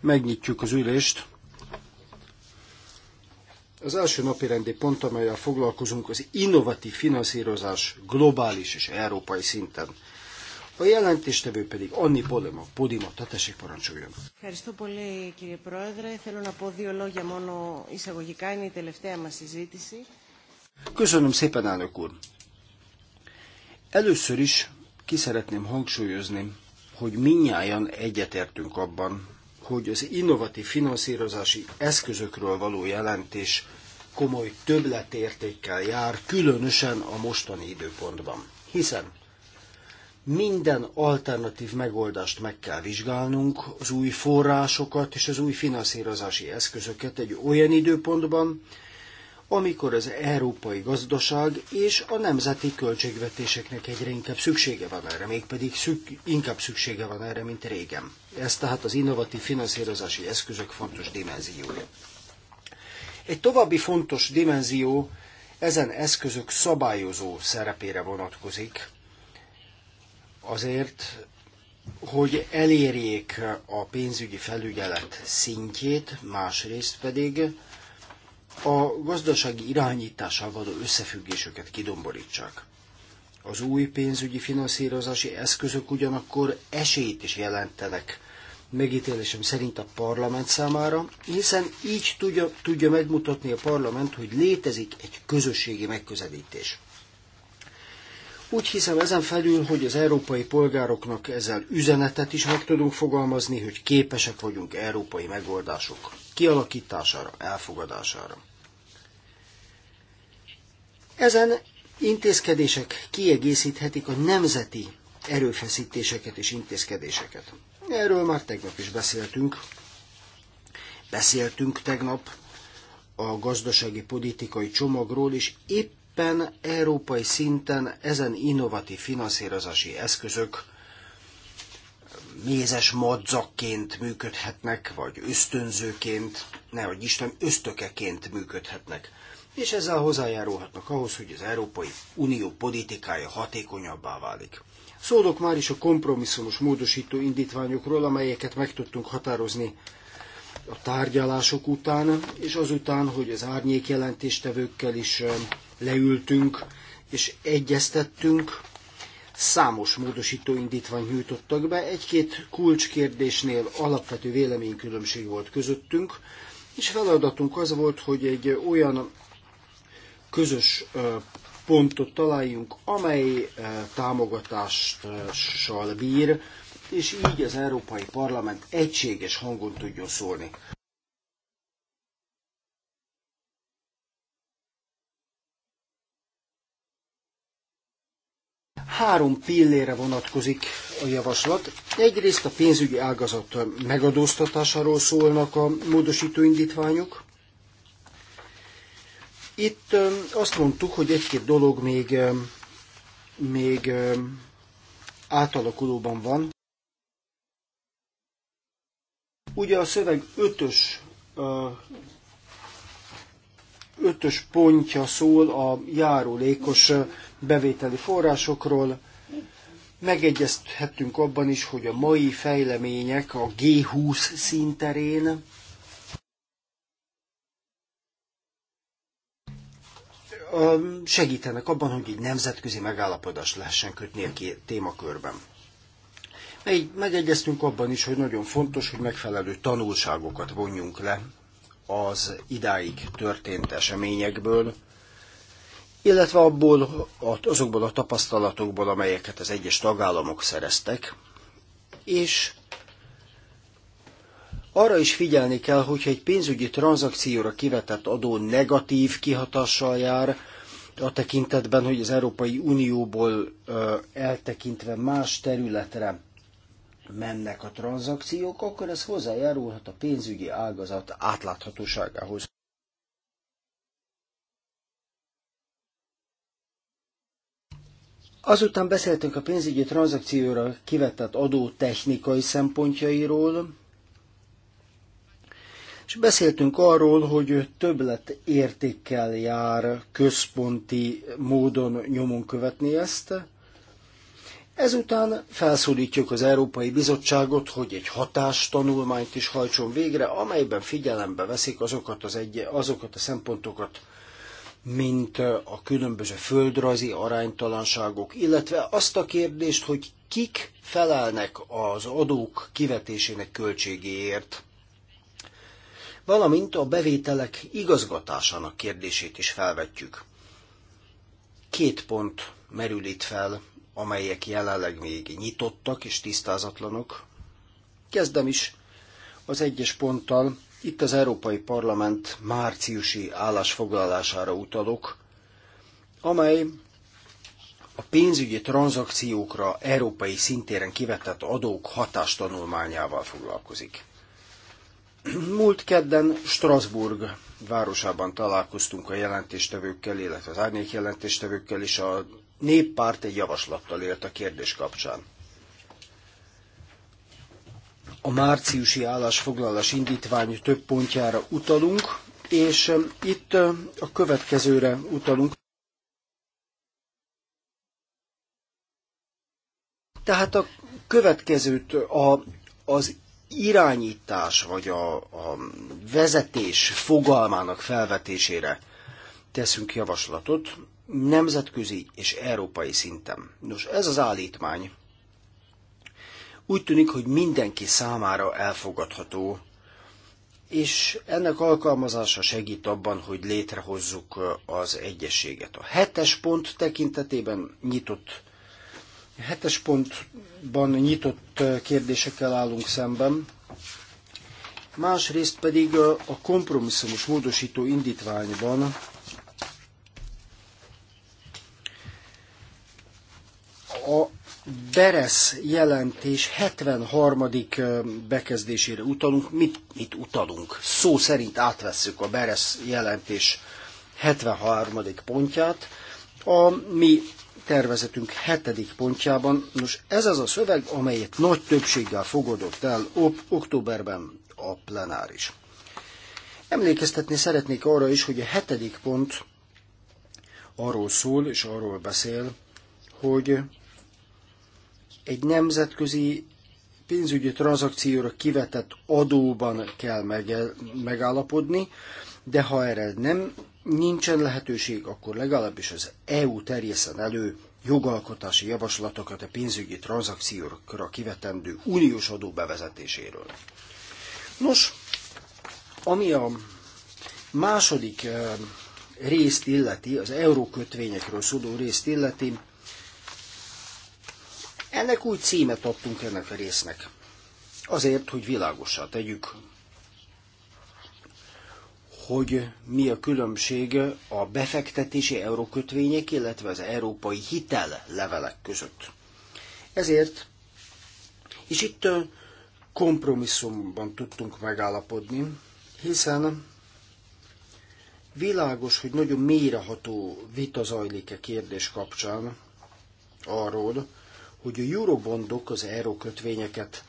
Megnyitjuk az ülést. Az első napi rendi pont, amelyel foglalkozunk, az innovatív finanszírozás globális és európai szinten. A jelentéstevő pedig Anni Polema, Podima, tessék parancsoljon. Ευχαριστώ πολύ κύριε Πρόεδρε. Θέλω να πω δύο λόγια μόνο εισαγωγικά, είναι η τελευταία μας συζήτηση. Köszönöm szépen, elnök úr. Először is ki szeretném hangsúlyozni, hogy minnyáján egyetértünk abban, hogy az innovatív finanszírozási eszközökről való jelentés komoly többletértékkel jár, különösen a mostani időpontban. Hiszen minden alternatív megoldást meg kell vizsgálnunk, az új forrásokat és az új finanszírozási eszközöket egy olyan időpontban, amikor az európai gazdaság és a nemzeti költségvetéseknek egyre inkább szüksége van erre, mégpedig szük, inkább szüksége van erre, mint régen. Ez tehát az innovatív finanszírozási eszközök fontos dimenziója. Egy további fontos dimenzió ezen eszközök szabályozó szerepére vonatkozik, azért, hogy elérjék a pénzügyi felügyelet szintjét, másrészt pedig, a gazdasági irányítással való összefüggéseket kidomborítsák. Az új pénzügyi finanszírozási eszközök ugyanakkor esélyt is jelentenek megítélésem szerint a parlament számára, hiszen így tudja, tudja megmutatni a parlament, hogy létezik egy közösségi megközelítés. Úgy hiszem ezen felül, hogy az európai polgároknak ezzel üzenetet is meg tudunk fogalmazni, hogy képesek vagyunk európai megoldások kialakítására, elfogadására. Ezen intézkedések kiegészíthetik a nemzeti erőfeszítéseket és intézkedéseket. Erről már tegnap is beszéltünk. Beszéltünk tegnap a gazdasági politikai csomagról, és éppen európai szinten ezen innovatív finanszírozási eszközök mézes madzakként működhetnek, vagy ösztönzőként, nehogy Isten, ösztökeként működhetnek és ezzel hozzájárulhatnak ahhoz, hogy az Európai Unió politikája hatékonyabbá válik. Szólok már is a kompromisszumos módosító indítványokról, amelyeket meg tudtunk határozni a tárgyalások után, és azután, hogy az árnyék jelentéstevőkkel is leültünk és egyeztettünk, számos módosító indítványt nyújtottak be, egy-két kulcskérdésnél alapvető véleménykülönbség volt közöttünk, és feladatunk az volt, hogy egy olyan közös pontot találjunk, amely támogatással bír, és így az Európai Parlament egységes hangon tudjon szólni. Három pillére vonatkozik a javaslat. Egyrészt a pénzügyi ágazat megadóztatásáról szólnak a módosító indítványok, itt azt mondtuk, hogy egy-két dolog még, még átalakulóban van. Ugye a szöveg ötös, ötös pontja szól a járulékos bevételi forrásokról. Megegyezhettünk abban is, hogy a mai fejlemények a G20 szinterén segítenek abban, hogy egy nemzetközi megállapodást lehessen kötni a két témakörben. Megegyeztünk abban is, hogy nagyon fontos, hogy megfelelő tanulságokat vonjunk le az idáig történt eseményekből, illetve abból, azokból a tapasztalatokból, amelyeket az egyes tagállamok szereztek, és arra is figyelni kell, hogyha egy pénzügyi tranzakcióra kivetett adó negatív kihatással jár, a tekintetben, hogy az Európai Unióból eltekintve más területre mennek a tranzakciók, akkor ez hozzájárulhat a pénzügyi ágazat átláthatóságához. Azután beszéltünk a pénzügyi tranzakcióra kivetett adó technikai szempontjairól, és beszéltünk arról, hogy többlet értékkel jár központi módon nyomon követni ezt. Ezután felszólítjuk az Európai Bizottságot, hogy egy hatástanulmányt is hajtson végre, amelyben figyelembe veszik azokat, az egy, azokat a szempontokat, mint a különböző földrajzi aránytalanságok, illetve azt a kérdést, hogy kik felelnek az adók kivetésének költségéért valamint a bevételek igazgatásának kérdését is felvetjük. Két pont merül itt fel, amelyek jelenleg még nyitottak és tisztázatlanok. Kezdem is az egyes ponttal. Itt az Európai Parlament márciusi állásfoglalására utalok, amely a pénzügyi tranzakciókra európai szintéren kivetett adók hatástanulmányával foglalkozik. Múlt kedden Strasbourg városában találkoztunk a jelentéstevőkkel, illetve az árnyék jelentéstevőkkel, és a néppárt egy javaslattal élt a kérdés kapcsán. A márciusi állásfoglalás indítvány több pontjára utalunk, és um, itt um, a következőre utalunk. Tehát a következőt a, az irányítás vagy a, a vezetés fogalmának felvetésére teszünk javaslatot nemzetközi és európai szinten. Nos, ez az állítmány úgy tűnik, hogy mindenki számára elfogadható, és ennek alkalmazása segít abban, hogy létrehozzuk az egyességet. A hetes pont tekintetében nyitott Hetes pontban nyitott eh, kérdésekkel állunk szemben, másrészt pedig eh, a kompromisszumos módosító indítványban a Beresz jelentés 73. Eh, bekezdésére utalunk. Mit, mit utalunk? Szó szerint átvesszük a Beresz jelentés 73. pontját. A mi tervezetünk hetedik pontjában. Nos, ez az a szöveg, amelyet nagy többséggel fogadott el októberben a plenáris. Emlékeztetni szeretnék arra is, hogy a hetedik pont arról szól és arról beszél, hogy egy nemzetközi pénzügyi tranzakcióra kivetett adóban kell megállapodni, de ha erre nem nincsen lehetőség, akkor legalábbis az EU terjeszen elő jogalkotási javaslatokat a pénzügyi tranzakciókra kivetendő uniós adó bevezetéséről. Nos, ami a második eh, részt illeti, az eurókötvényekről szóló részt illeti, ennek új címet adtunk ennek a résznek. Azért, hogy világosá tegyük, hogy mi a különbség a befektetési eurókötvények, illetve az európai hitel levelek között. Ezért, és itt kompromisszumban tudtunk megállapodni, hiszen világos, hogy nagyon mélyreható vita zajlik a e kérdés kapcsán arról, hogy a eurobondok, az eurókötvényeket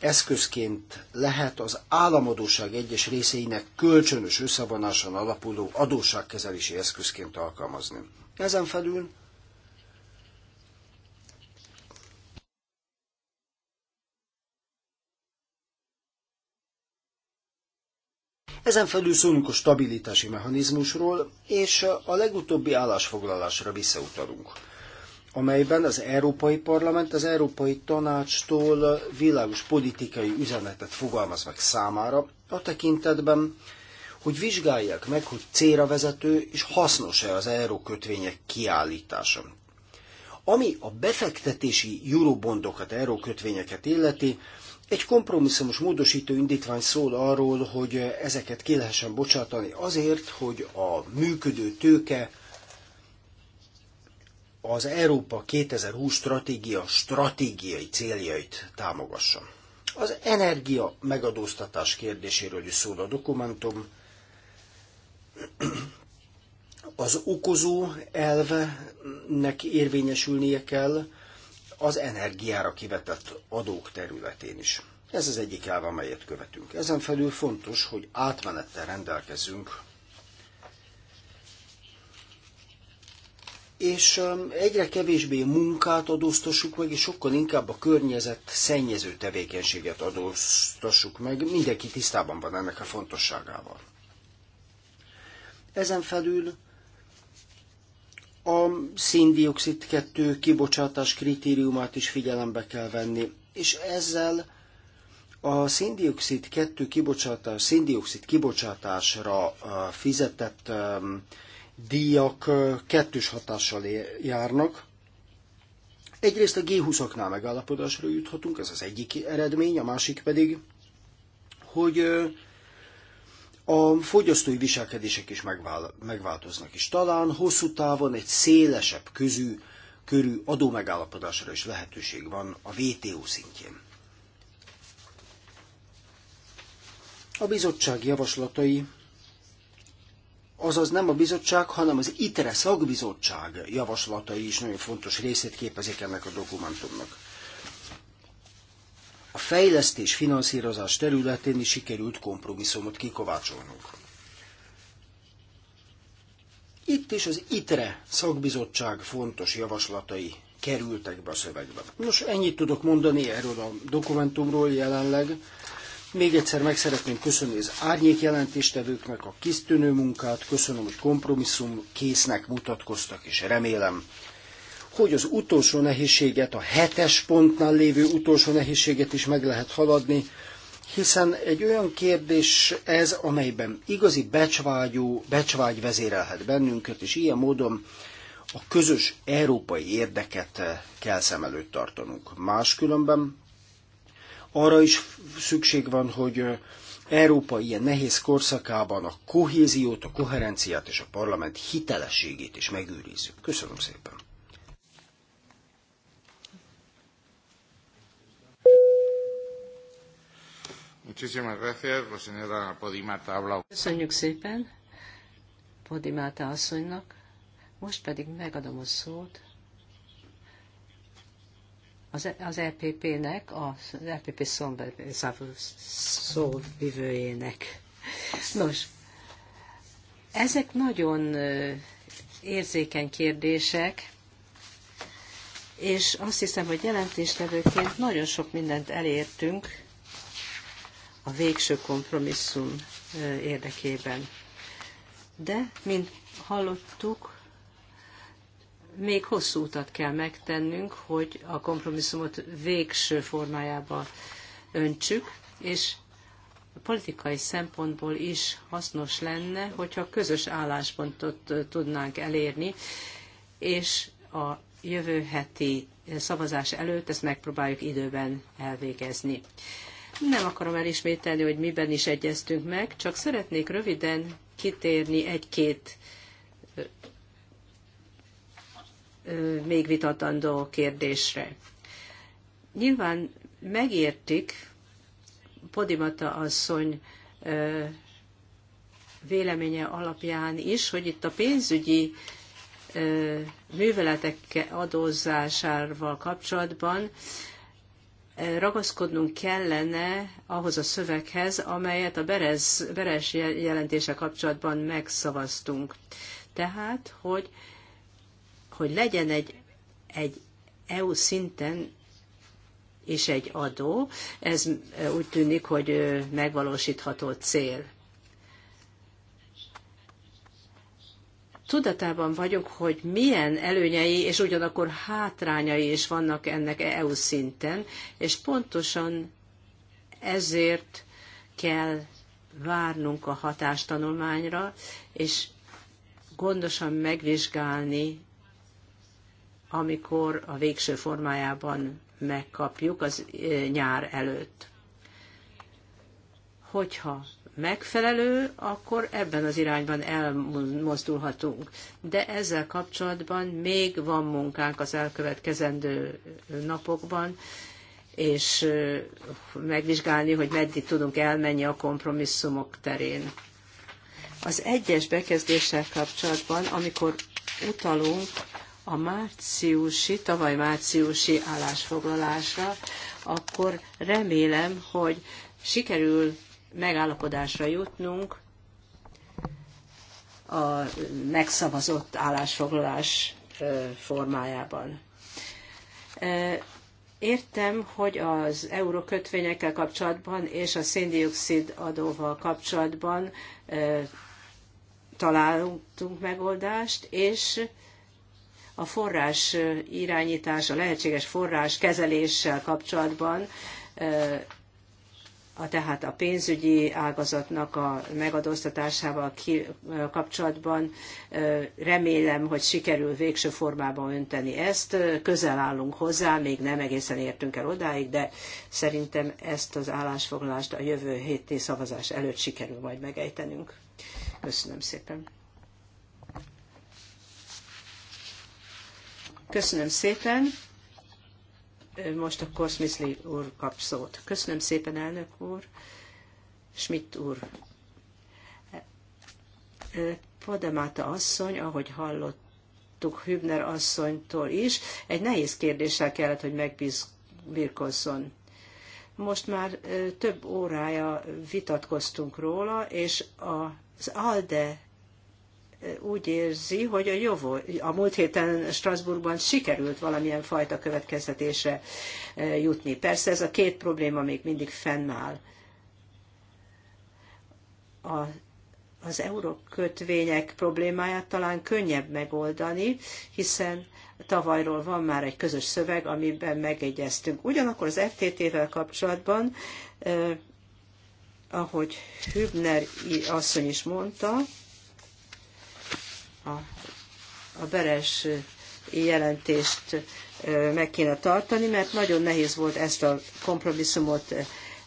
eszközként lehet az államadóság egyes részeinek kölcsönös összevonáson alapuló adósságkezelési eszközként alkalmazni. Ezen felül Ezen felül szólunk a stabilitási mechanizmusról, és a legutóbbi állásfoglalásra visszautalunk amelyben az Európai Parlament az Európai Tanácstól világos politikai üzenetet fogalmaz meg számára a tekintetben, hogy vizsgálják meg, hogy célra vezető és hasznos-e az eurókötvények kiállítása. Ami a befektetési eurobondokat, eurókötvényeket illeti, egy kompromisszumos módosító indítvány szól arról, hogy ezeket ki lehessen bocsátani azért, hogy a működő tőke az Európa 2020 stratégia stratégiai céljait támogassa. Az energia megadóztatás kérdéséről is szól a dokumentum. Az okozó elvenek érvényesülnie kell az energiára kivetett adók területén is. Ez az egyik elve, amelyet követünk. Ezen felül fontos, hogy átmenettel rendelkezünk és egyre kevésbé munkát adóztassuk meg, és sokkal inkább a környezet szennyező tevékenységet adóztassuk meg. Mindenki tisztában van ennek a fontosságával. Ezen felül a széndiokszid 2 kibocsátás kritériumát is figyelembe kell venni, és ezzel a széndiokszid 2 kibocsátás, széndiokszid kibocsátásra fizetett díjak kettős hatással járnak. Egyrészt a G20-aknál megállapodásra juthatunk, ez az egyik eredmény, a másik pedig, hogy a fogyasztói viselkedések is megváltoznak, és talán hosszú távon egy szélesebb közű, körű megállapodásra is lehetőség van a WTO szintjén. A bizottság javaslatai azaz nem a bizottság, hanem az ITRE szakbizottság javaslatai is nagyon fontos részét képezik ennek a dokumentumnak. A fejlesztés finanszírozás területén is sikerült kompromisszumot kikovácsolnunk. Itt is az ITRE szakbizottság fontos javaslatai kerültek be a szövegbe. Nos, ennyit tudok mondani erről a dokumentumról jelenleg. Még egyszer meg szeretném köszönni az árnyék jelentéstevőknek a kisztűnő munkát, köszönöm, hogy kompromisszum késznek mutatkoztak, és remélem, hogy az utolsó nehézséget, a hetes pontnál lévő utolsó nehézséget is meg lehet haladni, hiszen egy olyan kérdés ez, amelyben igazi becsvágyú, becsvágy vezérelhet bennünket, és ilyen módon a közös európai érdeket kell szem előtt tartanunk. Máskülönben arra is szükség van, hogy Európa ilyen nehéz korszakában a kohéziót, a koherenciát és a parlament hitelességét is megőrizzük. Köszönöm szépen! Köszönjük szépen Podimata asszonynak. Most pedig megadom a szót az, e- az EPP-nek, az EPP szóvivőjének. Nos, ezek nagyon érzékeny kérdések, és azt hiszem, hogy jelentéstevőként nagyon sok mindent elértünk a végső kompromisszum érdekében. De, mint hallottuk, még hosszú utat kell megtennünk, hogy a kompromisszumot végső formájába öntsük, és politikai szempontból is hasznos lenne, hogyha közös álláspontot tudnánk elérni, és a jövő heti szavazás előtt ezt megpróbáljuk időben elvégezni. Nem akarom elismételni, hogy miben is egyeztünk meg, csak szeretnék röviden kitérni egy-két még vitatandó kérdésre. Nyilván megértik Podimata asszony véleménye alapján is, hogy itt a pénzügyi műveletek adózásával kapcsolatban ragaszkodnunk kellene ahhoz a szöveghez, amelyet a Berez, Beres jelentése kapcsolatban megszavaztunk. Tehát, hogy hogy legyen egy, egy EU szinten és egy adó, ez úgy tűnik, hogy megvalósítható cél. Tudatában vagyok, hogy milyen előnyei és ugyanakkor hátrányai is vannak ennek EU szinten, és pontosan ezért kell várnunk a hatástanulmányra, és gondosan megvizsgálni amikor a végső formájában megkapjuk az nyár előtt. Hogyha megfelelő, akkor ebben az irányban elmozdulhatunk. De ezzel kapcsolatban még van munkánk az elkövetkezendő napokban, és megvizsgálni, hogy meddig tudunk elmenni a kompromisszumok terén. Az egyes bekezdéssel kapcsolatban, amikor utalunk a márciusi, tavaly márciusi állásfoglalásra, akkor remélem, hogy sikerül megállapodásra jutnunk a megszavazott állásfoglalás formájában. Értem, hogy az eurókötvényekkel kapcsolatban és a széndiokszid adóval kapcsolatban találtunk megoldást, és a forrás irányítás, a lehetséges forrás kezeléssel kapcsolatban, a, tehát a pénzügyi ágazatnak a megadóztatásával ki, kapcsolatban remélem, hogy sikerül végső formában önteni ezt. Közel állunk hozzá, még nem egészen értünk el odáig, de szerintem ezt az állásfoglalást a jövő héti szavazás előtt sikerül majd megejtenünk. Köszönöm szépen. Köszönöm szépen. Most a Smithley úr kap szót. Köszönöm szépen, elnök úr. Schmidt úr. Podemáta asszony, ahogy hallottuk Hübner asszonytól is, egy nehéz kérdéssel kellett, hogy megbirkozzon. Most már több órája vitatkoztunk róla, és az ALDE úgy érzi, hogy a, jövő, a múlt héten Strasbourgban sikerült valamilyen fajta következtetésre e, jutni. Persze ez a két probléma még mindig fennáll. A, az eurókötvények problémáját talán könnyebb megoldani, hiszen tavalyról van már egy közös szöveg, amiben megegyeztünk. Ugyanakkor az FTT-vel kapcsolatban, eh, ahogy Hübner asszony is mondta, a, a beres jelentést meg kéne tartani, mert nagyon nehéz volt ezt a kompromisszumot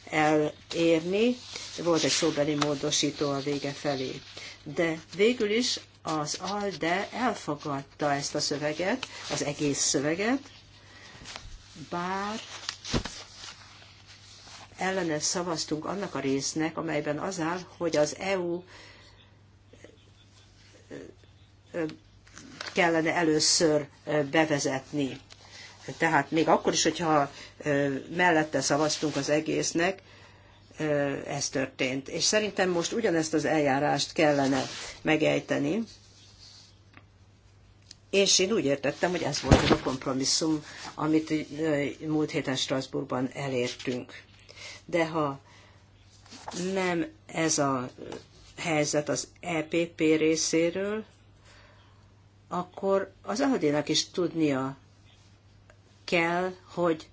elérni. Volt egy szóbeli módosító a vége felé. De végül is az ALDE elfogadta ezt a szöveget, az egész szöveget, bár ellene szavaztunk annak a résznek, amelyben az áll, hogy az EU kellene először bevezetni. Tehát még akkor is, hogyha mellette szavaztunk az egésznek, ez történt. És szerintem most ugyanezt az eljárást kellene megejteni, és én úgy értettem, hogy ez volt a kompromisszum, amit múlt héten Strasbourgban elértünk. De ha nem ez a helyzet az EPP részéről, akkor az Audinak is tudnia kell, hogy,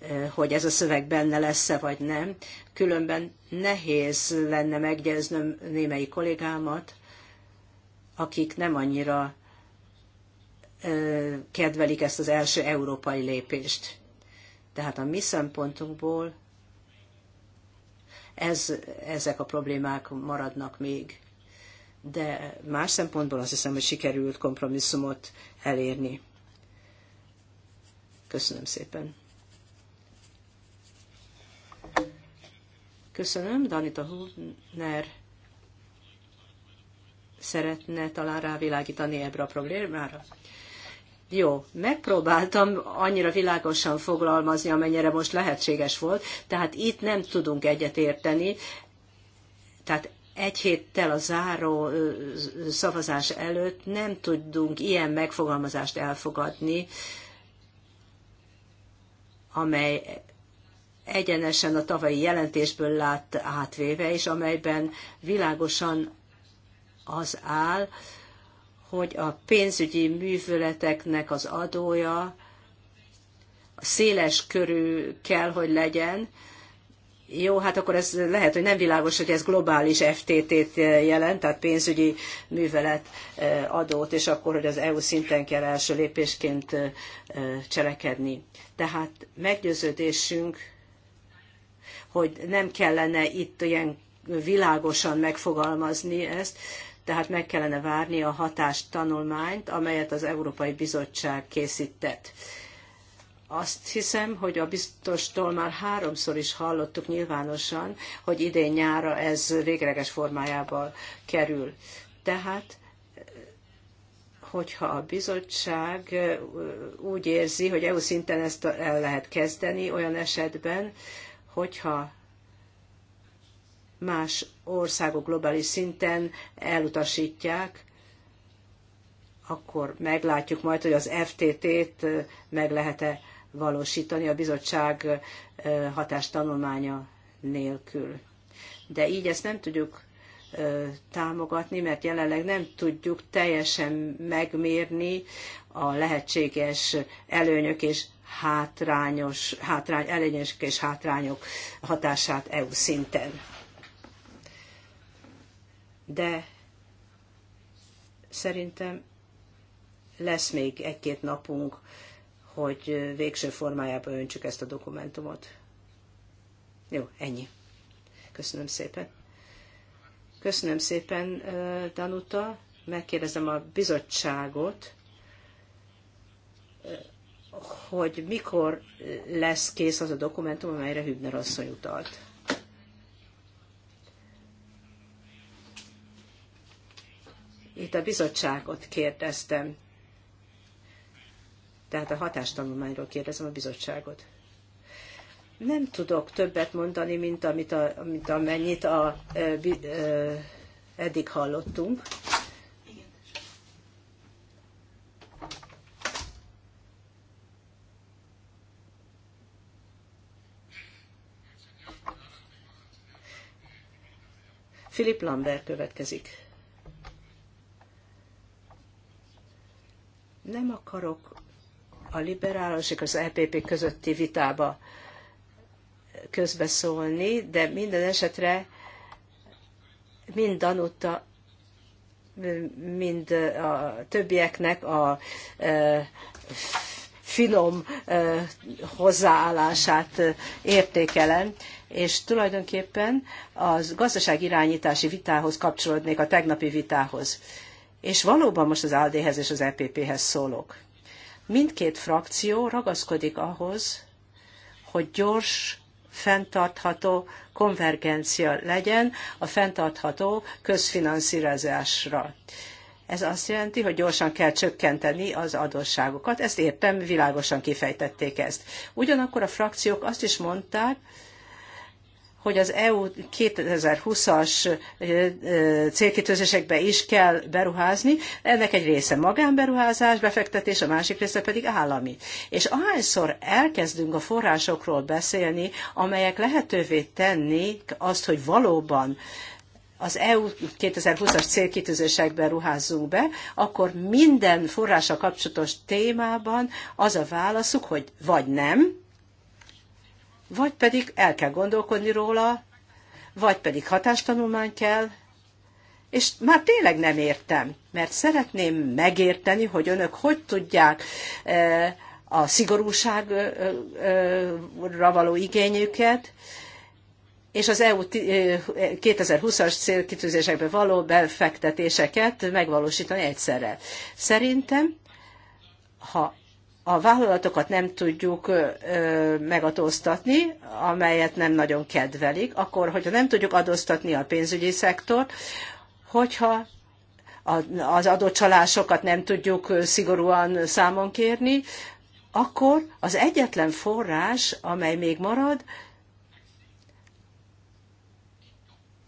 eh, hogy ez a szöveg benne lesz-e vagy nem. Különben nehéz lenne meggyőznöm némelyi kollégámat, akik nem annyira eh, kedvelik ezt az első európai lépést. Tehát a mi szempontunkból ez, ezek a problémák maradnak még de más szempontból azt hiszem, hogy sikerült kompromisszumot elérni. Köszönöm szépen. Köszönöm. Danita Hubner szeretne talán rávilágítani ebbe a problémára? Jó, megpróbáltam annyira világosan foglalmazni, amennyire most lehetséges volt, tehát itt nem tudunk egyetérteni, tehát egy héttel a záró szavazás előtt nem tudunk ilyen megfogalmazást elfogadni, amely egyenesen a tavalyi jelentésből lát átvéve, és amelyben világosan az áll, hogy a pénzügyi műveleteknek az adója széles körű kell, hogy legyen, jó, hát akkor ez lehet, hogy nem világos, hogy ez globális FTT-t jelent, tehát pénzügyi művelet eh, adót, és akkor, hogy az EU szinten kell első lépésként eh, eh, cselekedni. Tehát meggyőződésünk, hogy nem kellene itt ilyen világosan megfogalmazni ezt, tehát meg kellene várni a hatástanulmányt, amelyet az Európai Bizottság készített azt hiszem, hogy a biztostól már háromszor is hallottuk nyilvánosan, hogy idén nyára ez végleges formájába kerül. Tehát hogyha a bizottság uh, úgy érzi, hogy EU szinten ezt el lehet kezdeni olyan esetben, hogyha más országok globális szinten elutasítják, akkor meglátjuk majd, hogy az FTT-t uh, meg lehet-e valósítani a bizottság hatástanulmánya nélkül. De így ezt nem tudjuk támogatni, mert jelenleg nem tudjuk teljesen megmérni a lehetséges előnyök és hátrányos, hátrány, előnyös és hátrányok hatását EU szinten. De szerintem lesz még egy-két napunk hogy végső formájába öntsük ezt a dokumentumot. Jó, ennyi. Köszönöm szépen. Köszönöm szépen, Danuta. Megkérdezem a bizottságot, hogy mikor lesz kész az a dokumentum, amelyre Hübner asszony utalt. Itt a bizottságot kérdeztem tehát a hatástanulmányról kérdezem a bizottságot. Nem tudok többet mondani, mint, amit a, mint amennyit a, bi, e, eddig hallottunk. Philip Lambert következik. Nem akarok a liberálisok és az EPP közötti vitába közbeszólni, de minden esetre mind Danuta, mind a többieknek a finom hozzáállását értékelem, és tulajdonképpen az irányítási vitához kapcsolódnék a tegnapi vitához. És valóban most az alde hez és az EPP-hez szólok. Mindkét frakció ragaszkodik ahhoz, hogy gyors, fenntartható konvergencia legyen a fenntartható közfinanszírozásra. Ez azt jelenti, hogy gyorsan kell csökkenteni az adósságokat. Ezt értem, világosan kifejtették ezt. Ugyanakkor a frakciók azt is mondták, hogy az EU 2020-as célkitűzésekbe is kell beruházni. Ennek egy része magánberuházás, befektetés, a másik része pedig állami. És ahányszor elkezdünk a forrásokról beszélni, amelyek lehetővé tennék azt, hogy valóban az EU 2020-as célkitűzésekben ruházzunk be, akkor minden forrása kapcsolatos témában az a válaszuk, hogy vagy nem, vagy pedig el kell gondolkodni róla, vagy pedig hatástanulmány kell, és már tényleg nem értem, mert szeretném megérteni, hogy önök hogy tudják e, a szigorúságra e, e, való igényüket, és az EU 2020-as célkitűzésekbe való befektetéseket megvalósítani egyszerre. Szerintem, ha a vállalatokat nem tudjuk megadóztatni, amelyet nem nagyon kedvelik, akkor, hogyha nem tudjuk adóztatni a pénzügyi szektort, hogyha az adócsalásokat nem tudjuk szigorúan számon kérni, akkor az egyetlen forrás, amely még marad,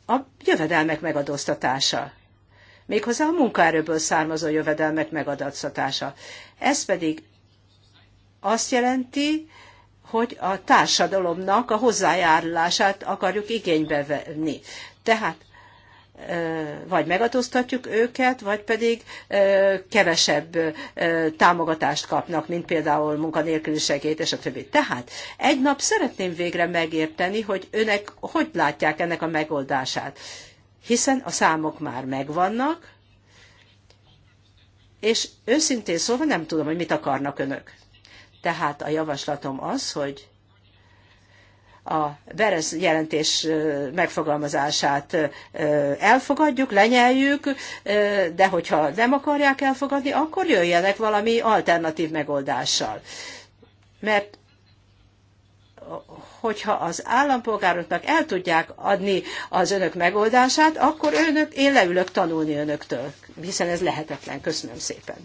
a jövedelmek megadóztatása méghozzá a munkaerőből származó jövedelmek megadóztatása. Ez pedig azt jelenti, hogy a társadalomnak a hozzájárulását akarjuk igénybe venni. Tehát vagy megadóztatjuk őket, vagy pedig kevesebb támogatást kapnak, mint például munkanélküli segélyt, és a többi. Tehát egy nap szeretném végre megérteni, hogy önek hogy látják ennek a megoldását. Hiszen a számok már megvannak, és őszintén szólva nem tudom, hogy mit akarnak önök. Tehát a javaslatom az, hogy a Berez jelentés megfogalmazását elfogadjuk, lenyeljük, de hogyha nem akarják elfogadni, akkor jöjjenek valami alternatív megoldással. Mert hogyha az állampolgároknak el tudják adni az önök megoldását, akkor önök, én leülök tanulni önöktől, hiszen ez lehetetlen. Köszönöm szépen.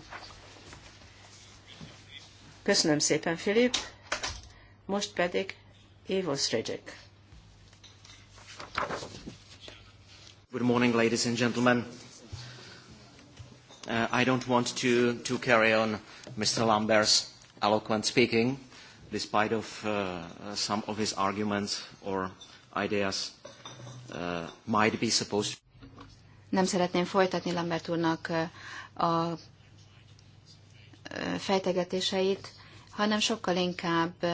Köszönöm szépen, Filip. Most pedig Ivo Sredzsik. Good morning, ladies and gentlemen. Uh, I don't want to, to carry on Mr. Lambert's eloquent speaking, despite of uh, some of his arguments or ideas uh, might be supposed to... Nem szeretném folytatni Lambert úrnak uh, a fejtegetéseit, hanem sokkal inkább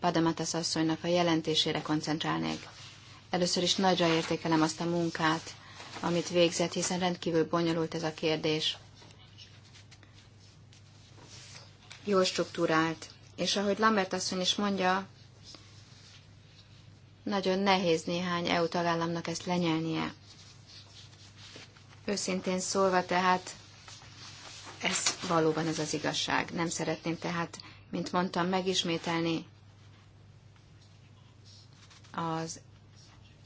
Padamatas asszonynak a jelentésére koncentrálnék. Először is nagyra értékelem azt a munkát, amit végzett, hiszen rendkívül bonyolult ez a kérdés. Jól struktúrált, és ahogy Lambert asszony is mondja, nagyon nehéz néhány EU tagállamnak ezt lenyelnie. Őszintén szólva tehát ez valóban ez az igazság. Nem szeretném tehát, mint mondtam, megismételni az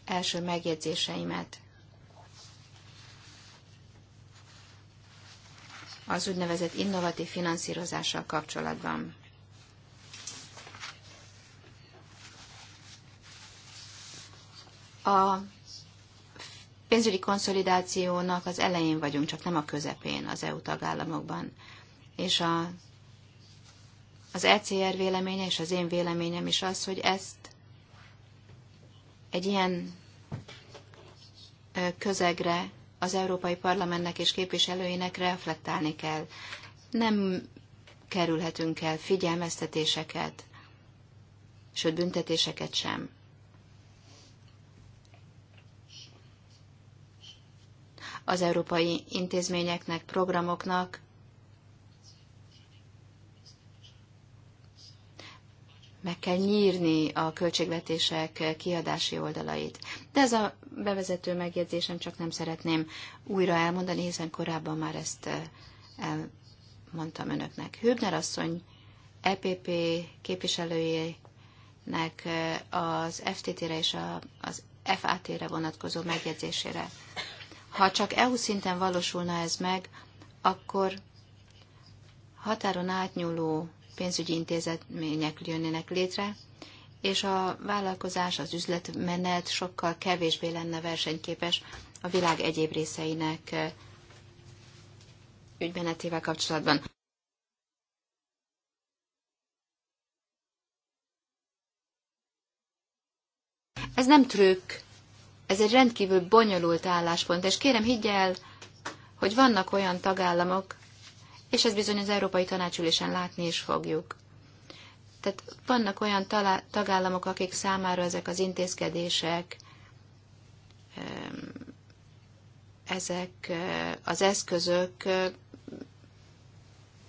első megjegyzéseimet az úgynevezett innovatív finanszírozással kapcsolatban. A pénzügyi konszolidációnak az elején vagyunk, csak nem a közepén az EU tagállamokban. És a, az ECR véleménye és az én véleményem is az, hogy ezt egy ilyen közegre az Európai Parlamentnek és képviselőinek reflektálni kell. Nem kerülhetünk el figyelmeztetéseket, sőt büntetéseket sem. az európai intézményeknek, programoknak, meg kell nyírni a költségvetések kiadási oldalait. De ez a bevezető megjegyzésem csak nem szeretném újra elmondani, hiszen korábban már ezt eh, elmondtam önöknek. Hübner asszony EPP képviselőjének eh, az FTT-re és az FAT-re vonatkozó megjegyzésére. Ha csak EU szinten valósulna ez meg, akkor határon átnyúló pénzügyi intézmények jönnének létre, és a vállalkozás, az üzletmenet sokkal kevésbé lenne versenyképes a világ egyéb részeinek eh, ügymenetével kapcsolatban. Ez nem trükk, ez egy rendkívül bonyolult álláspont, és kérem higgy el, hogy vannak olyan tagállamok, és ez bizony az Európai Tanácsülésen látni is fogjuk. Tehát vannak olyan tagállamok, akik számára ezek az intézkedések, ezek az eszközök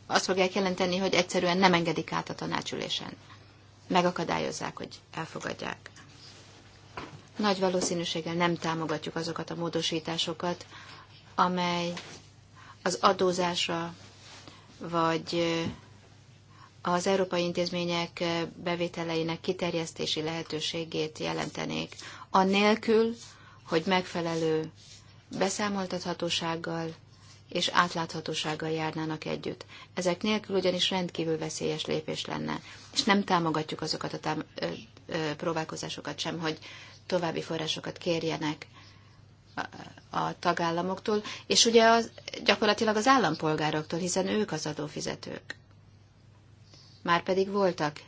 azt fogják jelenteni, hogy egyszerűen nem engedik át a tanácsülésen. Megakadályozzák, hogy elfogadják nagy valószínűséggel nem támogatjuk azokat a módosításokat, amely az adózásra vagy az európai intézmények bevételeinek kiterjesztési lehetőségét jelentenék, annélkül, hogy megfelelő beszámoltathatósággal és átláthatósággal járnának együtt. Ezek nélkül ugyanis rendkívül veszélyes lépés lenne, és nem támogatjuk azokat a tám- ö, ö, próbálkozásokat sem, hogy további forrásokat kérjenek a tagállamoktól, és ugye az, gyakorlatilag az állampolgároktól, hiszen ők az adófizetők. Márpedig voltak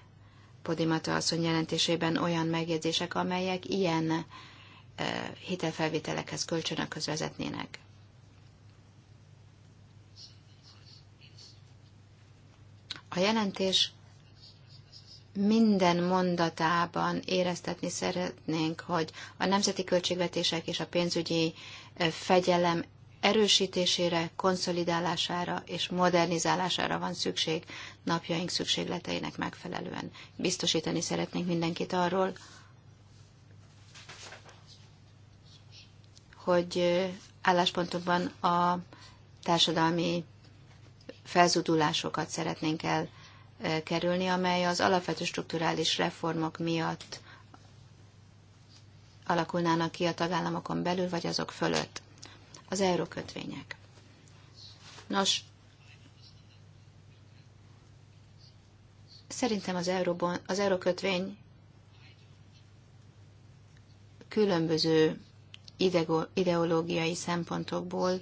Podimata asszony jelentésében olyan megjegyzések, amelyek ilyen e, hitelfelvételekhez, kölcsönökhöz vezetnének. A jelentés minden mondatában éreztetni szeretnénk, hogy a nemzeti költségvetések és a pénzügyi fegyelem erősítésére, konszolidálására és modernizálására van szükség napjaink szükségleteinek megfelelően. Biztosítani szeretnénk mindenkit arról, hogy álláspontokban a társadalmi felzudulásokat szeretnénk el kerülni, amely az alapvető strukturális reformok miatt alakulnának ki a tagállamokon belül, vagy azok fölött. Az eurókötvények. Nos, szerintem az, Euróban az eurókötvény különböző ideológiai szempontokból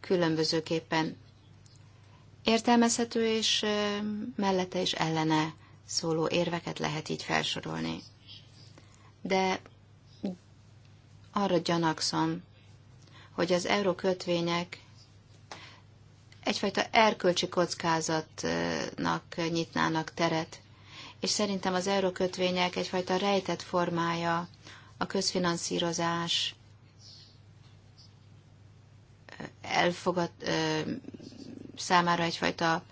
különbözőképpen értelmezhető és mellette és ellene szóló érveket lehet így felsorolni. De arra gyanakszom, hogy az eurókötvények egyfajta erkölcsi kockázatnak nyitnának teret, és szerintem az eurókötvények egyfajta rejtett formája a közfinanszírozás elfogad, számára egyfajta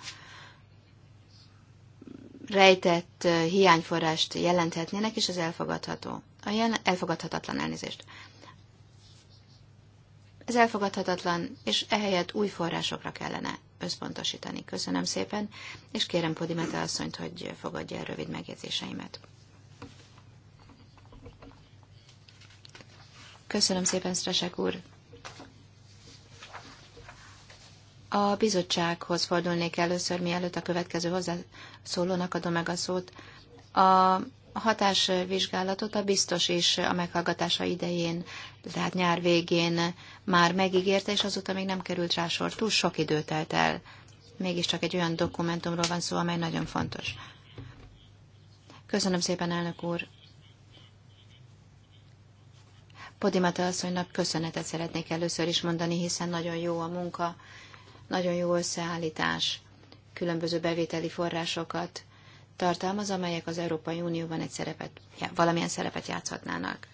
rejtett hiányforrást jelenthetnének, és ez elfogadható. A jel- elfogadhatatlan elnézést. Ez elfogadhatatlan, és ehelyett új forrásokra kellene összpontosítani. Köszönöm szépen, és kérem Podimete asszonyt, hogy fogadja el rövid megjegyzéseimet. Köszönöm szépen, Strasek úr. A bizottsághoz fordulnék először, mielőtt a következő hozzászólónak adom meg a szót. A hatásvizsgálatot a biztos is a meghallgatása idején, tehát nyár végén már megígérte, és azóta még nem került rá sor. Túl sok idő telt el. Mégiscsak egy olyan dokumentumról van szó, amely nagyon fontos. Köszönöm szépen, elnök úr. Podimata asszonynak köszönetet szeretnék először is mondani, hiszen nagyon jó a munka, nagyon jó összeállítás, különböző bevételi forrásokat tartalmaz, amelyek az Európai Unióban egy szerepet, valamilyen szerepet játszhatnának.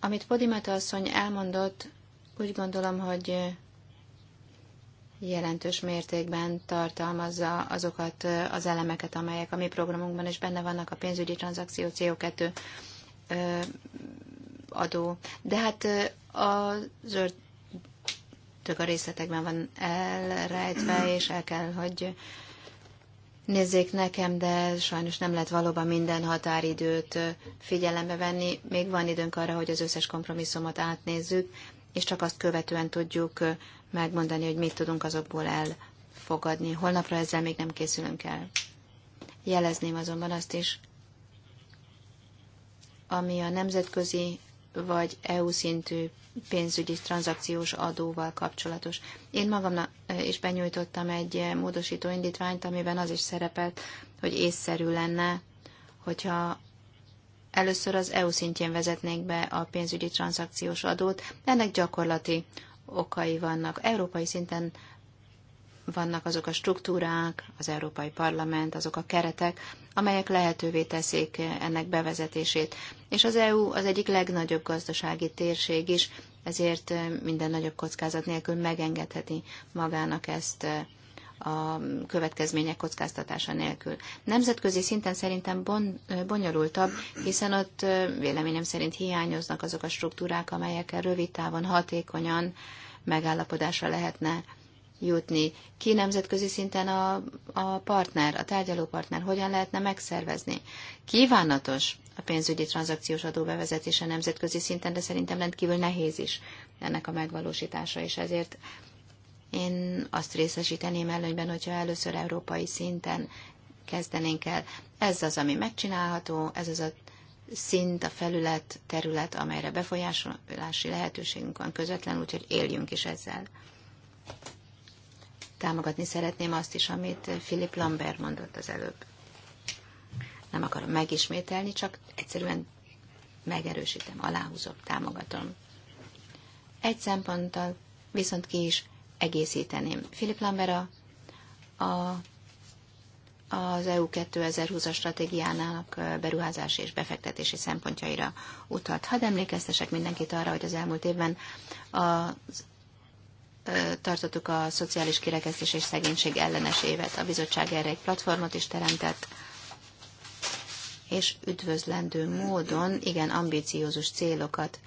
Amit Podimata asszony elmondott, úgy gondolom, hogy jelentős mértékben tartalmazza azokat az elemeket, amelyek a mi programunkban is benne vannak, a pénzügyi tranzakció CO2 adó. De hát a zöld a részletekben van elrejtve, és el kell, hogy nézzék nekem, de sajnos nem lehet valóban minden határidőt figyelembe venni. Még van időnk arra, hogy az összes kompromisszumot átnézzük, és csak azt követően tudjuk megmondani, hogy mit tudunk azokból elfogadni. Holnapra ezzel még nem készülünk el. Jelezném azonban azt is, ami a nemzetközi vagy EU szintű pénzügyi tranzakciós adóval kapcsolatos. Én magam is benyújtottam egy módosító indítványt, amiben az is szerepelt, hogy észszerű lenne, hogyha először az EU szintjén vezetnénk be a pénzügyi tranzakciós adót, ennek gyakorlati okai vannak. Európai szinten vannak azok a struktúrák, az Európai Parlament, azok a keretek, amelyek lehetővé teszik ennek bevezetését. És az EU az egyik legnagyobb gazdasági térség is, ezért minden nagyobb kockázat nélkül megengedheti magának ezt a következmények kockáztatása nélkül. Nemzetközi szinten szerintem bon, bonyolultabb, hiszen ott véleményem szerint hiányoznak azok a struktúrák, amelyekkel rövid távon hatékonyan megállapodásra lehetne jutni? Ki nemzetközi szinten a, a partner, a tárgyalópartner? Hogyan lehetne megszervezni? Kívánatos a pénzügyi tranzakciós adó bevezetése nemzetközi szinten, de szerintem rendkívül nehéz is ennek a megvalósítása, és ezért én azt részesíteném előnyben, hogyha először európai szinten kezdenénk el. Ez az, ami megcsinálható, ez az a szint, a felület, terület, amelyre befolyásolási lehetőségünk van közvetlen, úgyhogy éljünk is ezzel támogatni szeretném azt is, amit Philip Lambert mondott az előbb. Nem akarom megismételni, csak egyszerűen megerősítem, aláhúzok, támogatom. Egy szemponttal viszont ki is egészíteném. Philip Lambert a, a, az EU 2020-as stratégiának beruházási és befektetési szempontjaira utalt. Hadd emlékeztesek mindenkit arra, hogy az elmúlt évben az tartottuk a szociális kirekesztés és szegénység ellenes évet. A bizottság erre egy platformot is teremtett, és üdvözlendő módon igen ambiciózus célokat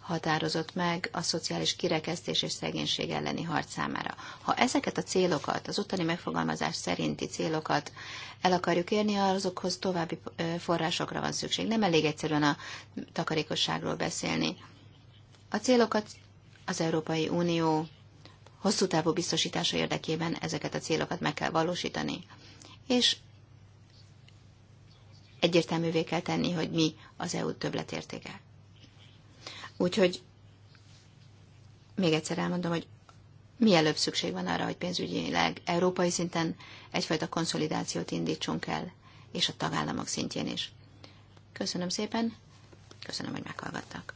határozott meg a szociális kirekesztés és szegénység elleni harc számára. Ha ezeket a célokat, az utáni megfogalmazás szerinti célokat el akarjuk érni, azokhoz további forrásokra van szükség. Nem elég egyszerűen a takarékosságról beszélni. A célokat az Európai Unió hosszú távú biztosítása érdekében ezeket a célokat meg kell valósítani. És egyértelművé kell tenni, hogy mi az EU többletértéke. Úgyhogy még egyszer elmondom, hogy mielőbb szükség van arra, hogy pénzügyileg európai szinten egyfajta konszolidációt indítsunk el, és a tagállamok szintjén is. Köszönöm szépen, köszönöm, hogy meghallgattak.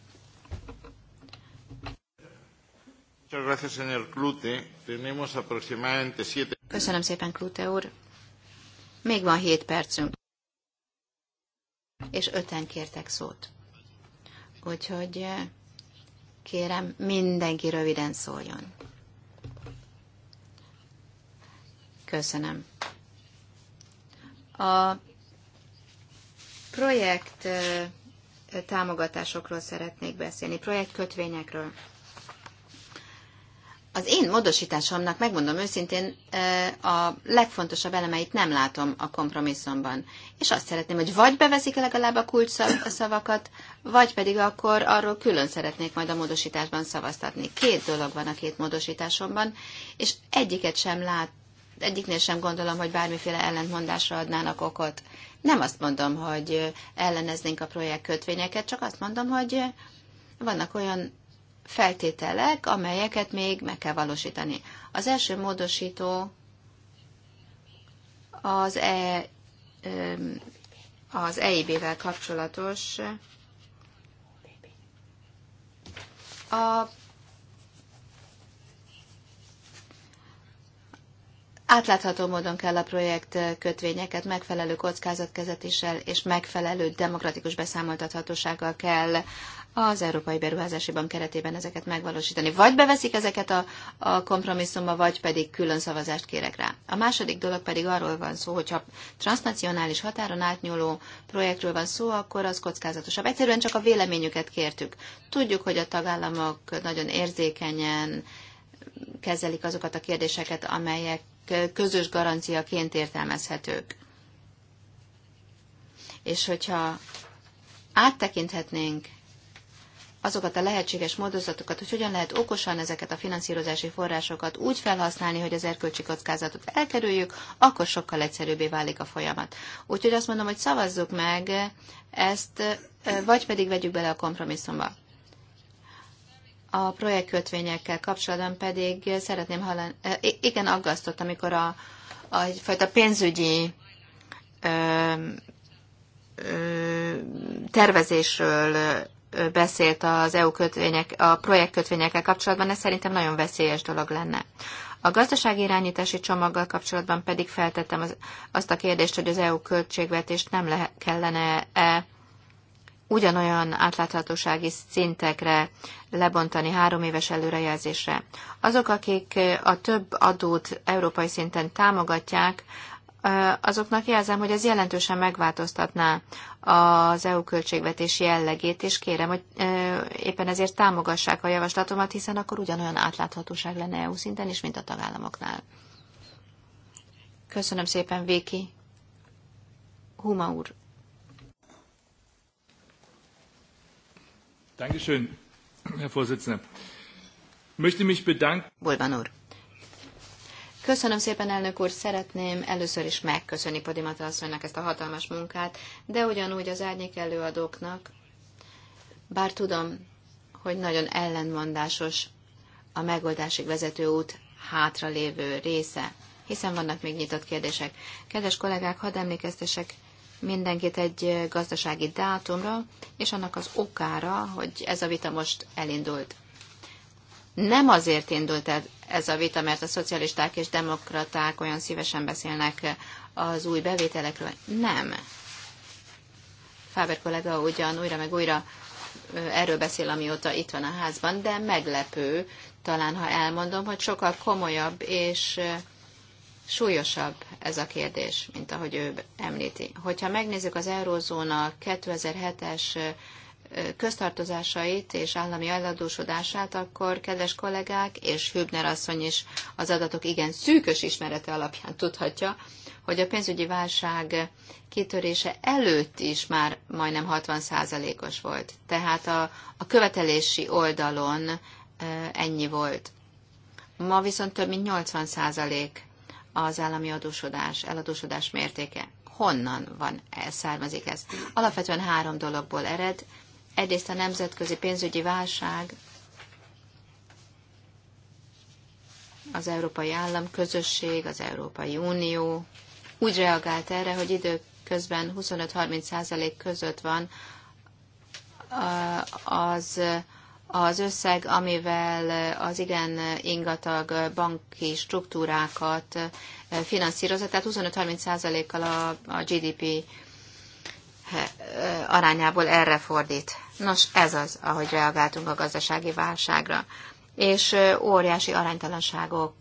Köszönöm szépen, Klute úr. Még van hét percünk. És öten kértek szót. Úgyhogy eh, kérem, mindenki röviden szóljon. Köszönöm. A projekt eh, támogatásokról szeretnék beszélni, projektkötvényekről az én módosításomnak, megmondom őszintén, a legfontosabb elemeit nem látom a kompromisszumban. És azt szeretném, hogy vagy beveszik legalább a kulcs szavakat, vagy pedig akkor arról külön szeretnék majd a módosításban szavaztatni. Két dolog van a két módosításomban, és egyiket sem lát, egyiknél sem gondolom, hogy bármiféle ellentmondásra adnának okot. Nem azt mondom, hogy elleneznénk a projekt kötvényeket, csak azt mondom, hogy vannak olyan feltételek, amelyeket még meg kell valósítani. Az első módosító az, e, az EIB-vel kapcsolatos a Átlátható módon kell a projekt kötvényeket megfelelő kockázatkezetéssel és megfelelő demokratikus beszámoltathatósággal kell az Európai Beruházási Bank keretében ezeket megvalósítani. Vagy beveszik ezeket a, a kompromisszumba, vagy pedig külön szavazást kérek rá. A második dolog pedig arról van szó, hogyha transnacionális határon átnyúló projektről van szó, akkor az kockázatosabb. Egyszerűen csak a véleményüket kértük. Tudjuk, hogy a tagállamok nagyon érzékenyen kezelik azokat a kérdéseket, amelyek közös garanciaként értelmezhetők. És hogyha áttekinthetnénk azokat a lehetséges módozatokat, hogy hogyan lehet okosan ezeket a finanszírozási forrásokat úgy felhasználni, hogy az erkölcsi kockázatot elkerüljük, akkor sokkal egyszerűbbé válik a folyamat. Úgyhogy azt mondom, hogy szavazzuk meg ezt, vagy pedig vegyük bele a kompromisszumba. A projektkötvényekkel kapcsolatban pedig szeretném hallani, igen, aggasztott, amikor a, a fajta pénzügyi ö, ö, tervezésről beszélt az EU kötvények, a projektkötvényekkel kapcsolatban, ez szerintem nagyon veszélyes dolog lenne. A gazdasági irányítási csomaggal kapcsolatban pedig feltettem az, azt a kérdést, hogy az EU költségvetést nem le, kellene -e ugyanolyan átláthatósági szintekre lebontani három éves előrejelzésre. Azok, akik a több adót európai szinten támogatják, azoknak jelzem, hogy ez jelentősen megváltoztatná az EU költségvetési jellegét, és kérem, hogy éppen ezért támogassák a javaslatomat, hiszen akkor ugyanolyan átláthatóság lenne EU szinten is, mint a tagállamoknál. Köszönöm szépen, Véki. Huma úr. Dankeschön, Herr Vorsitzender. Möchte mich bedanken. úr. Köszönöm szépen, elnök úr, szeretném először is megköszönni Podimata asszonynak ezt a hatalmas munkát, de ugyanúgy az árnyék előadóknak, bár tudom, hogy nagyon ellenmondásos a megoldásig vezető út hátra lévő része, hiszen vannak még nyitott kérdések. Kedves kollégák, hadd emlékeztesek mindenkit egy gazdasági dátumra, és annak az okára, hogy ez a vita most elindult nem azért indult ez a vita, mert a szocialisták és demokraták olyan szívesen beszélnek az új bevételekről. Nem. Fáber kollega ugyan újra meg újra erről beszél, amióta itt van a házban, de meglepő, talán ha elmondom, hogy sokkal komolyabb és súlyosabb ez a kérdés, mint ahogy ő említi. Hogyha megnézzük az Eurózóna 2007-es köztartozásait és állami eladósodását, akkor kedves kollégák és Hübner asszony is az adatok igen szűkös ismerete alapján tudhatja, hogy a pénzügyi válság kitörése előtt is már majdnem 60%-os volt. Tehát a, a követelési oldalon ennyi volt. Ma viszont több mint 80% az állami adósodás, eladósodás mértéke. Honnan van ez, származik ez? Alapvetően három dologból ered. Egyrészt a nemzetközi pénzügyi válság az Európai Államközösség, az Európai Unió úgy reagált erre, hogy időközben 25-30 százalék között van az, az összeg, amivel az igen ingatag banki struktúrákat finanszírozza, tehát 25-30 kal a, a GDP arányából erre fordít. Nos, ez az, ahogy reagáltunk a gazdasági válságra. És óriási aránytalanságok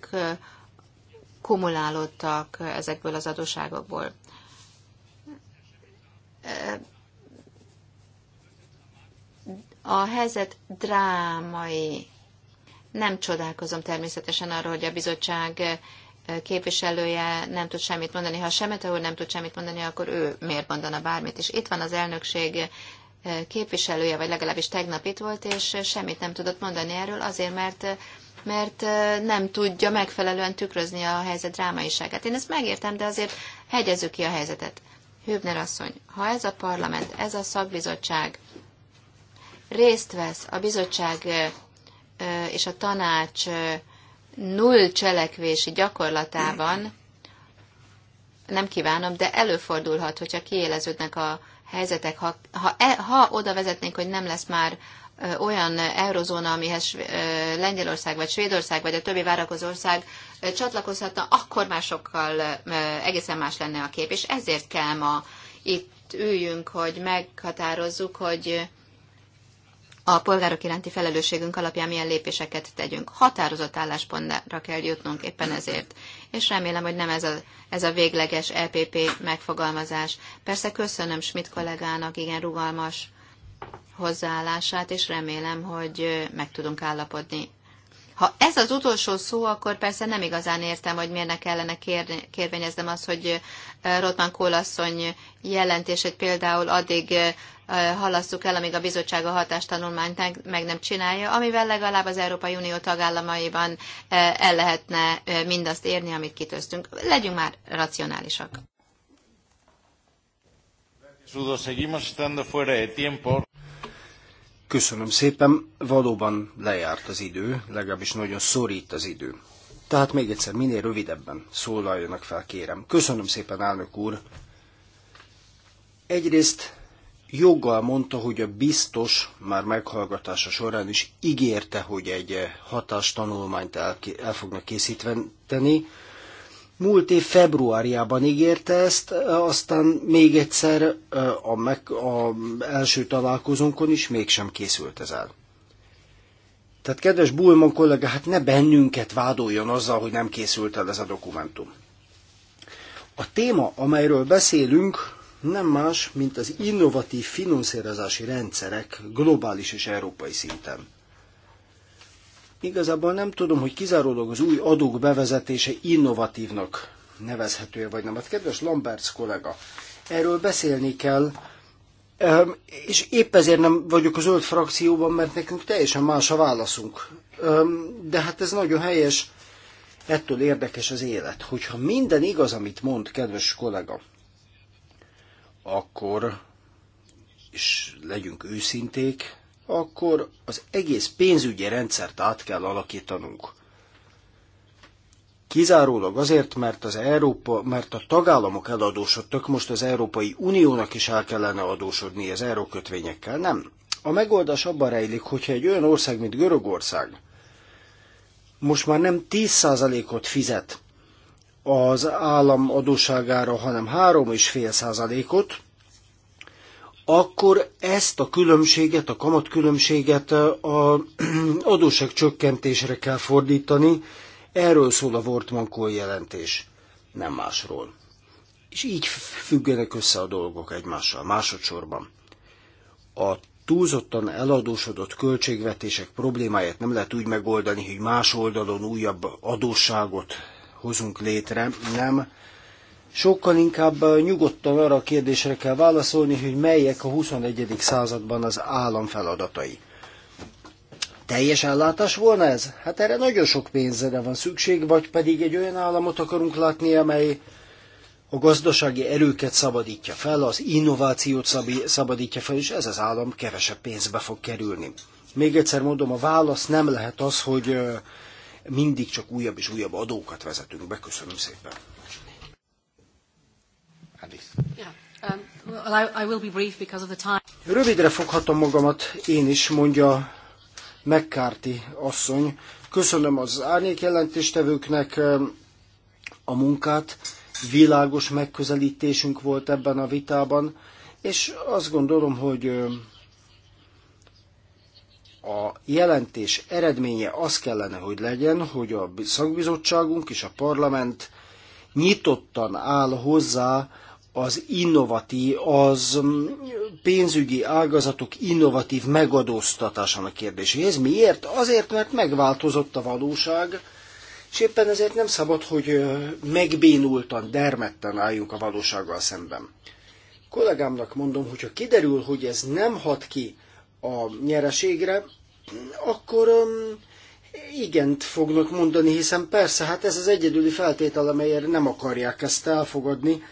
kumulálódtak ezekből az adóságokból. A helyzet drámai. Nem csodálkozom természetesen arra, hogy a bizottság képviselője nem tud semmit mondani. Ha Semete úr nem tud semmit mondani, akkor ő miért mondana bármit. És itt van az elnökség képviselője, vagy legalábbis tegnap itt volt, és semmit nem tudott mondani erről, azért, mert mert nem tudja megfelelően tükrözni a helyzet drámaiságát. Én ezt megértem, de azért hegyezzük ki a helyzetet. Hübner asszony, ha ez a parlament, ez a szakbizottság részt vesz a bizottság és a tanács null cselekvési gyakorlatában, nem kívánom, de előfordulhat, hogyha kiéleződnek a, helyzetek, ha, ha, e, ha oda vezetnénk, hogy nem lesz már olyan eurozóna, amihez Lengyelország vagy Svédország vagy a többi várakozó ország csatlakozhatna, akkor már sokkal egészen más lenne a kép. És ezért kell ma itt üljünk, hogy meghatározzuk, hogy a polgárok iránti felelősségünk alapján milyen lépéseket tegyünk. Határozott álláspontra kell jutnunk éppen ezért és remélem, hogy nem ez a, ez a végleges LPP e megfogalmazás. Persze köszönöm Schmidt kollégának igen rugalmas hozzáállását, és remélem, hogy meg tudunk állapodni. Ha ez az utolsó szó, akkor persze nem igazán értem, hogy miért ne kellene kérni, kérvényeznem azt, hogy Rotman Kólasszony jelentését például addig halasszuk el, amíg a bizottság a hatástanulmányt meg nem csinálja, amivel legalább az Európai Unió tagállamaiban el lehetne mindazt érni, amit kitöztünk. Legyünk már racionálisak. Köszönöm szépen, valóban lejárt az idő, legalábbis nagyon szorít az idő. Tehát még egyszer, minél rövidebben szólaljanak fel, kérem. Köszönöm szépen, elnök úr. Egyrészt joggal mondta, hogy a biztos már meghallgatása során is ígérte, hogy egy eh, hatástanulmányt el, el fognak készíteni. Múlt év februárjában ígérte ezt, eh, aztán még egyszer eh, a, meg, a első találkozónkon is mégsem készült ez el. Tehát kedves Bulman kollega, hát ne bennünket vádoljon azzal, hogy nem készült el ez a dokumentum. A téma, amelyről beszélünk, nem más, mint az innovatív finanszírozási rendszerek globális és európai szinten. Igazából nem tudom, hogy kizárólag az új adók bevezetése innovatívnak nevezhető vagy nem. Hát kedves Lamberts kollega, erről beszélni kell, és épp ezért nem vagyok a zöld frakcióban, mert nekünk teljesen más a válaszunk. De hát ez nagyon helyes, ettől érdekes az élet. Hogyha minden igaz, amit mond, kedves kollega, akkor, és legyünk őszinték, akkor az egész pénzügyi rendszert át kell alakítanunk. Kizárólag azért, mert, az Európa, mert a tagállamok eladósodtak, most az Európai Uniónak is el kellene adósodni az eurókötvényekkel. Nem. A megoldás abban rejlik, hogyha egy olyan ország, mint Görögország, most már nem 10%-ot fizet az állam adósságára, hanem 3,5 százalékot, akkor ezt a különbséget, a kamatkülönbséget a adóság csökkentésre kell fordítani, erről szól a Wortmann jelentés, nem másról. És így függenek össze a dolgok egymással, másodszorban. A túlzottan eladósodott költségvetések problémáját nem lehet úgy megoldani, hogy más oldalon újabb adósságot hozunk létre, nem. Sokkal inkább nyugodtan arra a kérdésre kell válaszolni, hogy melyek a 21. században az állam feladatai. Teljes ellátás volna ez? Hát erre nagyon sok pénzre van szükség, vagy pedig egy olyan államot akarunk látni, amely a gazdasági erőket szabadítja fel, az innovációt szabadítja fel, és ez az állam kevesebb pénzbe fog kerülni. Még egyszer mondom, a válasz nem lehet az, hogy mindig csak újabb és újabb adókat vezetünk be. Köszönöm szépen. Um, Rövidre foghatom magamat én is, mondja McCarthy asszony. Köszönöm az árnyék jelentéstevőknek um, a munkát, világos megközelítésünk volt ebben a vitában, és azt gondolom, hogy um, a jelentés eredménye az kellene, hogy legyen, hogy a szakbizottságunk és a parlament nyitottan áll hozzá az innovatív, az pénzügyi ágazatok innovatív megadóztatásának kérdéséhez. Miért? Azért, mert megváltozott a valóság, és éppen ezért nem szabad, hogy megbénultan, dermedten álljunk a valósággal szemben. Kollégámnak mondom, hogyha kiderül, hogy ez nem hat ki a nyereségre, akkor um, igent fognak mondani, hiszen persze, hát ez az egyedüli feltétel, amelyért nem akarják ezt elfogadni,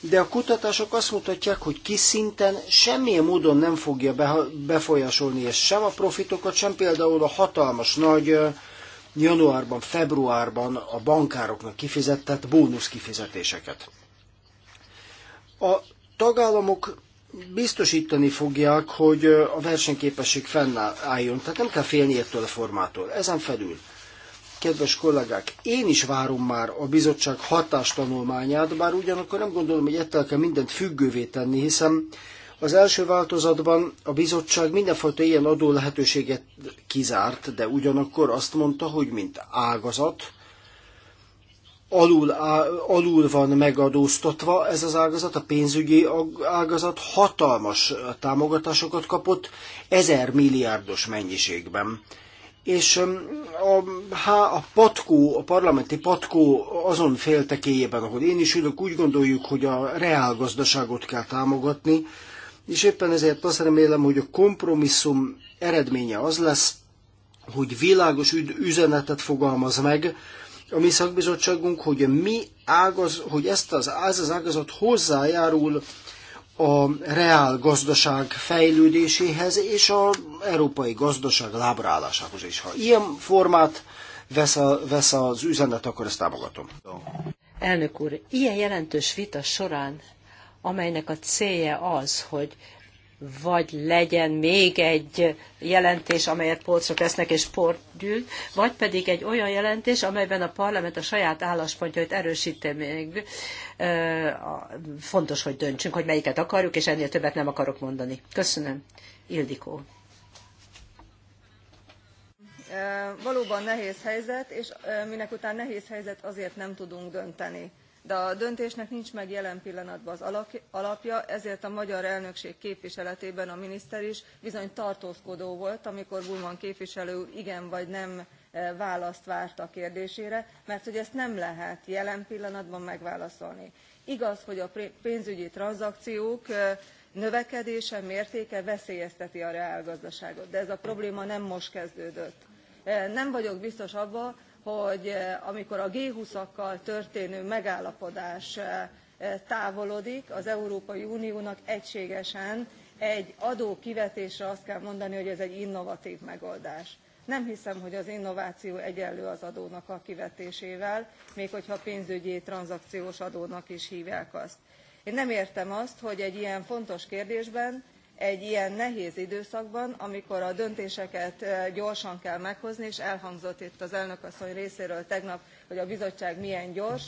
de a kutatások azt mutatják, hogy kis szinten semmilyen módon nem fogja befolyásolni és sem a profitokat, sem például a hatalmas nagy januárban, februárban a bankároknak kifizettet bónusz kifizetéseket. A tagállamok biztosítani fogják, hogy a versenyképesség fennálljon. Tehát nem kell félni ettől a formától. Ezen felül, kedves kollégák, én is várom már a bizottság hatástanulmányát, bár ugyanakkor nem gondolom, hogy ettől kell mindent függővé tenni, hiszen az első változatban a bizottság mindenfajta ilyen adó lehetőséget kizárt, de ugyanakkor azt mondta, hogy mint ágazat, alul, á, alul van megadóztatva ez az ágazat, a pénzügyi ágazat hatalmas támogatásokat kapott, ezer milliárdos mennyiségben. És a, a, a patkó, a parlamenti patkó azon féltekéjében, ahol én is ülök, úgy gondoljuk, hogy a reál gazdaságot kell támogatni, és éppen ezért azt remélem, hogy a kompromisszum eredménye az lesz, hogy világos üzenetet fogalmaz meg, a mi szakbizottságunk, hogy, mi ágaz, hogy ezt az, ez az ágazat hozzájárul a reál gazdaság fejlődéséhez és az európai gazdaság lábrálásához is. Ha ilyen formát vesz, a, vesz az üzenet, akkor ezt támogatom. Elnök úr, ilyen jelentős vita során, amelynek a célja az, hogy vagy legyen még egy jelentés, amelyet polcra tesznek és port gyűlt, vagy pedig egy olyan jelentés, amelyben a parlament a saját álláspontjait erősíti még. Fontos, hogy döntsünk, hogy melyiket akarjuk, és ennél többet nem akarok mondani. Köszönöm. Ildikó. Valóban nehéz helyzet, és minek után nehéz helyzet, azért nem tudunk dönteni de a döntésnek nincs meg jelen pillanatban az alapja ezért a magyar elnökség képviseletében a miniszter is bizony tartózkodó volt amikor bullmann képviselő úr igen vagy nem e, választ várt a kérdésére mert hogy ezt nem lehet jelen pillanatban megválaszolni. igaz hogy a pénzügyi tranzakciók e, növekedése mértéke veszélyezteti a reálgazdaságot de ez a probléma nem most kezdődött. E, nem vagyok biztos abban hogy eh, amikor a g 20 akkal történő megállapodás eh, eh, távolodik az európai uniónak egységesen egy adókivetésre azt kell mondani hogy ez egy innovatv megoldás. nem hiszem hogy az innováció egyenlő az adónak a kivetésével még hogyha pénzügyi tranzakciós adónak is hvják azt. én nem értem azt hogy egy ilyen fontos kérdésben egy ilyen nehéz időszakban amikor a döntéseket gyorsan kell meghozni és elhangzott itt az elnök asszony részéről tegnap hogy a bizottság milyen gyors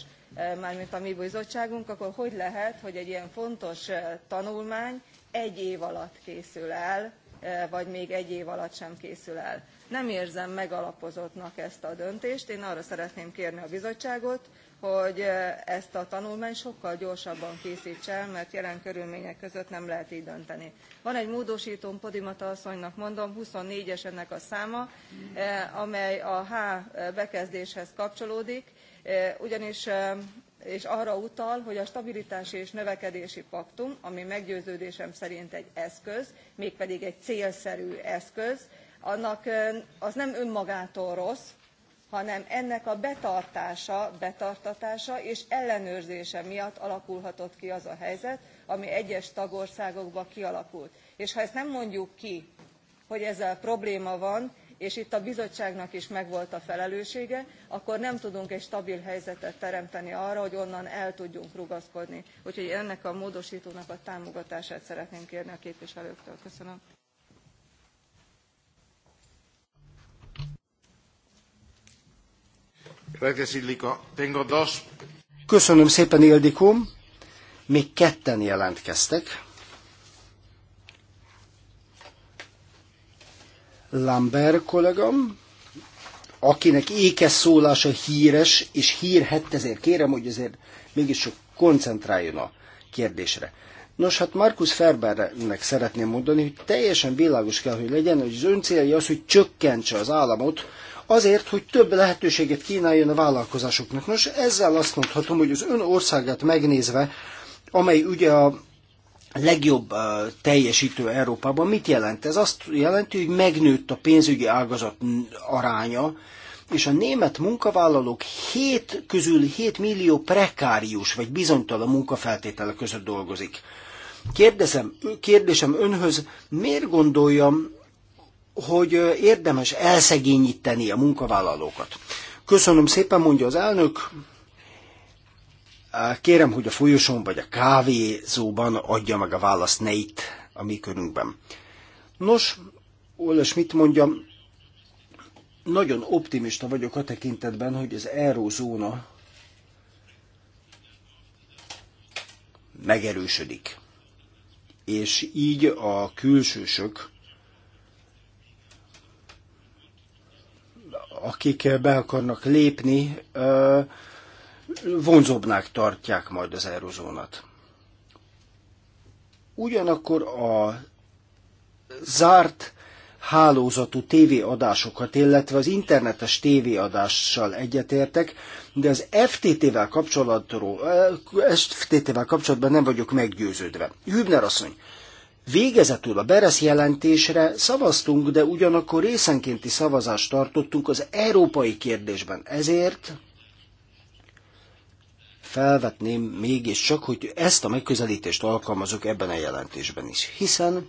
mármint a mi bizottságunk akkor hogy lehet hogy egy ilyen fontos tanulmány egy év alatt készül el vagy még egy év alatt sem készül el. nem érzem megalapozottnak ezt a döntést én arra szeretném kérni a bizottságot hogy ezt a tanulmányt sokkal gyorsabban késztse el mert jelen körülmények között nem lehet így dönteni. van egy módosítón, podimata asszonynak mondom 24 es ennek a száma amely a h bekezdéshez kapcsolódik ugyanis és arra utal hogy a stabilitási és növekedési paktum ami meggyőződésem szerint egy eszköz mégpedig egy célszerű eszköz annak az nem önmagától rossz hanem ennek a betartása betartatása és ellenőrzése miatt alakulhatott ki az a helyzet ami egyes tagországokban kialakult és ha ezt nem mondjuk ki hogy ezzel probléma van és itt a bizottságnak is megvolt a felelőssége akkor nem tudunk egy stabil helyzetet teremteni arra hogy onnan el tudjunk rugaszkodni. úgyhogy ennek a módostónak a támogatását szeretném kérni a képviselőktől. köszönöm. Köszönöm szépen, Ildikó. Még ketten jelentkeztek. Lambert kollégám, akinek ékes szólása híres és hírhett, ezért kérem, hogy azért mégiscsak koncentráljon a kérdésre. Nos, hát Markus Ferbernek szeretném mondani, hogy teljesen világos kell, hogy legyen, hogy az ön célja az, hogy csökkentse az államot, azért, hogy több lehetőséget kínáljon a vállalkozásoknak. Nos, ezzel azt mondhatom, hogy az ön országát megnézve, amely ugye a legjobb teljesítő Európában, mit jelent? Ez azt jelenti, hogy megnőtt a pénzügyi ágazat aránya, és a német munkavállalók 7 közül 7 millió prekárius vagy bizonytalan munkafeltétele között dolgozik. Kérdezem, kérdésem önhöz, miért gondoljam, hogy érdemes elszegényíteni a munkavállalókat. Köszönöm szépen, mondja az elnök. Kérem, hogy a folyosón vagy a kávézóban adja meg a választ ne itt a mi körünkben. Nos, Olle mit mondjam, nagyon optimista vagyok a tekintetben, hogy az eurózóna megerősödik. És így a külsősök akik be akarnak lépni, vonzóbbnák tartják majd az eurozónat. Ugyanakkor a zárt hálózatú tévéadásokat, illetve az internetes tévéadással egyetértek, de az FTT-vel kapcsolatról, FTT-vel kapcsolatban nem vagyok meggyőződve. Hübner asszony, Végezetül a Beresz jelentésre szavaztunk, de ugyanakkor részenkénti szavazást tartottunk az európai kérdésben. Ezért felvetném mégiscsak, hogy ezt a megközelítést alkalmazok ebben a jelentésben is, hiszen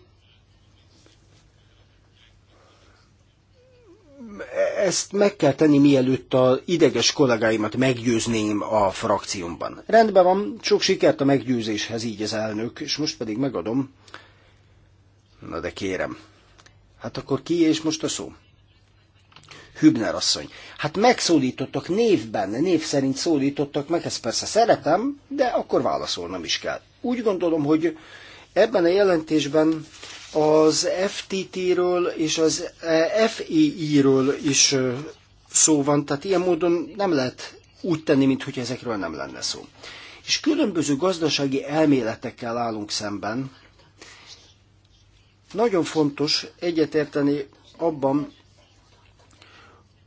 ezt meg kell tenni, mielőtt a ideges kollégáimat meggyőzném a frakciómban. Rendben van, sok sikert a meggyőzéshez, így az elnök, és most pedig megadom Na de kérem. Hát akkor ki és most a szó? Hübner asszony. Hát megszólítottak névben, név szerint szólítottak meg, ezt persze szeretem, de akkor válaszolnom is kell. Úgy gondolom, hogy ebben a jelentésben az FTT-ről és az FEI-ről is szó van, tehát ilyen módon nem lehet úgy tenni, hogy ezekről nem lenne szó. És különböző gazdasági elméletekkel állunk szemben, nagyon fontos egyetérteni abban,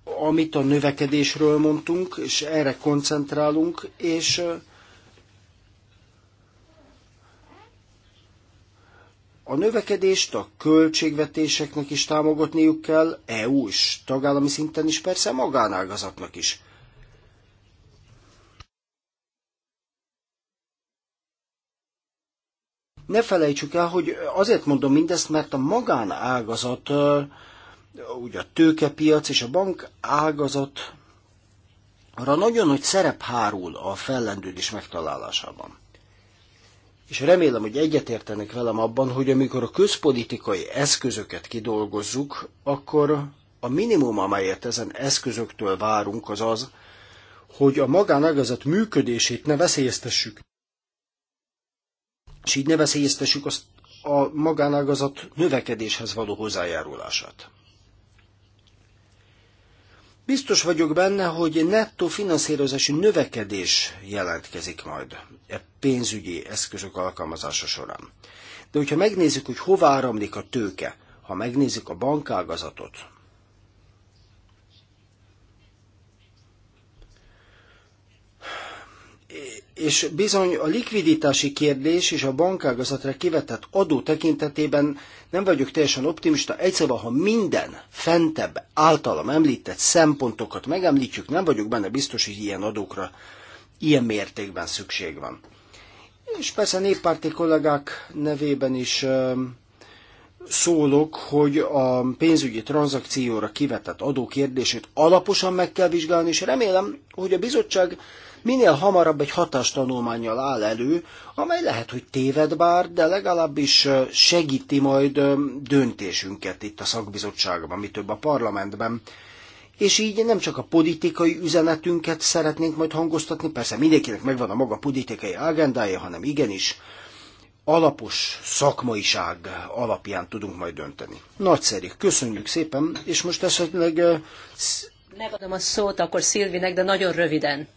amit a növekedésről mondtunk, és erre koncentrálunk, és A növekedést a költségvetéseknek is támogatniuk kell, EU-s, tagállami szinten is, persze magánágazatnak is. ne felejtsük el, hogy azért mondom mindezt, mert a magánágazat, ugye a tőkepiac és a bank ágazat arra nagyon nagy szerep hárul a fellendődés megtalálásában. És remélem, hogy egyetértenek velem abban, hogy amikor a közpolitikai eszközöket kidolgozzuk, akkor a minimum, amelyet ezen eszközöktől várunk, az az, hogy a magánágazat működését ne veszélyeztessük és így ne veszélyeztessük azt a magánágazat növekedéshez való hozzájárulását. Biztos vagyok benne, hogy nettó finanszírozási növekedés jelentkezik majd e pénzügyi eszközök alkalmazása során. De hogyha megnézzük, hogy hová áramlik a tőke, ha megnézzük a bankágazatot, és bizony a likviditási kérdés és a bankágazatra kivetett adó tekintetében nem vagyok teljesen optimista. Egyszerűen, ha minden fentebb általam említett szempontokat megemlítjük, nem vagyok benne biztos, hogy ilyen adókra ilyen mértékben szükség van. És persze néppárti kollégák nevében is szólok, hogy a pénzügyi tranzakcióra kivetett adó kérdését alaposan meg kell vizsgálni, és remélem, hogy a bizottság minél hamarabb egy tanulmányjal áll elő, amely lehet, hogy téved bár, de legalábbis segíti majd döntésünket itt a szakbizottságban, mi több a parlamentben. És így nem csak a politikai üzenetünket szeretnénk majd hangoztatni, persze mindenkinek megvan a maga politikai agendája, hanem igenis alapos szakmaiság alapján tudunk majd dönteni. Nagyszerű, köszönjük szépen, és most esetleg... Megadom a szót akkor Szilvinek, de nagyon röviden.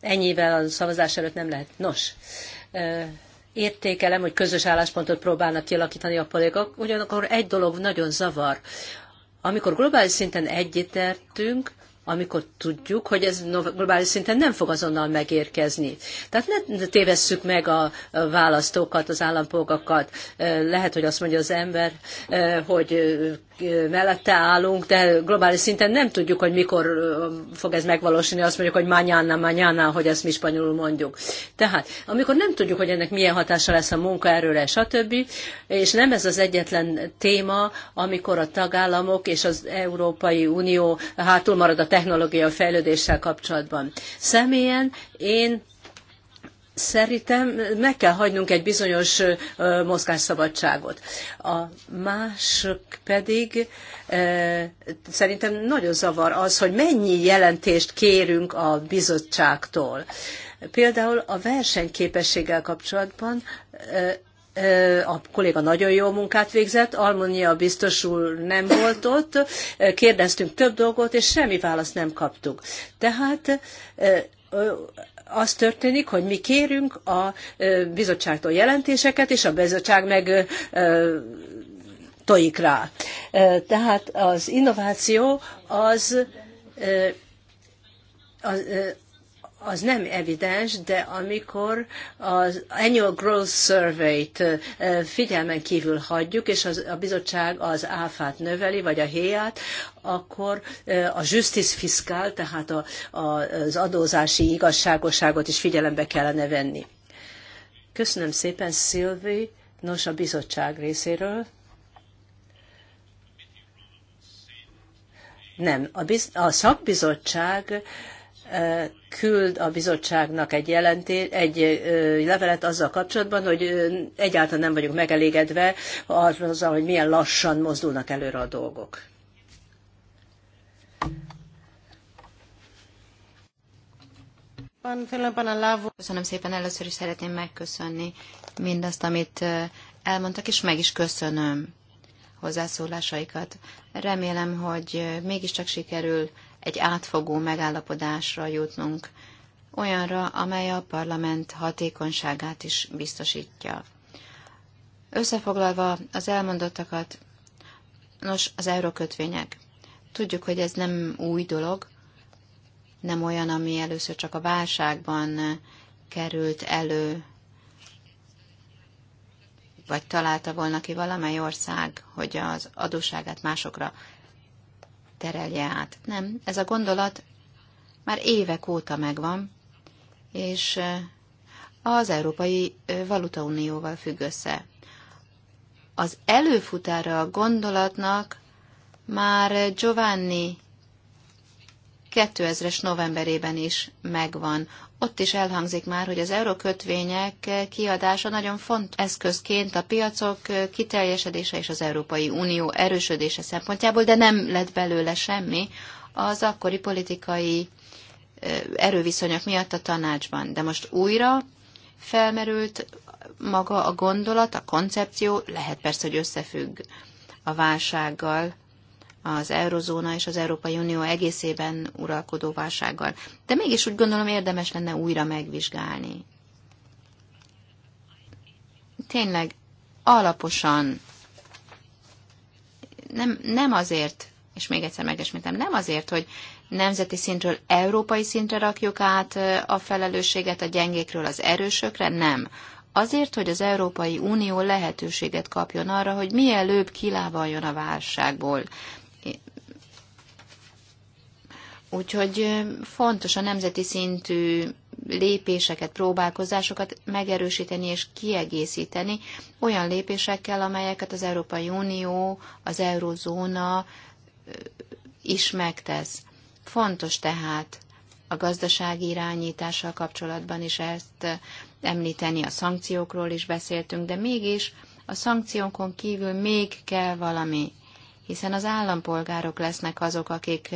Ennyivel a szavazás előtt nem lehet. Nos, értékelem, hogy közös álláspontot próbálnak kialakítani a politikok, ugyanakkor egy dolog nagyon zavar. Amikor globális szinten egyetértünk, amikor tudjuk, hogy ez globális szinten nem fog azonnal megérkezni. Tehát ne tévesszük meg a választókat, az állampolgakat. Lehet, hogy azt mondja az ember, hogy mellette állunk, de globális szinten nem tudjuk, hogy mikor fog ez megvalósulni, azt mondjuk, hogy mañana, mañana, hogy ezt mi spanyolul mondjuk. Tehát, amikor nem tudjuk, hogy ennek milyen hatása lesz a munkaerőre, stb., és nem ez az egyetlen téma, amikor a tagállamok és az Európai Unió hátul marad a technológia fejlődéssel kapcsolatban. Személyen én szerintem meg kell hagynunk egy bizonyos mozgásszabadságot. A mások pedig szerintem nagyon zavar az, hogy mennyi jelentést kérünk a bizottságtól. Például a versenyképességgel kapcsolatban a kolléga nagyon jó munkát végzett, Almonia biztos úr nem volt ott, kérdeztünk több dolgot, és semmi választ nem kaptuk. Tehát az történik, hogy mi kérünk a bizottságtól jelentéseket, és a bizottság meg tojik rá. Tehát az innováció az, az az nem evidens, de amikor az Annual Growth Survey-t figyelmen kívül hagyjuk, és az, a bizottság az áfát növeli, vagy a héját, akkor a justice fiscal, tehát a, a, az adózási igazságosságot is figyelembe kellene venni. Köszönöm szépen, Szilvi, nos a bizottság részéről. Nem, a, biz, a szakbizottság küld a bizottságnak egy, jelenté, egy levelet azzal kapcsolatban, hogy egyáltalán nem vagyunk megelégedve azzal, hogy milyen lassan mozdulnak előre a dolgok. Köszönöm szépen, először is szeretném megköszönni mindazt, amit elmondtak, és meg is köszönöm hozzászólásaikat. Remélem, hogy mégiscsak sikerül egy átfogó megállapodásra jutnunk, olyanra, amely a parlament hatékonyságát is biztosítja. Összefoglalva az elmondottakat, nos, az eurókötvények. Tudjuk, hogy ez nem új dolog, nem olyan, ami először csak a válságban került elő, vagy találta volna ki valamely ország, hogy az adósságát másokra terelje át. Nem, ez a gondolat már évek óta megvan, és az Európai Valutaunióval függ össze. Az előfutára a gondolatnak már Giovanni 2000-es novemberében is megvan. Ott is elhangzik már, hogy az eurókötvények kiadása nagyon fontos eszközként a piacok kiteljesedése és az Európai Unió erősödése szempontjából, de nem lett belőle semmi az akkori politikai erőviszonyok miatt a tanácsban. De most újra felmerült maga a gondolat, a koncepció, lehet persze, hogy összefügg a válsággal, az eurozóna és az Európai Unió egészében uralkodó válsággal. De mégis úgy gondolom érdemes lenne újra megvizsgálni. Tényleg alaposan, nem, nem azért, és még egyszer megesmétem, nem azért, hogy nemzeti szintről európai szintre rakjuk át a felelősséget a gyengékről az erősökre, nem. Azért, hogy az Európai Unió lehetőséget kapjon arra, hogy mielőbb kilábaljon a válságból. Úgyhogy fontos a nemzeti szintű lépéseket, próbálkozásokat megerősíteni és kiegészíteni olyan lépésekkel, amelyeket az Európai Unió, az Eurózóna is megtesz. Fontos tehát a gazdasági irányítással kapcsolatban is ezt említeni, a szankciókról is beszéltünk, de mégis a szankciókon kívül még kell valami, hiszen az állampolgárok lesznek azok, akik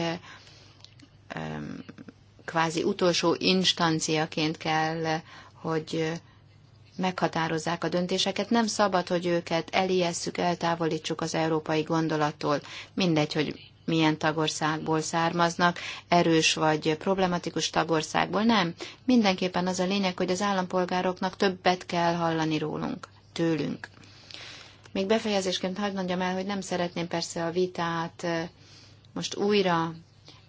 kvázi utolsó instanciaként kell, hogy meghatározzák a döntéseket. Nem szabad, hogy őket elijesszük, eltávolítsuk az európai gondolattól. Mindegy, hogy milyen tagországból származnak, erős vagy problematikus tagországból. Nem. Mindenképpen az a lényeg, hogy az állampolgároknak többet kell hallani rólunk, tőlünk. Még befejezésként hagyd mondjam el, hogy nem szeretném persze a vitát eh, most újra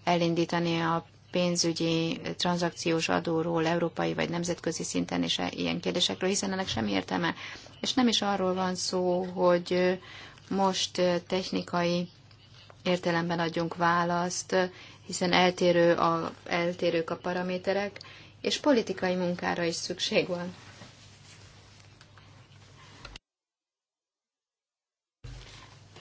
elindítani a pénzügyi tranzakciós adóról, európai vagy nemzetközi szinten, és e- ilyen kérdésekről, hiszen ennek sem értelme. És nem is arról van szó, hogy most technikai értelemben adjunk választ, hiszen eltérő a, eltérők a paraméterek, és politikai munkára is szükség van.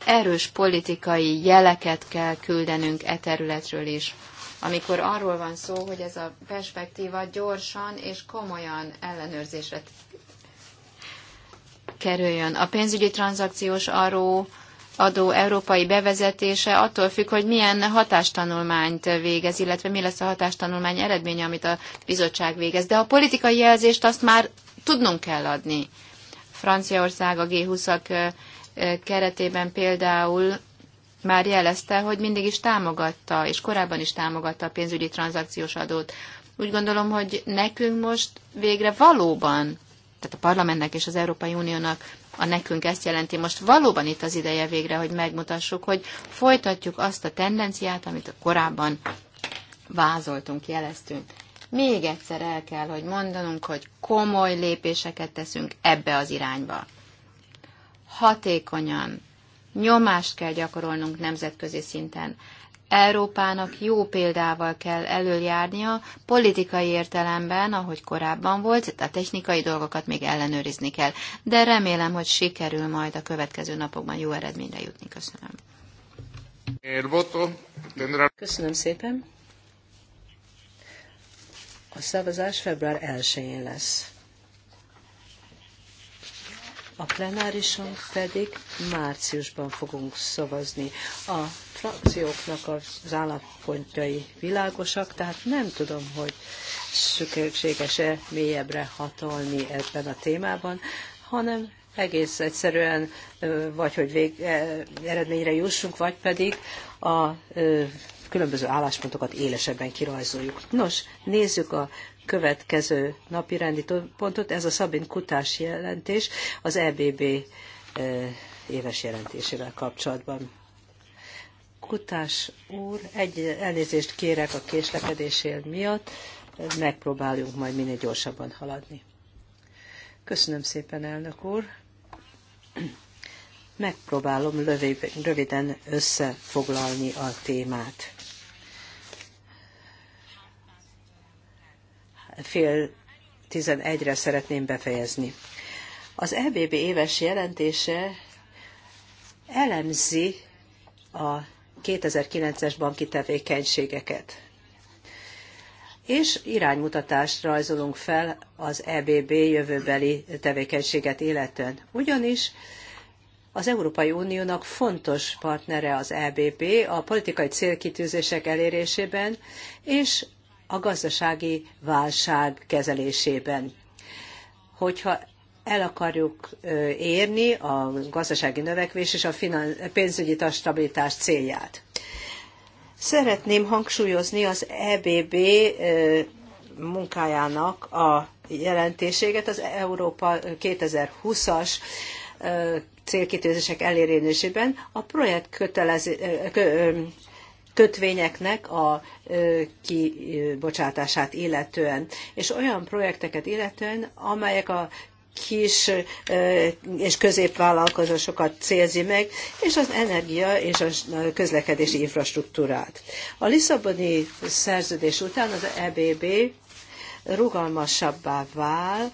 erős politikai jeleket kell küldenünk e területről is. Amikor arról van szó, hogy ez a perspektíva gyorsan és komolyan ellenőrzésre kerüljön. A pénzügyi tranzakciós arról adó európai bevezetése attól függ, hogy milyen hatástanulmányt végez, illetve mi lesz a hatástanulmány eredménye, amit a bizottság végez. De a politikai jelzést azt már tudnunk kell adni. Franciaország a G20-ak keretében például már jelezte, hogy mindig is támogatta, és korábban is támogatta a pénzügyi tranzakciós adót. Úgy gondolom, hogy nekünk most végre valóban, tehát a parlamentnek és az Európai Uniónak a nekünk ezt jelenti. Most valóban itt az ideje végre, hogy megmutassuk, hogy folytatjuk azt a tendenciát, amit korábban vázoltunk, jeleztünk. Még egyszer el kell, hogy mondanunk, hogy komoly lépéseket teszünk ebbe az irányba hatékonyan nyomást kell gyakorolnunk nemzetközi szinten. Európának jó példával kell előjárnia, politikai értelemben, ahogy korábban volt, a technikai dolgokat még ellenőrizni kell. De remélem, hogy sikerül majd a következő napokban jó eredményre jutni. Köszönöm. Köszönöm szépen. A szavazás február 1-én lesz a plenárison pedig márciusban fogunk szavazni. A frakcióknak az állappontjai világosak, tehát nem tudom, hogy szükséges-e mélyebbre hatolni ebben a témában, hanem egész egyszerűen vagy hogy vég, eredményre jussunk, vagy pedig a különböző álláspontokat élesebben kirajzoljuk. Nos, nézzük a következő napi rendi pontot, ez a Szabin Kutás jelentés az EBB e, éves jelentésével kapcsolatban. Kutás úr, egy elnézést kérek a késlekedésél miatt, megpróbáljunk majd minél gyorsabban haladni. Köszönöm szépen, elnök úr. Megpróbálom röviden összefoglalni a témát. fél tizenegyre szeretném befejezni. Az EBB éves jelentése elemzi a 2009-es banki tevékenységeket. És iránymutatást rajzolunk fel az EBB jövőbeli tevékenységet életen. Ugyanis az Európai Uniónak fontos partnere az EBB a politikai célkitűzések elérésében és a gazdasági válság kezelésében. Hogyha el akarjuk érni a gazdasági növekvés és a pénzügyi stabilitás célját. Szeretném hangsúlyozni az EBB munkájának a jelentéséget, az Európa 2020-as célkitűzések elérésében a projekt kötelező, kötvényeknek a kibocsátását illetően, és olyan projekteket illetően, amelyek a kis és középvállalkozásokat célzi meg, és az energia és a közlekedési infrastruktúrát. A Lisszaboni szerződés után az EBB rugalmasabbá vál,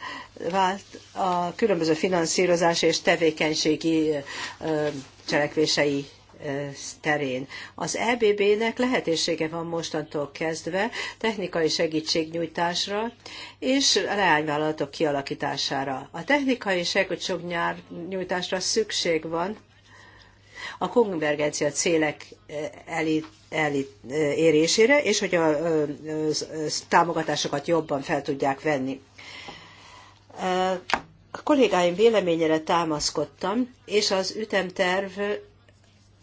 vált a különböző finanszírozási és tevékenységi cselekvései terén. Az EBB-nek lehetősége van mostantól kezdve technikai segítségnyújtásra és leányvállalatok kialakítására. A technikai segítségnyújtásra szükség van a konvergencia célek elit, elérésére, érésére, és hogy a, a támogatásokat jobban fel tudják venni. A kollégáim véleményére támaszkodtam, és az ütemterv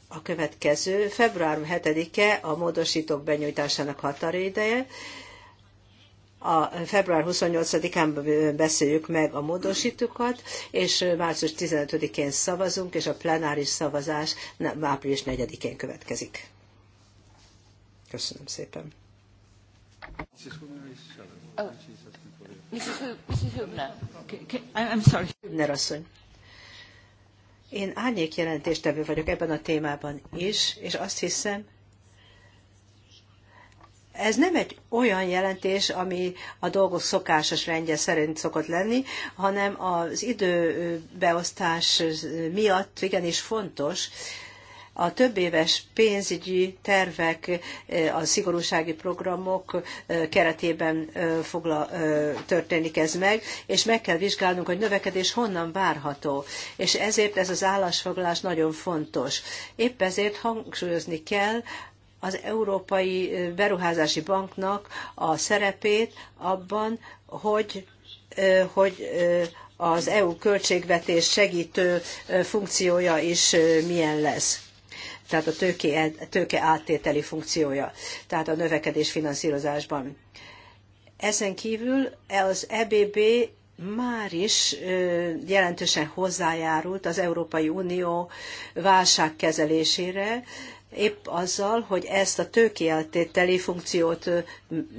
a következő, február 7-e a módosítók benyújtásának határideje. A február 28-án beszéljük meg a módosítókat, és március 15-én szavazunk, és a plenáris szavazás április 4-én következik. Köszönöm szépen. Oh, Mrs. Hübner. I'm sorry. Hübner asszony. Én árnyék jelentéstevő vagyok ebben a témában is, és azt hiszem, ez nem egy olyan jelentés, ami a dolgok szokásos rendje szerint szokott lenni, hanem az időbeosztás miatt igenis fontos, a több éves pénzügyi tervek, eh, a szigorúsági programok eh, keretében eh, fogla, történik ez meg, és meg kell vizsgálnunk, hogy növekedés honnan várható. És ezért ez az állásfoglalás nagyon fontos. Épp ezért hangsúlyozni kell, az Európai Beruházási Banknak a szerepét abban, hogy, hogy az EU költségvetés segítő funkciója is milyen lesz tehát a tőke, tőke áttételi funkciója, tehát a növekedés finanszírozásban. Ezen kívül az EBB már is jelentősen hozzájárult az Európai Unió válságkezelésére, épp azzal, hogy ezt a tőkieltételi funkciót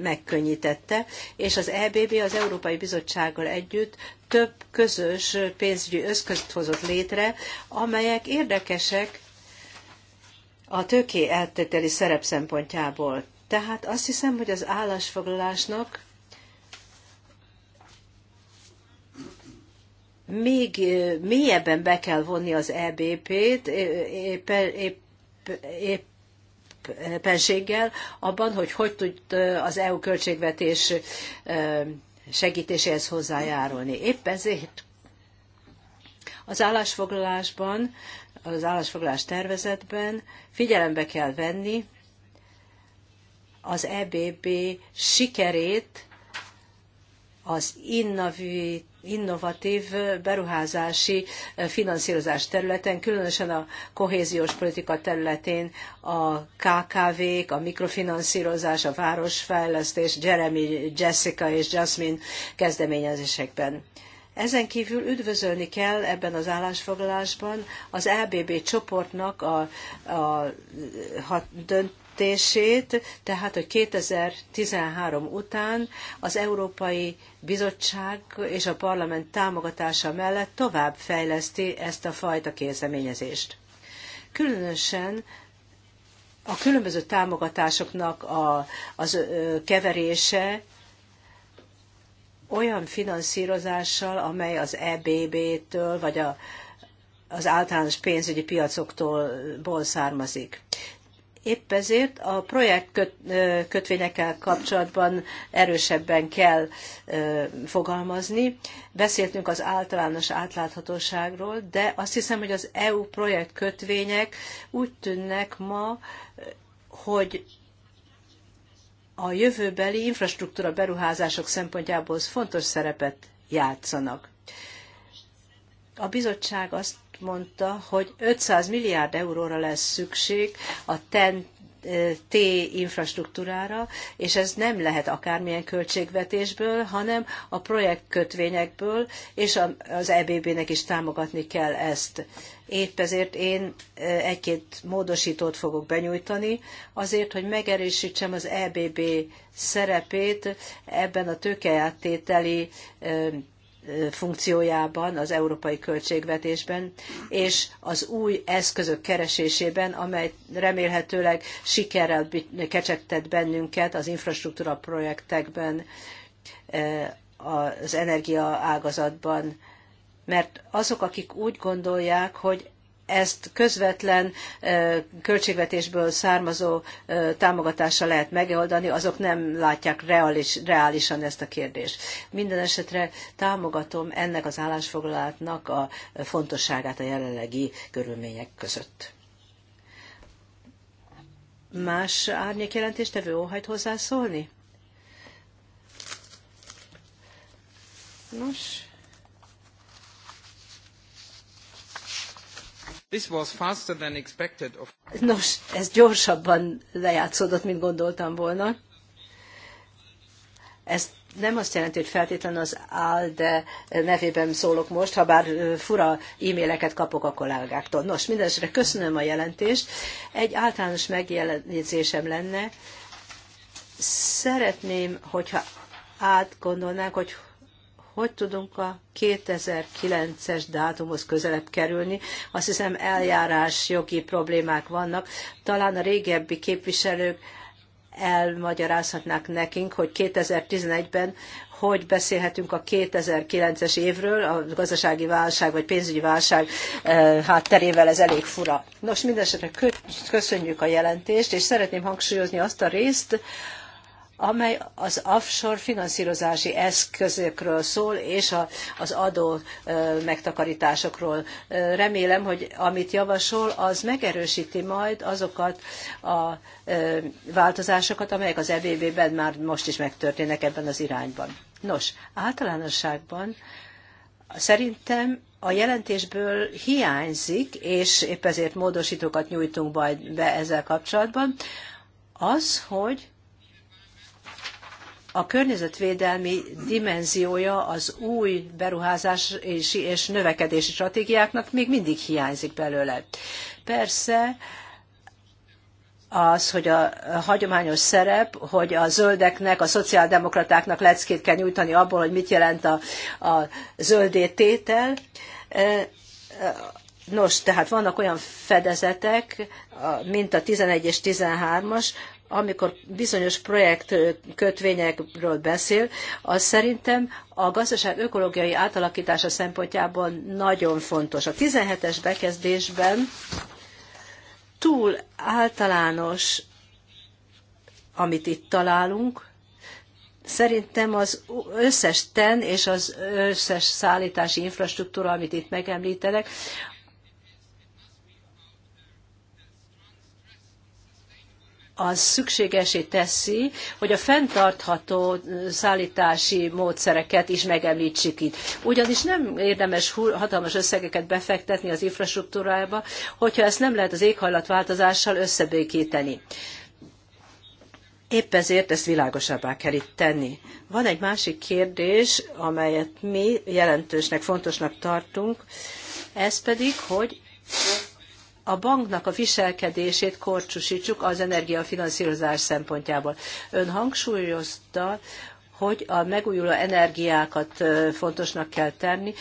megkönnyítette, és az EBB az Európai Bizottsággal együtt több közös pénzügyi összközt hozott létre, amelyek érdekesek a tőké eltételi szerep szempontjából. Tehát azt hiszem, hogy az állásfoglalásnak még mélyebben be kell vonni az EBP-t, éppen, épp, épp, éppenséggel abban, hogy hogy tud az EU költségvetés segítéséhez hozzájárulni. Épp ezért az állásfoglalásban az állásfoglalás tervezetben figyelembe kell venni az EBB sikerét az innovi, innovatív beruházási eh, finanszírozás területen, különösen a kohéziós politika területén a KKV-k, a mikrofinanszírozás, a városfejlesztés, Jeremy, Jessica és Jasmine kezdeményezésekben. Ezen kívül üdvözölni kell ebben az állásfoglalásban az ABB e csoportnak a, a hat, dönt, tehát hogy 2013 után az Európai Bizottság és a Parlament támogatása mellett tovább fejleszti ezt a fajta kezdeményezést. Különösen a különböző támogatásoknak a, az keverése olyan finanszírozással, amely az EBB-től, vagy a, az általános pénzügyi piacoktól ból származik. Épp ezért a kötvényekkel kapcsolatban erősebben kell fogalmazni. Beszéltünk az általános átláthatóságról, de azt hiszem, hogy az EU kötvények úgy tűnnek ma, hogy a jövőbeli infrastruktúra beruházások szempontjából fontos szerepet játszanak. A bizottság azt mondta, hogy 500 milliárd euróra lesz szükség a TEN T infrastruktúrára, és ez nem lehet akármilyen költségvetésből, hanem a projektkötvényekből, és az EBB-nek is támogatni kell ezt. Épp ezért én egy-két módosítót fogok benyújtani, azért, hogy megerősítsem az EBB szerepét ebben a tőkeáttételi funkciójában, az európai költségvetésben, és az új eszközök keresésében, amely remélhetőleg sikerrel kecsegtett bennünket az infrastruktúra projektekben, az energiaágazatban mert azok, akik úgy gondolják, hogy ezt közvetlen költségvetésből származó támogatása lehet megoldani, azok nem látják reális, reálisan ezt a kérdést. Minden esetre támogatom ennek az állásfoglalatnak a fontosságát a jelenlegi körülmények között. Más árnyékjelentéstevő óhajt hozzászólni? Nos, This was faster than expected. Of... Nos, ez gyorsabban lejátszódott, mint gondoltam volna. Ez nem azt jelenti, hogy feltétlenül az ALDE nevében szólok most, ha bár fura e-maileket kapok a kollégáktól. Nos, mindenesetre köszönöm a jelentést. Egy általános megjelenítésem lenne. Szeretném, hogyha átgondolnánk, hogy hogy tudunk a 2009-es dátumhoz közelebb kerülni. Azt hiszem eljárás jogi problémák vannak. Talán a régebbi képviselők elmagyarázhatnák nekünk, hogy 2011-ben hogy beszélhetünk a 2009-es évről, a gazdasági válság vagy pénzügyi válság eh, hátterével ez elég fura. Nos, mindesetre köszönjük a jelentést, és szeretném hangsúlyozni azt a részt, amely az offshore finanszírozási eszközökről szól, és a, az adó megtakarításokról. Remélem, hogy amit javasol, az megerősíti majd azokat a változásokat, amelyek az EBB-ben már most is megtörténnek ebben az irányban. Nos, általánosságban szerintem a jelentésből hiányzik, és épp ezért módosítókat nyújtunk majd be ezzel kapcsolatban, az, hogy a környezetvédelmi dimenziója az új beruházási és növekedési stratégiáknak még mindig hiányzik belőle. Persze, az, hogy a hagyományos szerep, hogy a zöldeknek, a szociáldemokratáknak leckét kell nyújtani abból, hogy mit jelent a, a zöldététel. E, e, nos, tehát vannak olyan fedezetek, mint a 11 és 13-as, amikor bizonyos projekt kötvényekről beszél, az szerintem a gazdaság ökológiai átalakítása szempontjából nagyon fontos. A 17-es bekezdésben túl általános, amit itt találunk, Szerintem az összes TEN és az összes szállítási infrastruktúra, amit itt megemlítenek, az szükségesé teszi, hogy a fenntartható szállítási módszereket is megemlítsük itt. Ugyanis nem érdemes hatalmas összegeket befektetni az infrastruktúrába, hogyha ezt nem lehet az éghajlatváltozással összebékíteni. Épp ezért ezt világosabbá kell itt tenni. Van egy másik kérdés, amelyet mi jelentősnek, fontosnak tartunk, ez pedig, hogy a banknak a viselkedését korcsúsítsuk az energiafinanszírozás szempontjából. Ön hangsúlyozta, hogy a megújuló energiákat fontosnak kell tenni,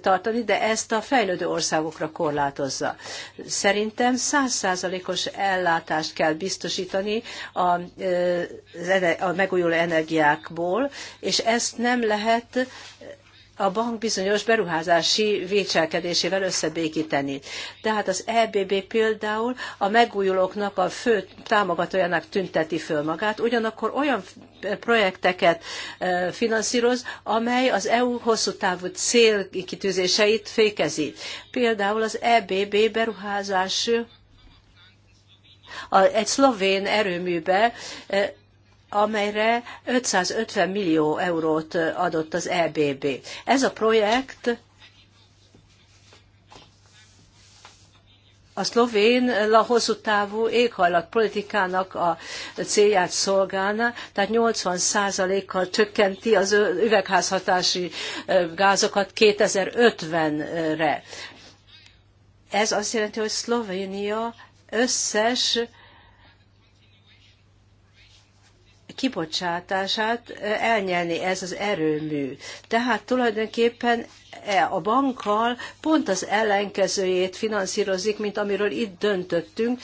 tartani, de ezt a fejlődő országokra korlátozza. Szerintem százszázalékos ellátást kell biztosítani a, a megújuló energiákból, és ezt nem lehet a bank bizonyos beruházási vécselkedésével összebékíteni. Tehát az EBB például a megújulóknak a fő támogatójának tünteti föl magát, ugyanakkor olyan projekteket e, finanszíroz, amely az EU hosszú távú célkitűzéseit fékezi. Például az EBB beruházás egy szlovén erőműbe e, amelyre 550 millió eurót adott az EBB. Ez a projekt a szlovén a hosszú távú éghajlatpolitikának a célját szolgálna, tehát 80%-kal csökkenti az üvegházhatási gázokat 2050-re. Ez azt jelenti, hogy Szlovénia összes kibocsátását elnyelni ez az erőmű. Tehát tulajdonképpen e, a bankkal pont az ellenkezőjét finanszírozik, mint amiről itt döntöttünk,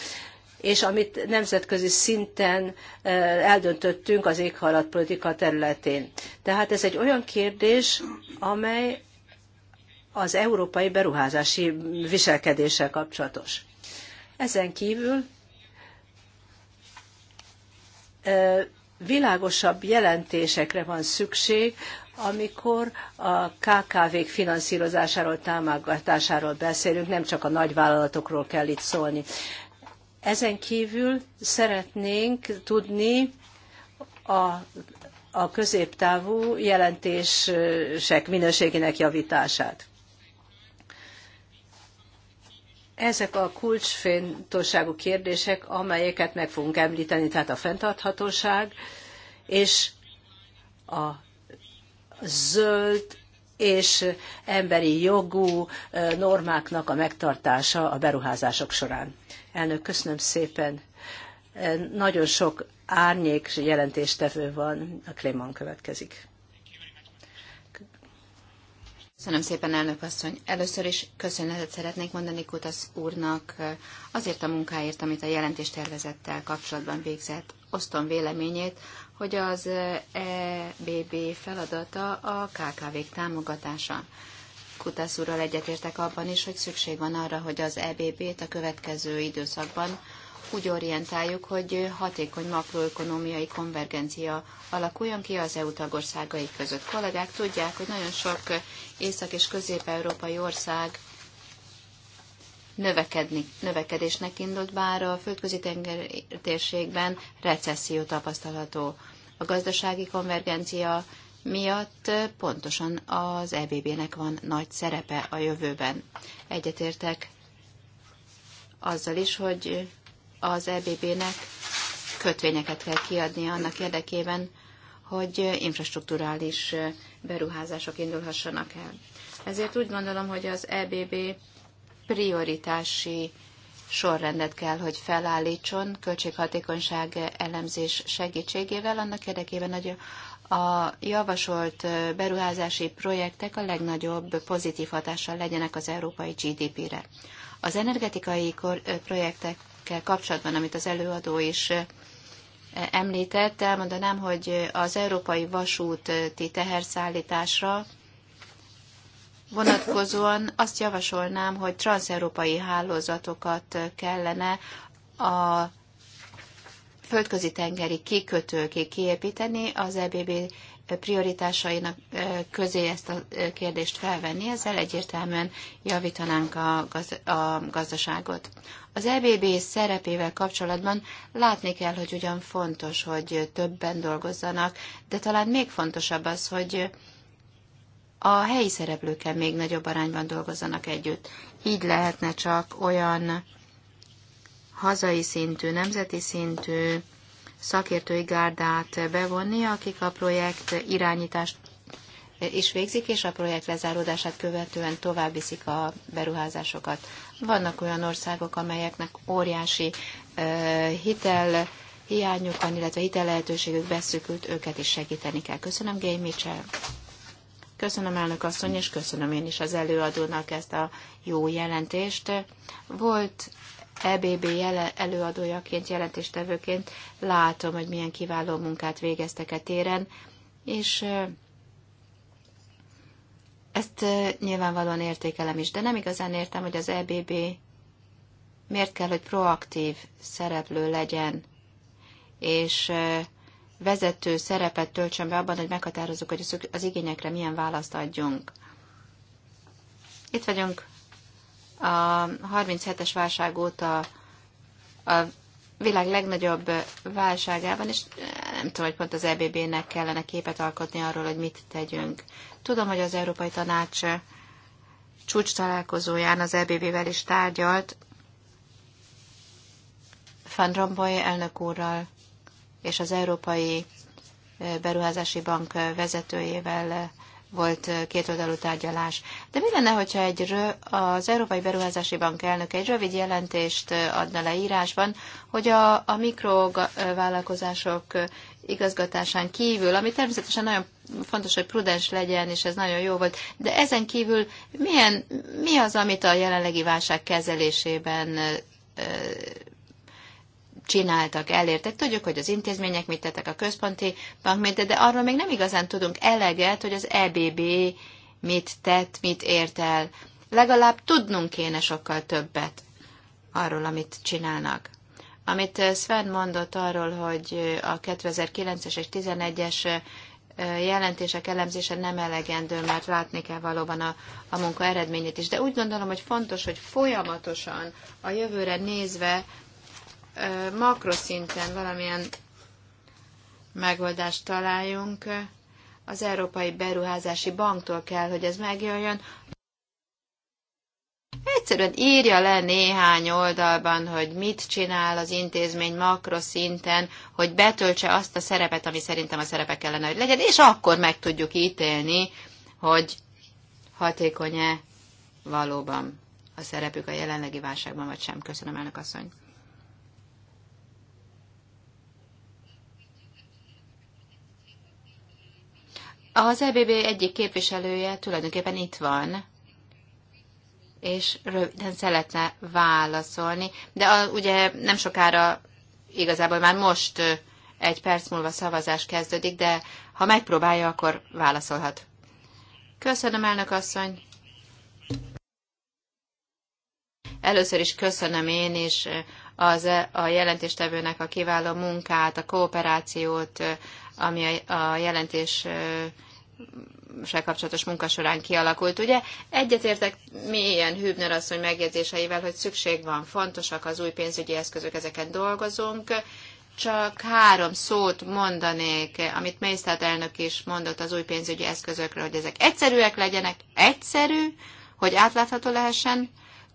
és amit nemzetközi szinten eldöntöttünk az éghajlatpolitika területén. Tehát ez egy olyan kérdés, amely az európai beruházási viselkedéssel kapcsolatos. Ezen kívül világosabb jelentésekre van szükség, amikor a KKV-k finanszírozásáról, támogatásáról beszélünk, nem csak a nagyvállalatokról kell itt szólni. Ezen kívül szeretnénk tudni a, a középtávú jelentések minőségének javítását. Ezek a kulcsfontosságú kérdések, amelyeket meg fogunk említeni, tehát a fenntarthatóság és a zöld és emberi jogú normáknak a megtartása a beruházások során. Elnök, köszönöm szépen. Nagyon sok árnyék jelentéstevő van, a Kléman következik. Köszönöm szépen, elnök asszony. Először is köszönetet szeretnék mondani Kutasz úrnak azért a munkáért, amit a jelentéstervezettel kapcsolatban végzett. Osztom véleményét, hogy az EBB feladata a KKV-k támogatása. Kutasz úrral egyetértek abban is, hogy szükség van arra, hogy az EBB-t a következő időszakban úgy orientáljuk, hogy hatékony makroökonomiai konvergencia alakuljon ki az EU tagországai között. Kollégák tudják, hogy nagyon sok észak- és közép-európai ország növekedni, növekedésnek indult, bár a földközi tenger térségben recesszió tapasztalható. A gazdasági konvergencia miatt pontosan az EBB-nek van nagy szerepe a jövőben. Egyetértek azzal is, hogy az EBB-nek kötvényeket kell kiadnia annak érdekében, hogy infrastruktúrális beruházások indulhassanak el. Ezért úgy gondolom, hogy az EBB prioritási sorrendet kell, hogy felállítson költséghatékonyság elemzés segítségével, annak érdekében, hogy a javasolt beruházási projektek a legnagyobb pozitív hatással legyenek az európai GDP-re. Az energetikai projektek kell kapcsolatban, amit az előadó is említett, elmondanám, hogy az európai vasúti teherszállításra vonatkozóan azt javasolnám, hogy transeurópai hálózatokat kellene a földközi tengeri kikötőkig kiépíteni, az EBB prioritásainak közé ezt a kérdést felvenni, ezzel egyértelműen javítanánk a, a gazdaságot. Az EBB szerepével kapcsolatban látni kell, hogy ugyan fontos, hogy többen dolgozzanak, de talán még fontosabb az, hogy a helyi szereplőkkel még nagyobb arányban dolgozzanak együtt. Így lehetne csak olyan hazai szintű, nemzeti szintű szakértői gárdát bevonni, akik a projekt irányítást is végzik, és a projekt lezáródását követően tovább viszik a beruházásokat. Vannak olyan országok, amelyeknek óriási hitel hiányuk van, illetve hitel lehetőségük beszűkült, őket is segíteni kell. Köszönöm, Gay Mitchell. Köszönöm, elnök asszony, és köszönöm én is az előadónak ezt a jó jelentést. Volt EBB jele, előadójaként, jelentéstevőként látom, hogy milyen kiváló munkát végeztek a e téren, és ezt nyilvánvalóan értékelem is, de nem igazán értem, hogy az EBB miért kell, hogy proaktív szereplő legyen, és vezető szerepet töltsön be abban, hogy meghatározzuk, hogy az igényekre milyen választ adjunk. Itt vagyunk a 37-es válság óta a világ legnagyobb válságában, és nem tudom, hogy pont az EBB-nek kellene képet alkotni arról, hogy mit tegyünk. Tudom, hogy az Európai Tanács csúcs találkozóján az EBB-vel is tárgyalt, Van Rompuy elnök úrral és az Európai Beruházási Bank vezetőjével volt kétoldalú tárgyalás. De mi lenne, hogyha egy, az Európai Beruházási Bank elnöke egy rövid jelentést adna le írásban, hogy a, a mikrovállalkozások igazgatásán kívül, ami természetesen nagyon fontos, hogy prudens legyen, és ez nagyon jó volt, de ezen kívül milyen, mi az, amit a jelenlegi válság kezelésében csináltak, elértek. Tudjuk, hogy az intézmények mit tettek, a központi bank mit, de, de arról még nem igazán tudunk eleget, hogy az EBB mit tett, mit ért el. Legalább tudnunk kéne sokkal többet arról, amit csinálnak. Amit eh, Sven mondott arról, hogy eh, a 2009-es és 2011-es eh, jelentések elemzése nem elegendő, mert látni kell valóban a, a munka eredményét is. De úgy gondolom, hogy fontos, hogy folyamatosan a jövőre nézve makroszinten valamilyen megoldást találjunk. Az Európai Beruházási Banktól kell, hogy ez megjöjjön. Egyszerűen írja le néhány oldalban, hogy mit csinál az intézmény makroszinten, hogy betöltse azt a szerepet, ami szerintem a szerepe kellene, hogy legyen, és akkor meg tudjuk ítélni, hogy hatékony-e valóban a szerepük a jelenlegi válságban, vagy sem. Köszönöm, elnök asszony. Az EBB egyik képviselője tulajdonképpen itt van és röviden szeretne válaszolni. De a, ugye nem sokára, igazából már most egy perc múlva szavazás kezdődik, de ha megpróbálja, akkor válaszolhat. Köszönöm, elnök asszony! Először is köszönöm én is az, a jelentéstevőnek a kiváló munkát, a kooperációt, ami a, a jelentés kapcsolatos munka során kialakult. Ugye egyetértek mélyen Hübner asszony megjegyzéseivel, hogy szükség van, fontosak az új pénzügyi eszközök, ezeken dolgozunk. Csak három szót mondanék, amit Mésztát elnök is mondott az új pénzügyi eszközökről, hogy ezek egyszerűek legyenek, egyszerű, hogy átlátható lehessen,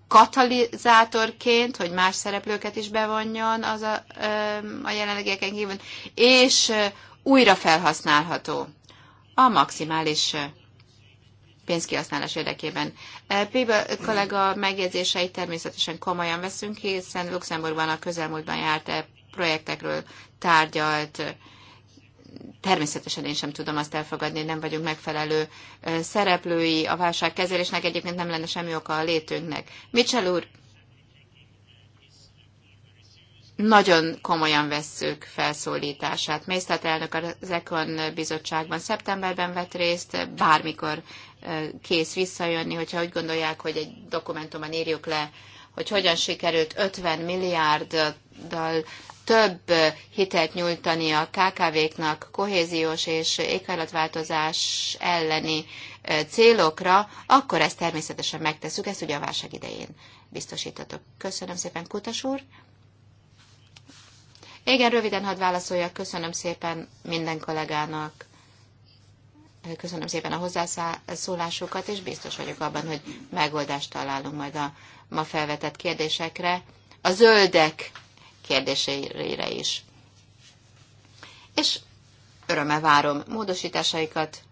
katalizátorként, hogy más szereplőket is bevonjon az a, a jelenlegieken kívül, és újra felhasználható a maximális pénzkihasználás érdekében. Péba kollega megjegyzéseit természetesen komolyan veszünk, hiszen Luxemburgban a közelmúltban járt -e projektekről tárgyalt, természetesen én sem tudom azt elfogadni, nem vagyunk megfelelő szereplői a válságkezelésnek, egyébként nem lenne semmi oka a létünknek. Mitchell úr, nagyon komolyan vesszük felszólítását. Mésztát elnök az Ekon bizottságban szeptemberben vett részt, bármikor kész visszajönni, hogyha úgy gondolják, hogy egy dokumentumban írjuk le, hogy hogyan sikerült 50 milliárddal több hitelt nyújtani a KKV-knak kohéziós és éghajlatváltozás elleni célokra, akkor ezt természetesen megtesszük, ezt ugye a válság idején biztosítatok. Köszönöm szépen, Kutas úr! Igen, röviden hadd válaszoljak. Köszönöm szépen minden kollégának. Köszönöm szépen a hozzászólásokat, és biztos vagyok abban, hogy megoldást találunk majd a ma felvetett kérdésekre, a zöldek kérdéseire is. És örömmel várom módosításaikat,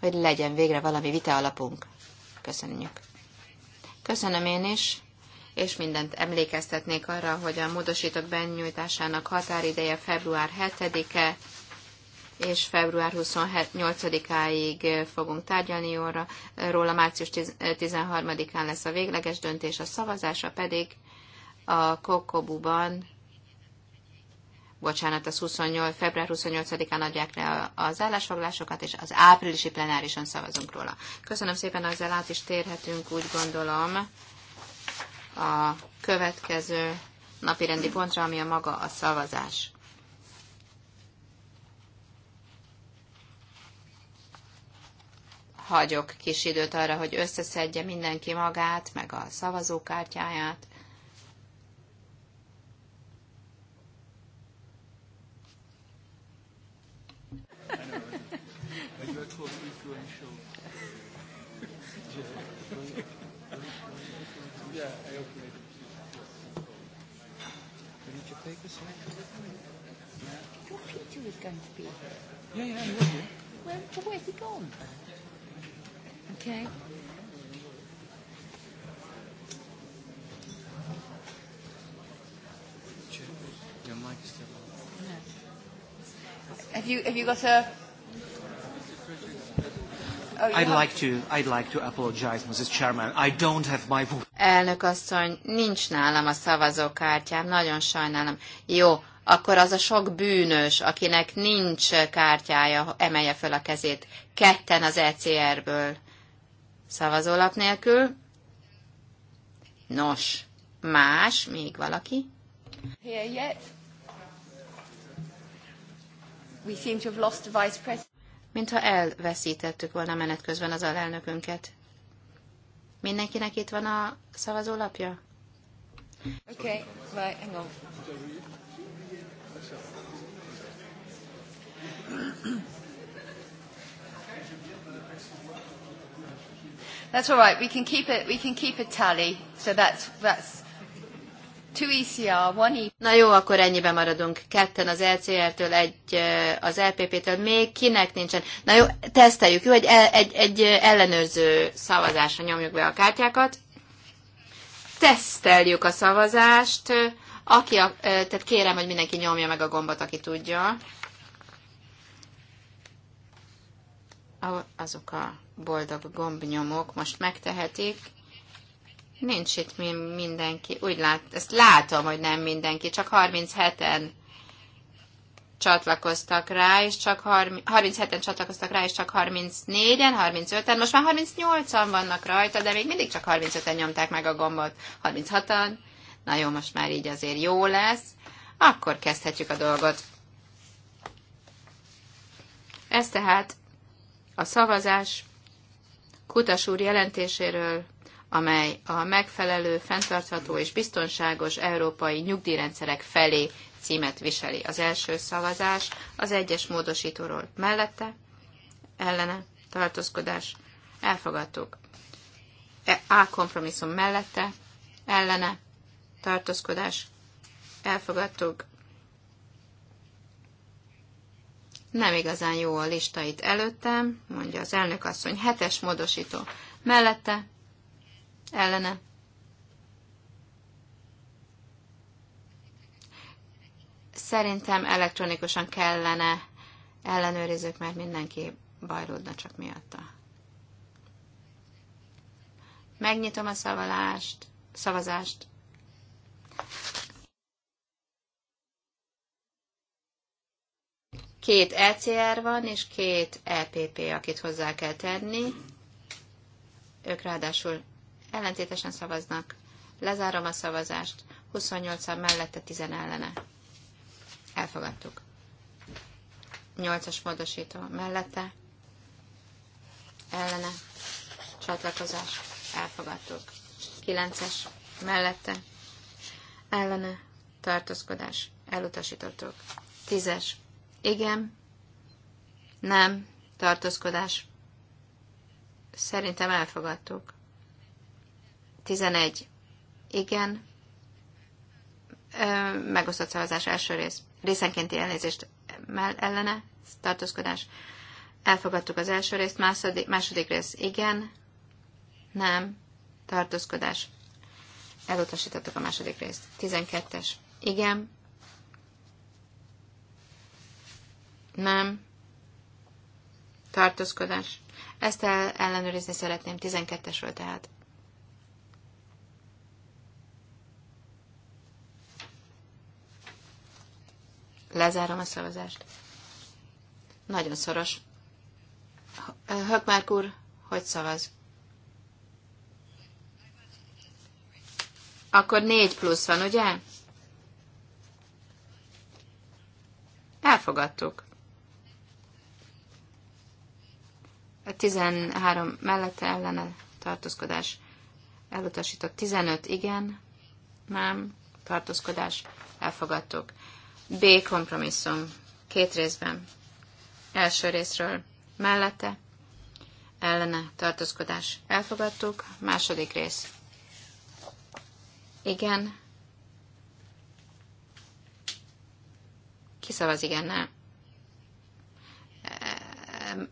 hogy legyen végre valami vita alapunk. Köszönjük. Köszönöm én is és mindent emlékeztetnék arra, hogy a módosítók benyújtásának határideje február 7-e, és február 28-áig fogunk tárgyalni óra, róla március 13-án lesz a végleges döntés, a szavazása pedig a Kokobuban, bocsánat, az 28, február 28-án adják le az állásfoglásokat, és az áprilisi plenárison szavazunk róla. Köszönöm szépen, ezzel át is térhetünk, úgy gondolom, a következő napirendi pontra, ami a maga a szavazás. Hagyok kis időt arra, hogy összeszedje mindenki magát, meg a szavazókártyáját. going to be here. Yeah, yeah, he was here. Where, where's he gone? Okay. Your mic is still on. Have you have you got a? Oh, I'd like to I'd like to apologize, Mrs. Chairman. I don't have my vote. Elnök asszony, nincs nálam a szavazókártyám, nagyon sajnálom. Jó, akkor az a sok bűnös, akinek nincs kártyája, emelje föl a kezét. Ketten az ECR-ből szavazólap nélkül. Nos, más, még valaki? Here yet. We seem to have lost the vice president. Mintha elveszítettük volna menet közben az alelnökünket. Mindenkinek itt van a szavazólapja? Okay, right, hang on. That's all right. We can keep it. We can keep a tally. So that's that's two ECR, one E. Na jó, akkor ennyiben maradunk. Ketten az LCR-től, e egy az LPP-től. E Még kinek nincsen. Na jó, teszteljük. Jó, egy, egy, egy ellenőrző szavazásra nyomjuk be a kártyákat. Teszteljük a szavazást. Aki a, tehát kérem, hogy mindenki nyomja meg a gombot, aki tudja. azok a boldog gombnyomók most megtehetik. Nincs itt mindenki, úgy lát, ezt látom, hogy nem mindenki, csak 37-en csatlakoztak rá, és csak 30, 37-en csatlakoztak rá, és csak 34-en, 35-en, most már 38-an vannak rajta, de még mindig csak 35-en nyomták meg a gombot, 36-an. Na jó, most már így azért jó lesz. Akkor kezdhetjük a dolgot. Ez tehát a szavazás Kutas úr jelentéséről, amely a megfelelő, fenntartható és biztonságos európai nyugdíjrendszerek felé címet viseli. Az első szavazás az egyes módosítóról mellette, ellene, tartózkodás, elfogadtuk. E, a kompromisszum mellette, ellene, tartózkodás, elfogadtuk. Nem igazán jó a lista itt előttem, mondja az elnök asszony. Hetes módosító. Mellette? Ellene? Szerintem elektronikusan kellene ellenőrizők mert mindenki bajlódna csak miatta. Megnyitom a szavazást. Két ECR van, és két EPP, akit hozzá kell tenni. Ők ráadásul ellentétesen szavaznak. Lezárom a szavazást. 28 a mellette 10 ellene. Elfogadtuk. 8-as módosító mellette. Ellene. Csatlakozás. Elfogadtuk. 9-es mellette. Ellene. Tartózkodás. Elutasítottuk. 10-es igen. Nem. Tartózkodás. Szerintem elfogadtuk. 11. Igen. Ö, megosztott szavazás első rész. Részenkénti elnézést ellene. Tartózkodás. Elfogadtuk az első részt. Második, második rész. Igen. Nem. Tartózkodás. Elutasítottuk a második részt. 12-es. Igen Nem. Tartózkodás. Ezt el, ellenőrizni szeretném. 12 volt tehát. Lezárom a szavazást. Nagyon szoros. Hökmárk úr, hogy szavaz? Akkor négy plusz van, ugye? Elfogadtuk. 13 mellette ellene tartózkodás elutasított. 15 igen, nem, tartózkodás elfogadtuk. B kompromisszum két részben. Első részről mellette ellene tartózkodás elfogadtuk. Második rész. Igen. Kiszavaz igen, nem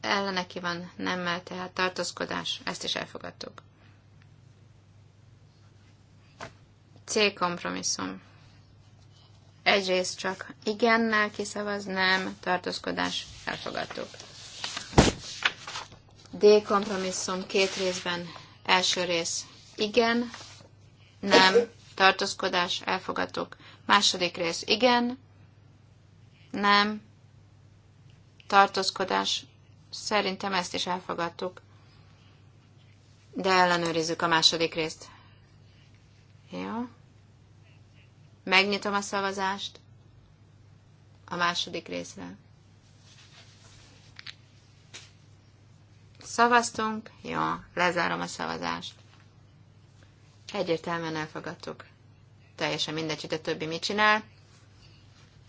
ellene ki van nemmel, tehát tartózkodás, ezt is elfogadtuk. C kompromisszum. Egyrészt csak igennel kiszavaz, nem, tartózkodás, elfogadtuk. D kompromisszum két részben. Első rész igen, nem, tartózkodás, elfogadtuk. Második rész igen, nem, tartózkodás, Szerintem ezt is elfogadtuk. De ellenőrizzük a második részt. Jó. Megnyitom a szavazást a második részre. Szavaztunk? Jó, lezárom a szavazást. Egyértelműen elfogadtuk. Teljesen mindegy, hogy a többi mit csinál.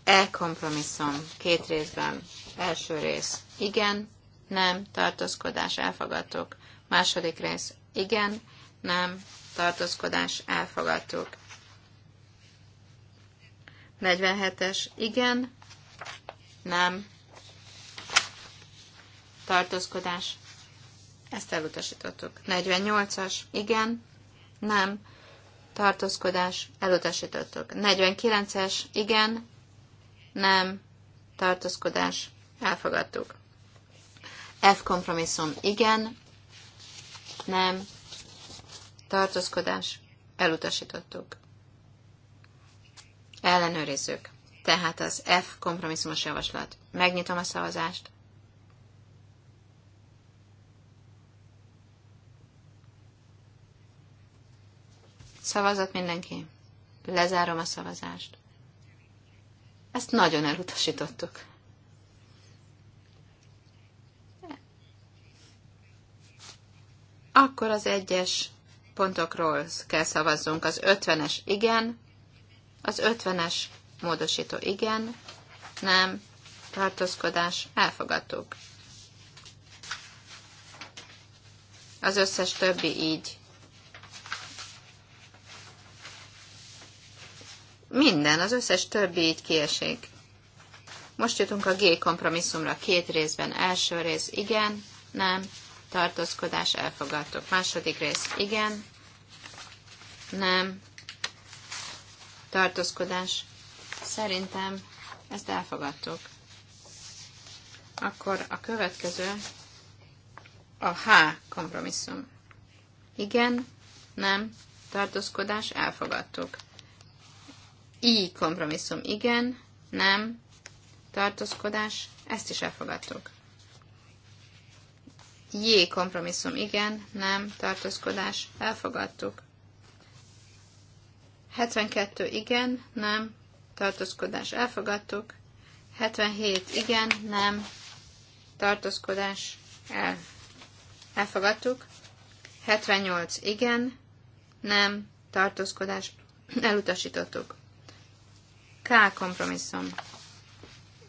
E kompromisszum, két részben. Első rész, igen nem, tartózkodás, elfogadtuk. Második rész, igen, nem, tartózkodás, elfogadtuk. 47-es, igen, nem, tartózkodás, ezt elutasítottuk. 48-as, igen, nem, tartózkodás, elutasítottuk. 49-es, igen, nem, tartózkodás, elfogadtuk. F kompromisszum igen, nem, tartózkodás, elutasítottuk. Ellenőrizzük. Tehát az F kompromisszumos javaslat. Megnyitom a szavazást. Szavazat mindenki? Lezárom a szavazást. Ezt nagyon elutasítottuk. Akkor az egyes pontokról kell szavazzunk. Az ötvenes igen, az ötvenes módosító igen, nem, tartózkodás, elfogadtuk. Az összes többi így. Minden, az összes többi így kiesik. Most jutunk a G kompromisszumra két részben. Első rész igen, nem, tartózkodás, elfogadtuk. Második rész, igen, nem, tartózkodás, szerintem ezt elfogadtuk. Akkor a következő, a H kompromisszum. Igen, nem, tartózkodás, elfogadtuk. I kompromisszum, igen, nem, tartózkodás, ezt is elfogadtuk. J kompromisszum igen, nem, tartózkodás, elfogadtuk. 72 igen, nem, tartózkodás, elfogadtuk. 77 igen, nem, tartózkodás, el, elfogadtuk. 78 igen, nem, tartózkodás, elutasítottuk. K kompromisszum.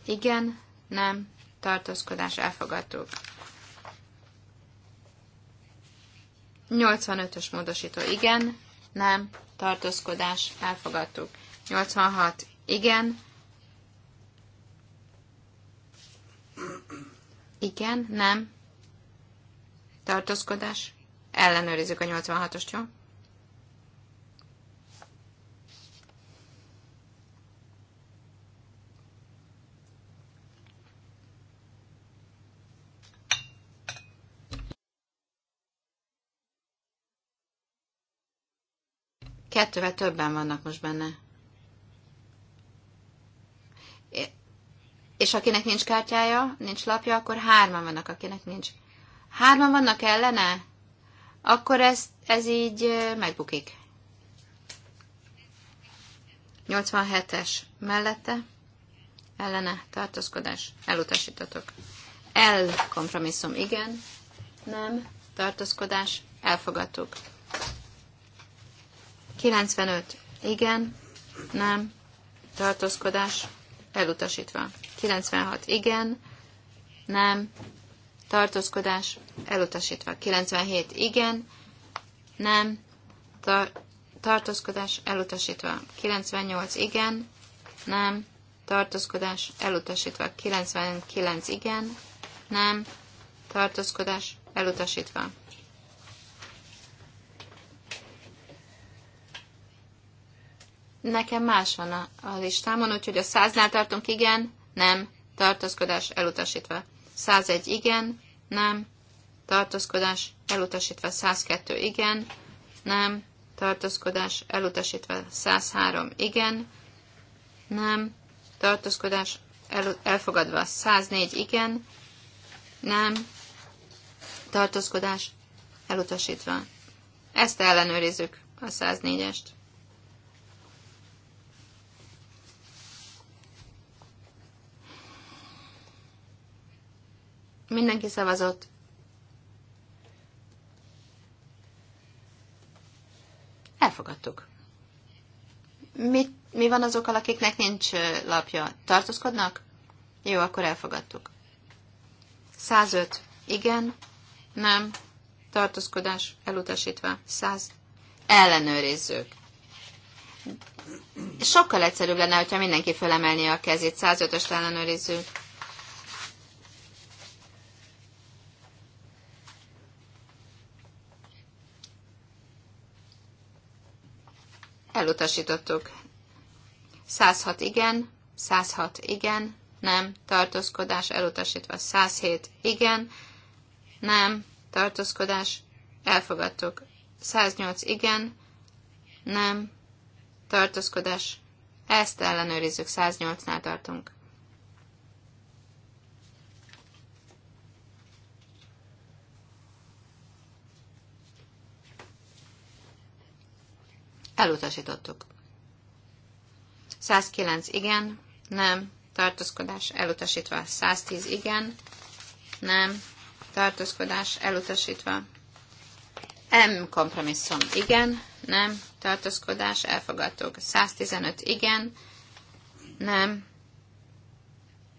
Igen, nem, tartózkodás, elfogadtuk. 85-ös módosító igen, nem, tartózkodás, elfogadtuk. 86 igen, igen, nem, tartózkodás, ellenőrizzük a 86-ost, jó? Kettővel többen vannak most benne. És akinek nincs kártyája, nincs lapja, akkor hárman vannak, akinek nincs. Hárman vannak ellene? Akkor ez, ez így megbukik. 87-es mellette ellene tartózkodás elutasítatok. El kompromisszum igen, nem, tartózkodás elfogadtuk. 95. Igen, nem, tartózkodás, elutasítva. 96. Igen, nem, tartózkodás, elutasítva. 97. Igen, nem, tar- tartózkodás, elutasítva. 98. Igen, nem, tartózkodás, elutasítva. 99. Igen, nem, tartózkodás, elutasítva. Nekem más van a, a listámon, úgyhogy a száznál tartunk igen, nem, tartózkodás elutasítva. 101 igen, nem, tartózkodás elutasítva. 102 igen, nem, tartózkodás elutasítva. 103 igen, nem, tartózkodás el, elfogadva. 104 igen, nem, tartózkodás elutasítva. Ezt ellenőrizzük, a 104-est. Mindenki szavazott. Elfogadtuk. Mit, mi van azokkal, akiknek nincs lapja? Tartózkodnak? Jó, akkor elfogadtuk. 105. Igen. Nem. Tartózkodás elutasítva. 100. Ellenőrizzük. Sokkal egyszerűbb lenne, hogyha mindenki felemelné a kezét. 105-öst ellenőrizzük. Elutasítottuk. 106 igen, 106 igen, nem, tartózkodás elutasítva. 107 igen, nem, tartózkodás elfogadtuk. 108 igen, nem, tartózkodás ezt ellenőrizzük, 108-nál tartunk. Elutasítottuk. 109 igen, nem, tartózkodás elutasítva. 110 igen, nem, tartózkodás elutasítva. M kompromisszum igen, nem, tartózkodás elfogadtuk. 115 igen, nem,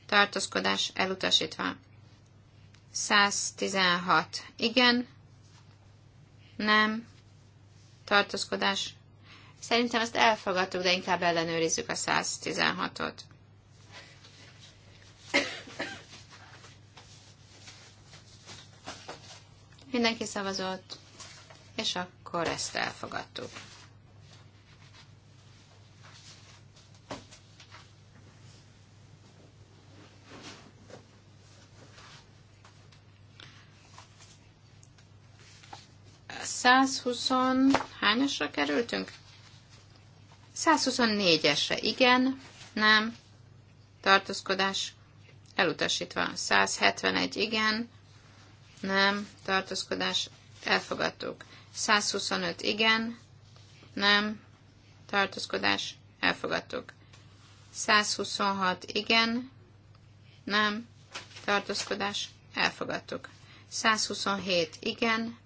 tartózkodás elutasítva. 116 igen, nem, tartózkodás Szerintem ezt elfogadtuk, de inkább ellenőrizzük a 116-ot. Mindenki szavazott, és akkor ezt elfogadtuk. A 120 hányasra kerültünk? 124-esre igen, nem, tartózkodás, elutasítva. 171 igen, nem, tartózkodás, elfogadtuk. 125 igen, nem, tartózkodás, elfogadtuk. 126 igen, nem, tartózkodás, elfogadtuk. 127 igen,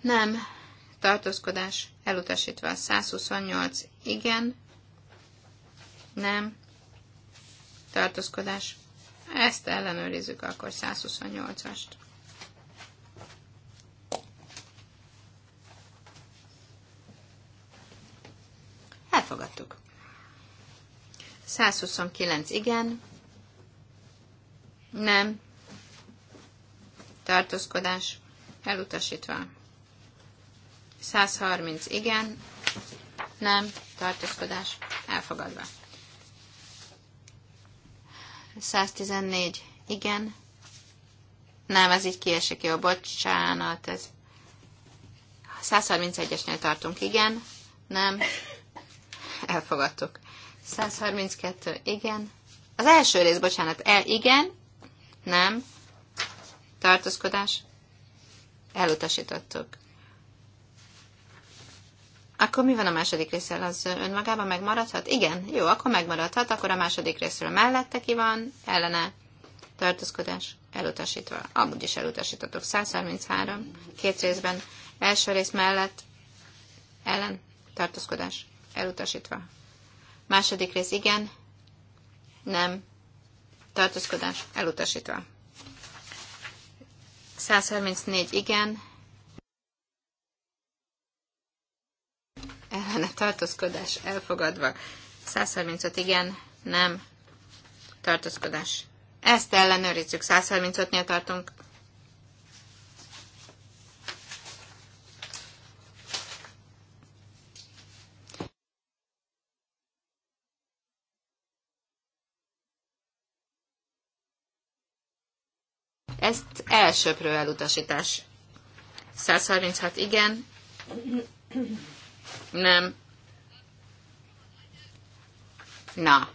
nem, tartózkodás elutasítva. 128 igen, nem, tartózkodás. Ezt ellenőrizzük akkor 128-ast. Elfogadtuk. 129 igen, nem, tartózkodás elutasítva. 130 igen, nem, tartózkodás elfogadva. 114 igen, nem, ez így kiesik, jó, bocsánat, ez 131-esnél tartunk, igen, nem, elfogadtuk. 132, igen. Az első rész, bocsánat, el, igen, nem, tartózkodás, elutasítottuk. Akkor mi van a második részsel? Az önmagában megmaradhat? Igen, jó, akkor megmaradhat, akkor a második részről mellette ki van, ellene tartózkodás elutasítva. Amúgy is elutasítatok. 133, két részben, első rész mellett, ellen tartózkodás elutasítva. Második rész igen, nem, tartózkodás elutasítva. 134 igen, ellene tartózkodás elfogadva. 135 igen, nem, tartózkodás. Ezt ellenőrizzük, 135-nél tartunk. Ezt elsőprő elutasítás. 136 igen, nem. Na.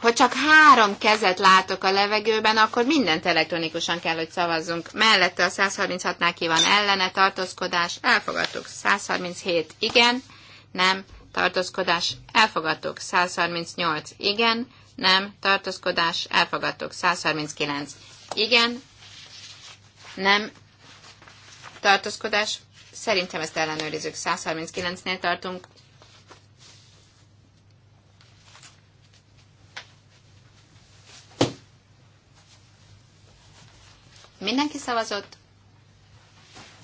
Ha csak három kezet látok a levegőben, akkor mindent elektronikusan kell, hogy szavazzunk. Mellette a 136-nál ki van ellene, tartózkodás, elfogadtuk. 137, igen, nem, tartózkodás, elfogadtuk. 138, igen, nem, tartózkodás, elfogadtuk. 139, igen, nem, tartózkodás, Szerintem ezt ellenőrizzük. 139-nél tartunk. Mindenki szavazott?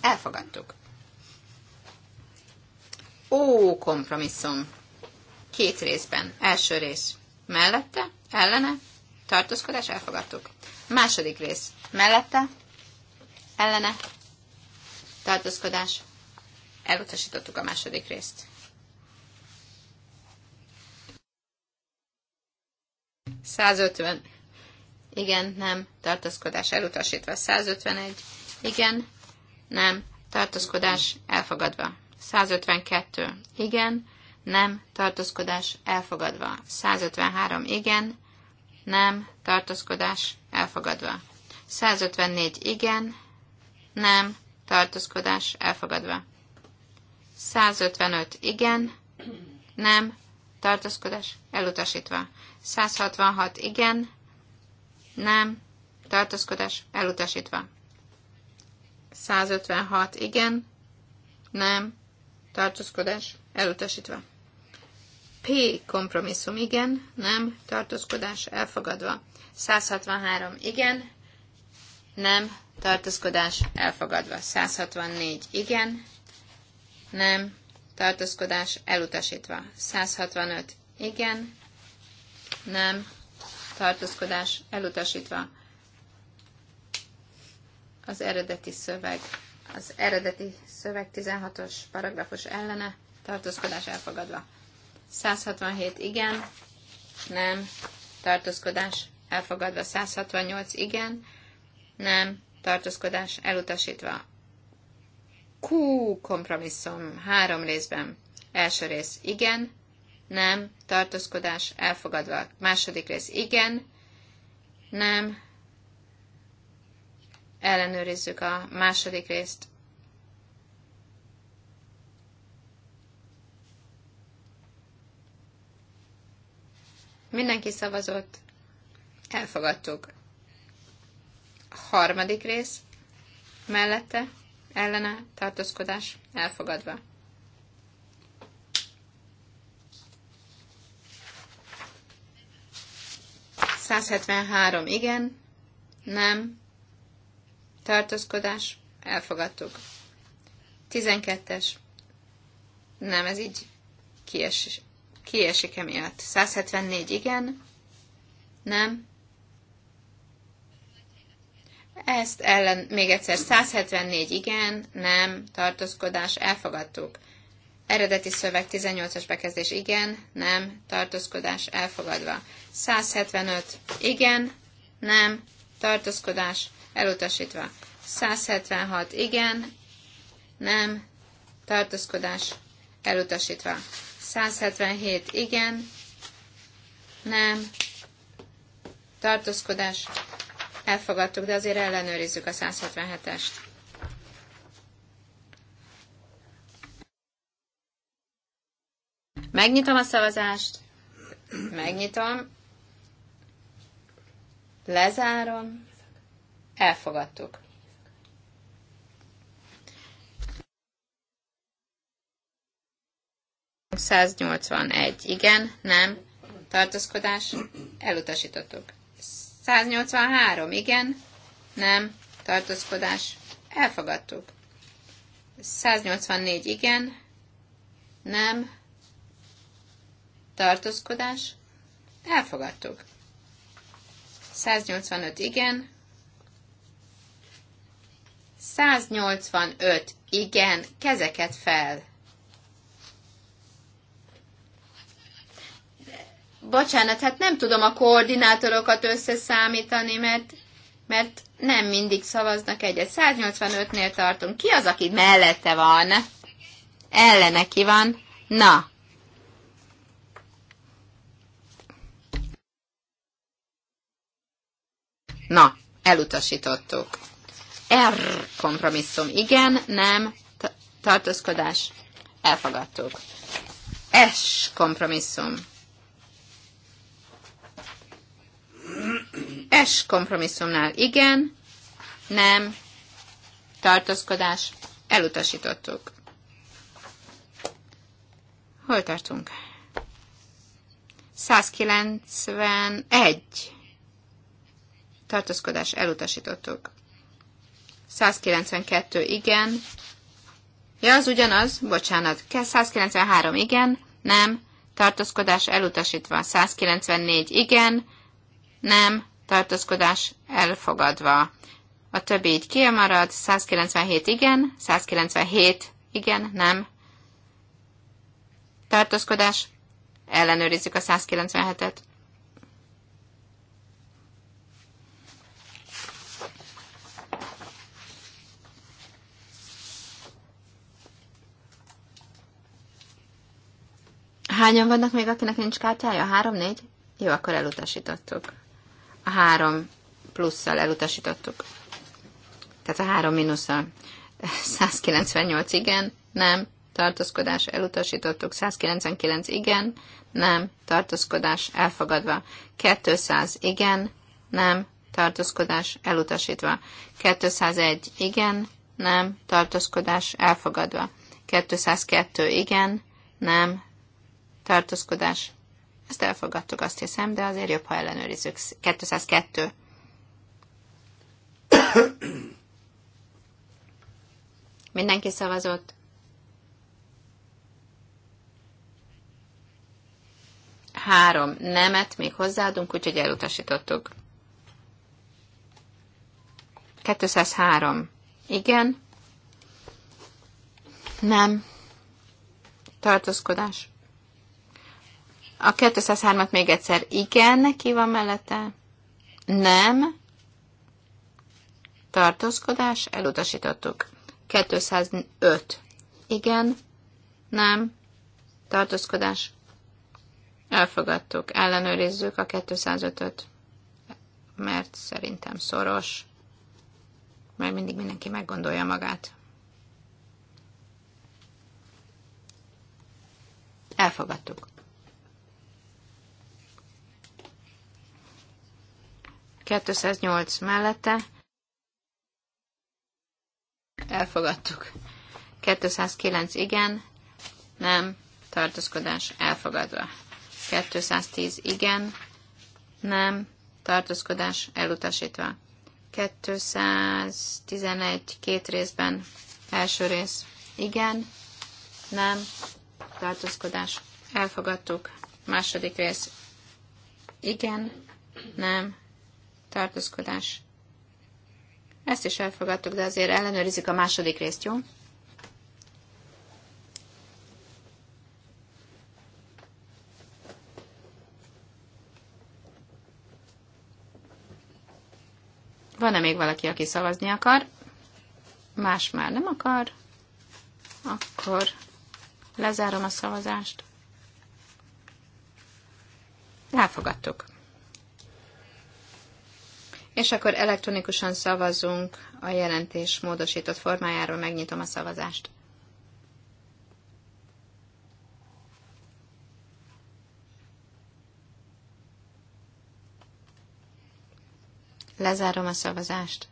Elfogadtuk. Ó, kompromisszum. Két részben. Első rész. Mellette, ellene, tartózkodás, elfogadtuk. Második rész. Mellette, ellene, tartózkodás, elutasítottuk a második részt. 150. Igen, nem, tartózkodás elutasítva. 151. Igen, nem, tartózkodás elfogadva. 152. Igen, nem, tartózkodás elfogadva. 153. Igen, nem, tartózkodás elfogadva. 154. Igen, nem, tartózkodás elfogadva. 155 igen, nem, tartózkodás elutasítva. 166 igen, nem, tartózkodás elutasítva. 156 igen, nem, tartózkodás elutasítva. P kompromisszum igen, nem, tartózkodás elfogadva. 163 igen, nem, tartózkodás elfogadva. 164 igen, nem, tartózkodás elutasítva. 165 igen, nem, tartózkodás elutasítva. Az eredeti szöveg, az eredeti szöveg 16-os paragrafus ellene, tartózkodás elfogadva. 167 igen, nem, tartózkodás elfogadva. 168 igen, nem, tartózkodás elutasítva. Q kompromisszum három részben. Első rész igen, nem, tartózkodás elfogadva. Második rész igen, nem, ellenőrizzük a második részt. Mindenki szavazott, elfogadtuk. Harmadik rész. Mellette, ellene, tartózkodás elfogadva. Százhetvenhárom igen, nem, tartózkodás, elfogadtuk. Tizenkettes, nem, ez így kiesik kiesik emiatt. 174 igen, nem, ezt ellen még egyszer 174 igen, nem, tartózkodás, elfogadtuk. Eredeti szöveg 18-as bekezdés igen, nem, tartózkodás, elfogadva. 175 igen, nem, tartózkodás, elutasítva. 176 igen, nem, tartózkodás, elutasítva. 177 igen, nem, tartózkodás, Elfogadtuk, de azért ellenőrizzük a 167-est. Megnyitom a szavazást, megnyitom, lezárom, elfogadtuk. ...181. Igen, nem, tartózkodás, elutasítottuk. 183, igen, nem, tartózkodás, elfogadtuk. 184, igen, nem, tartózkodás, elfogadtuk. 185, igen, 185, igen, kezeket fel, bocsánat, hát nem tudom a koordinátorokat összeszámítani, mert, mert nem mindig szavaznak egyet. 185-nél tartunk. Ki az, aki mellette van? Ellene ki van? Na. Na, elutasítottuk. R kompromisszum. Igen, nem, tartózkodás. Elfogadtuk. S kompromisszum S kompromisszumnál igen, nem, tartózkodás, elutasítottuk. Hol tartunk? 191. Tartózkodás elutasítottuk. 192 igen. Ja, az ugyanaz, bocsánat. 193 igen, nem. Tartózkodás elutasítva. 194 igen, nem tartózkodás elfogadva. A többi így kiemarad, 197 igen, 197 igen, nem. Tartózkodás, ellenőrizzük a 197-et. Hányan vannak még, akinek nincs kártyája? Három, négy? Jó, akkor elutasítottuk a három plusszal elutasítottuk. Tehát a három mínusszal. 198 igen, nem, tartózkodás elutasítottuk. 199 igen, nem, tartózkodás elfogadva. 200 igen, nem, tartózkodás elutasítva. 201 igen, nem, tartózkodás elfogadva. 202 igen, nem, tartózkodás ezt elfogadtuk, azt hiszem, de azért jobb, ha ellenőrizzük. 202. Mindenki szavazott. Három nemet még hozzáadunk, úgyhogy elutasítottuk. 203. Igen. Nem. Tartózkodás. A 203-at még egyszer igen, neki van mellette? Nem. Tartózkodás, elutasítottuk. 205. Igen, nem, tartózkodás, elfogadtuk, ellenőrizzük a 205-öt, mert szerintem szoros, mert mindig mindenki meggondolja magát. Elfogadtuk. 208 mellette. Elfogadtuk. 209 igen, nem, tartózkodás elfogadva. 210 igen, nem, tartózkodás elutasítva. 211 két részben első rész igen, nem, tartózkodás elfogadtuk. Második rész igen, nem, tartózkodás. Ezt is elfogadtuk, de azért ellenőrizzük a második részt, jó? Van-e még valaki, aki szavazni akar? Más már nem akar. Akkor lezárom a szavazást. Elfogadtuk. És akkor elektronikusan szavazunk a jelentés módosított formájáról. Megnyitom a szavazást. Lezárom a szavazást.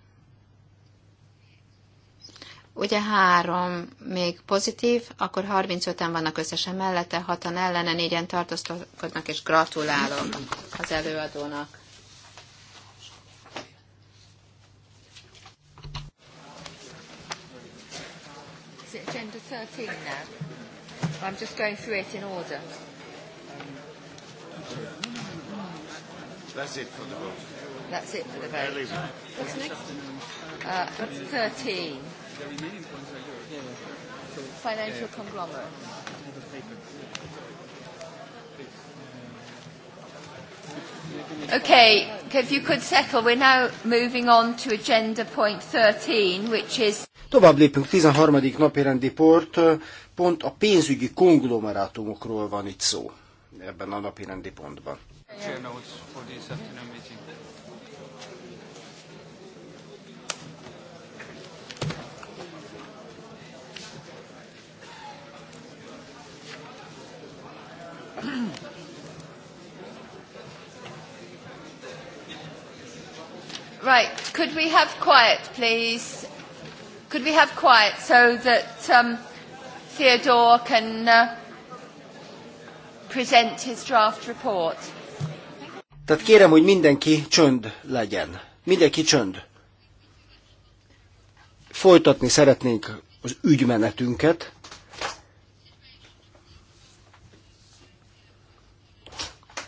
Ugye három még pozitív, akkor 35-en vannak összesen mellette, hatan ellene, négyen tartózkodnak, és gratulálok az előadónak. agenda 13 now. I'm just going through it in order. That's it for the vote. That's it for the vote. What's next? Uh, what's 13? Financial conglomerate. Okay, if you could settle, we're now moving on to agenda point 13, which is... Tovább lépünk 13. napi rendi port, pont a pénzügyi konglomerátumokról van itt szó ebben a napi rendi pontban. Right, could we have quiet, please? Could we have quiet so that um, Theodore can uh, present his draft report? Tehát kérem, hogy mindenki csönd legyen. Mindenki csönd. Folytatni szeretnénk az ügymenetünket.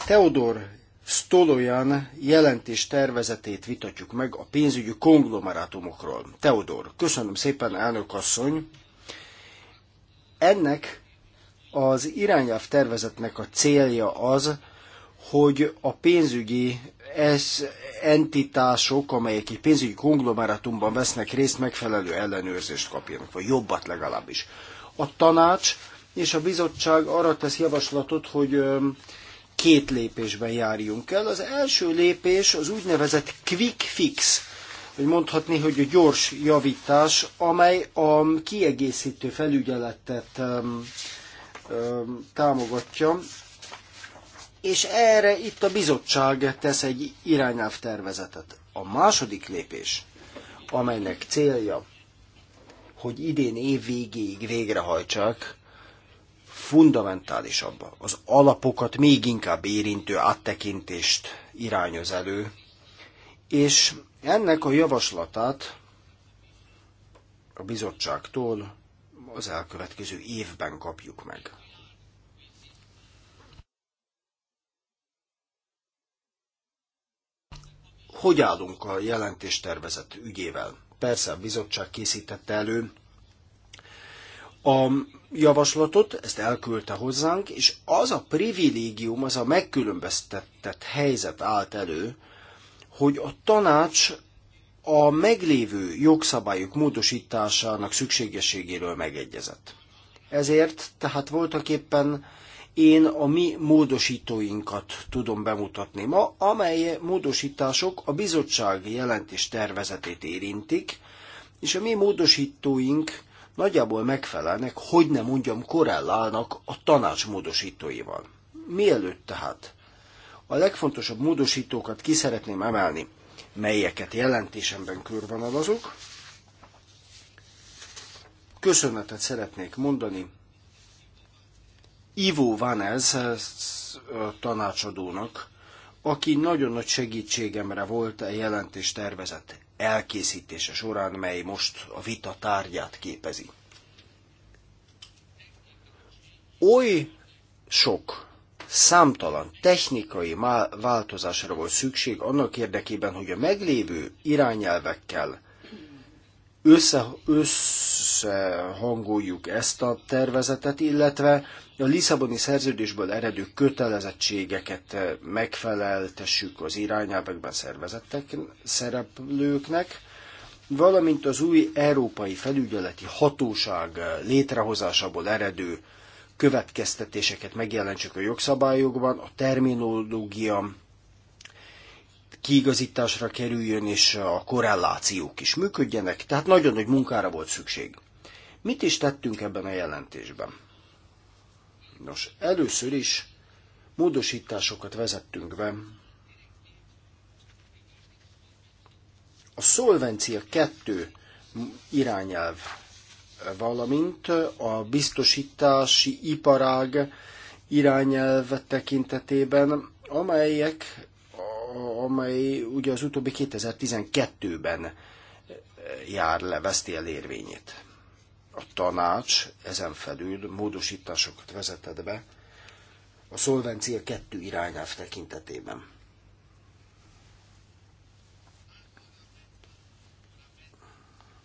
Teodor Stolojan jelentés tervezetét vitatjuk meg a pénzügyi konglomerátumokról. Teodor, köszönöm szépen, elnök asszony. Ennek az irányelv tervezetnek a célja az, hogy a pénzügyi ez entitások, amelyek egy pénzügyi konglomerátumban vesznek részt, megfelelő ellenőrzést kapjanak, vagy jobbat legalábbis. A tanács és a bizottság arra tesz javaslatot, hogy két lépésben járjunk el. Az első lépés az úgynevezett quick fix, vagy mondhatni, hogy a gyors javítás, amely a kiegészítő felügyeletet um, um, támogatja, és erre itt a bizottság tesz egy tervezetet. A második lépés, amelynek célja, hogy idén év végéig végrehajtsák fundamentálisabb, az alapokat még inkább érintő áttekintést irányoz elő, és ennek a javaslatát a bizottságtól az elkövetkező évben kapjuk meg. Hogy állunk a jelentéstervezet ügyével? Persze a bizottság készítette elő a javaslatot, ezt elküldte hozzánk, és az a privilégium, az a megkülönböztetett helyzet állt elő, hogy a tanács a meglévő jogszabályok módosításának szükségességéről megegyezett. Ezért tehát voltak éppen én a mi módosítóinkat tudom bemutatni ma, amely módosítások a bizottság jelentés tervezetét érintik, és a mi módosítóink nagyjából megfelelnek, hogy ne mondjam, korellálnak a tanács módosítóival. Mielőtt tehát a legfontosabb módosítókat ki szeretném emelni, melyeket jelentésemben körvonalazok. Köszönetet szeretnék mondani Ivo van Vanez eh, eh, tanácsadónak, aki nagyon nagy segítségemre volt a jelentés tervezett elkészítése során, mely most a vita tárgyát képezi. Oly sok számtalan technikai változásra volt szükség annak érdekében, hogy a meglévő irányelvekkel össze, összehangoljuk ezt a tervezetet, illetve a Lisszaboni szerződésből eredő kötelezettségeket eh, megfeleltessük az irányelvekben szervezettek szereplőknek, valamint az új európai felügyeleti hatóság eh, létrehozásából eredő következtetéseket megjelentsük a jogszabályokban, a terminológia kiigazításra kerüljön, és a korrelációk is működjenek, tehát nagyon nagy munkára volt szükség. Mit is tettünk ebben a jelentésben? Nos, először is módosításokat vezettünk be. A szolvencia kettő irányelv, valamint a biztosítási iparág irányelv tekintetében, amelyek, amely ugye az utóbbi 2012-ben jár le, veszti el érvényét a tanács ezen felül módosításokat vezetett be a szolvencia kettő irányáv tekintetében.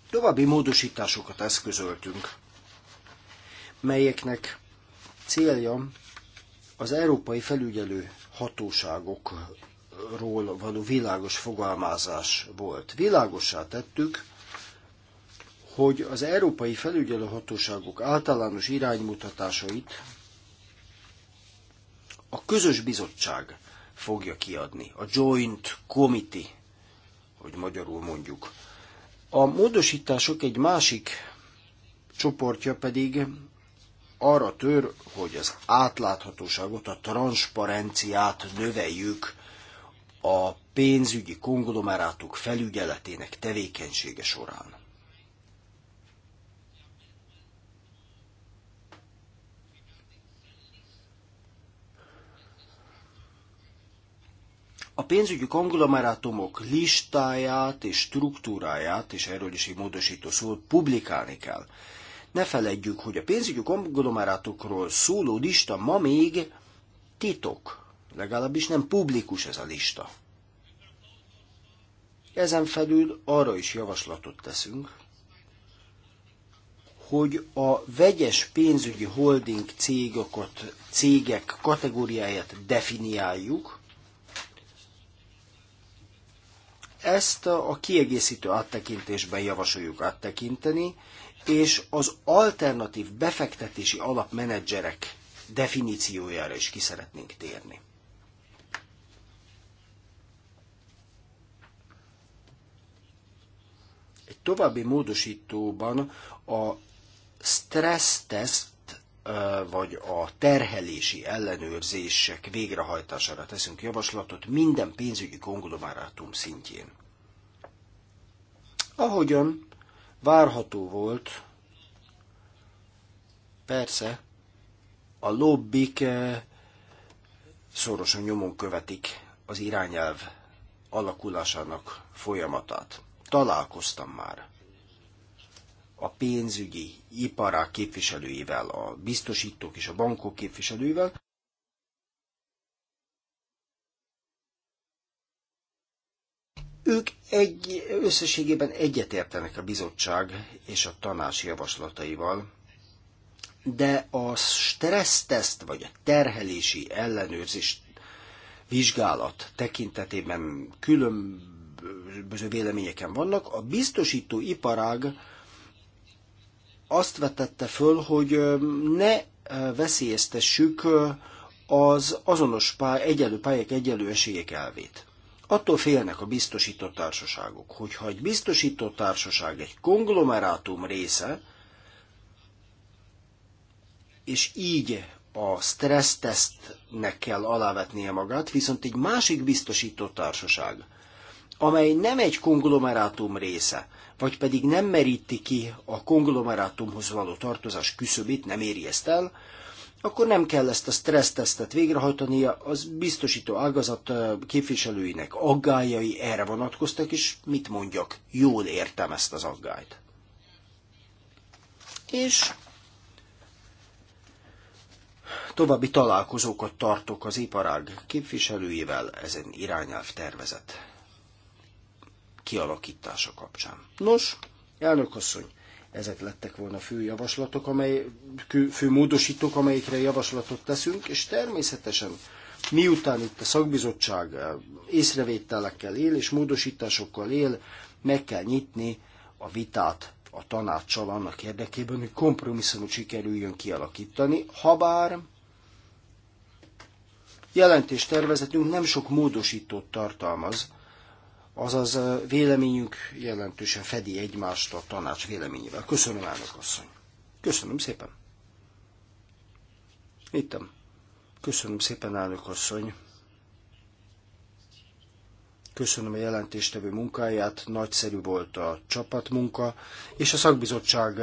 További módosításokat eszközöltünk, melyeknek célja az európai felügyelő hatóságokról való világos fogalmazás volt. Világossá tettük, hogy az európai felügyelőhatóságok általános iránymutatásait a közös bizottság fogja kiadni, a Joint Committee, hogy magyarul mondjuk. A módosítások egy másik csoportja pedig arra tör, hogy az átláthatóságot, a transzparenciát növeljük a pénzügyi konglomerátok felügyeletének tevékenysége során. a pénzügyi konglomerátumok listáját és struktúráját, és erről is egy módosító szól, publikálni kell. Ne feledjük, hogy a pénzügyi konglomerátokról szóló lista ma még titok, legalábbis nem publikus ez a lista. Ezen felül arra is javaslatot teszünk, hogy a vegyes pénzügyi holding cégeket cégek kategóriáját definiáljuk, Ezt a kiegészítő áttekintésben javasoljuk áttekinteni, és az alternatív befektetési alapmenedzserek definíciójára is ki szeretnénk térni. Egy további módosítóban a stressz vagy a terhelési ellenőrzések végrehajtására teszünk javaslatot minden pénzügyi konglomerátum szintjén. Ahogyan várható volt, persze a lobbik szorosan nyomon követik az irányelv alakulásának folyamatát. Találkoztam már a pénzügyi iparák képviselőivel, a biztosítók és a bankok képviselőivel, ők egy, összességében egyetértenek a bizottság és a tanács javaslataival, de a stresszteszt vagy a terhelési ellenőrzés vizsgálat tekintetében különböző véleményeken vannak, a biztosító iparág azt vetette föl, hogy ne veszélyeztessük az azonos pály, egyenlő pályák egyenlő esélyek elvét. Attól félnek a biztosító társaságok, hogyha egy biztosító társaság egy konglomerátum része, és így a stressztesztnek kell alávetnie magát, viszont egy másik biztosító társaság, amely nem egy konglomerátum része, vagy pedig nem meríti ki a konglomerátumhoz való tartozás küszöbét, nem éri ezt el, akkor nem kell ezt a stressztesztet végrehajtania, az biztosító ágazat képviselőinek aggájai erre vonatkoztak, és mit mondjak, jól értem ezt az aggályt. És további találkozókat tartok az iparág képviselőivel ezen irányelv tervezet kialakítása kapcsán. Nos, elnök asszony, ezek lettek volna fő javaslatok, amely, fő módosítók, amelyikre javaslatot teszünk, és természetesen miután itt a szakbizottság eh, észrevételekkel él és módosításokkal él, meg kell nyitni a vitát a tanácssal annak érdekében, hogy kompromisszumot sikerüljön kialakítani, habár jelentéstervezetünk nem sok módosítót tartalmaz, azaz véleményünk jelentősen fedi egymást a tanács véleményével. Köszönöm, elnök asszony. Köszönöm szépen. Ittem. Köszönöm szépen, elnök asszony. Köszönöm a jelentéstevő munkáját, nagyszerű volt a csapatmunka, és a szakbizottság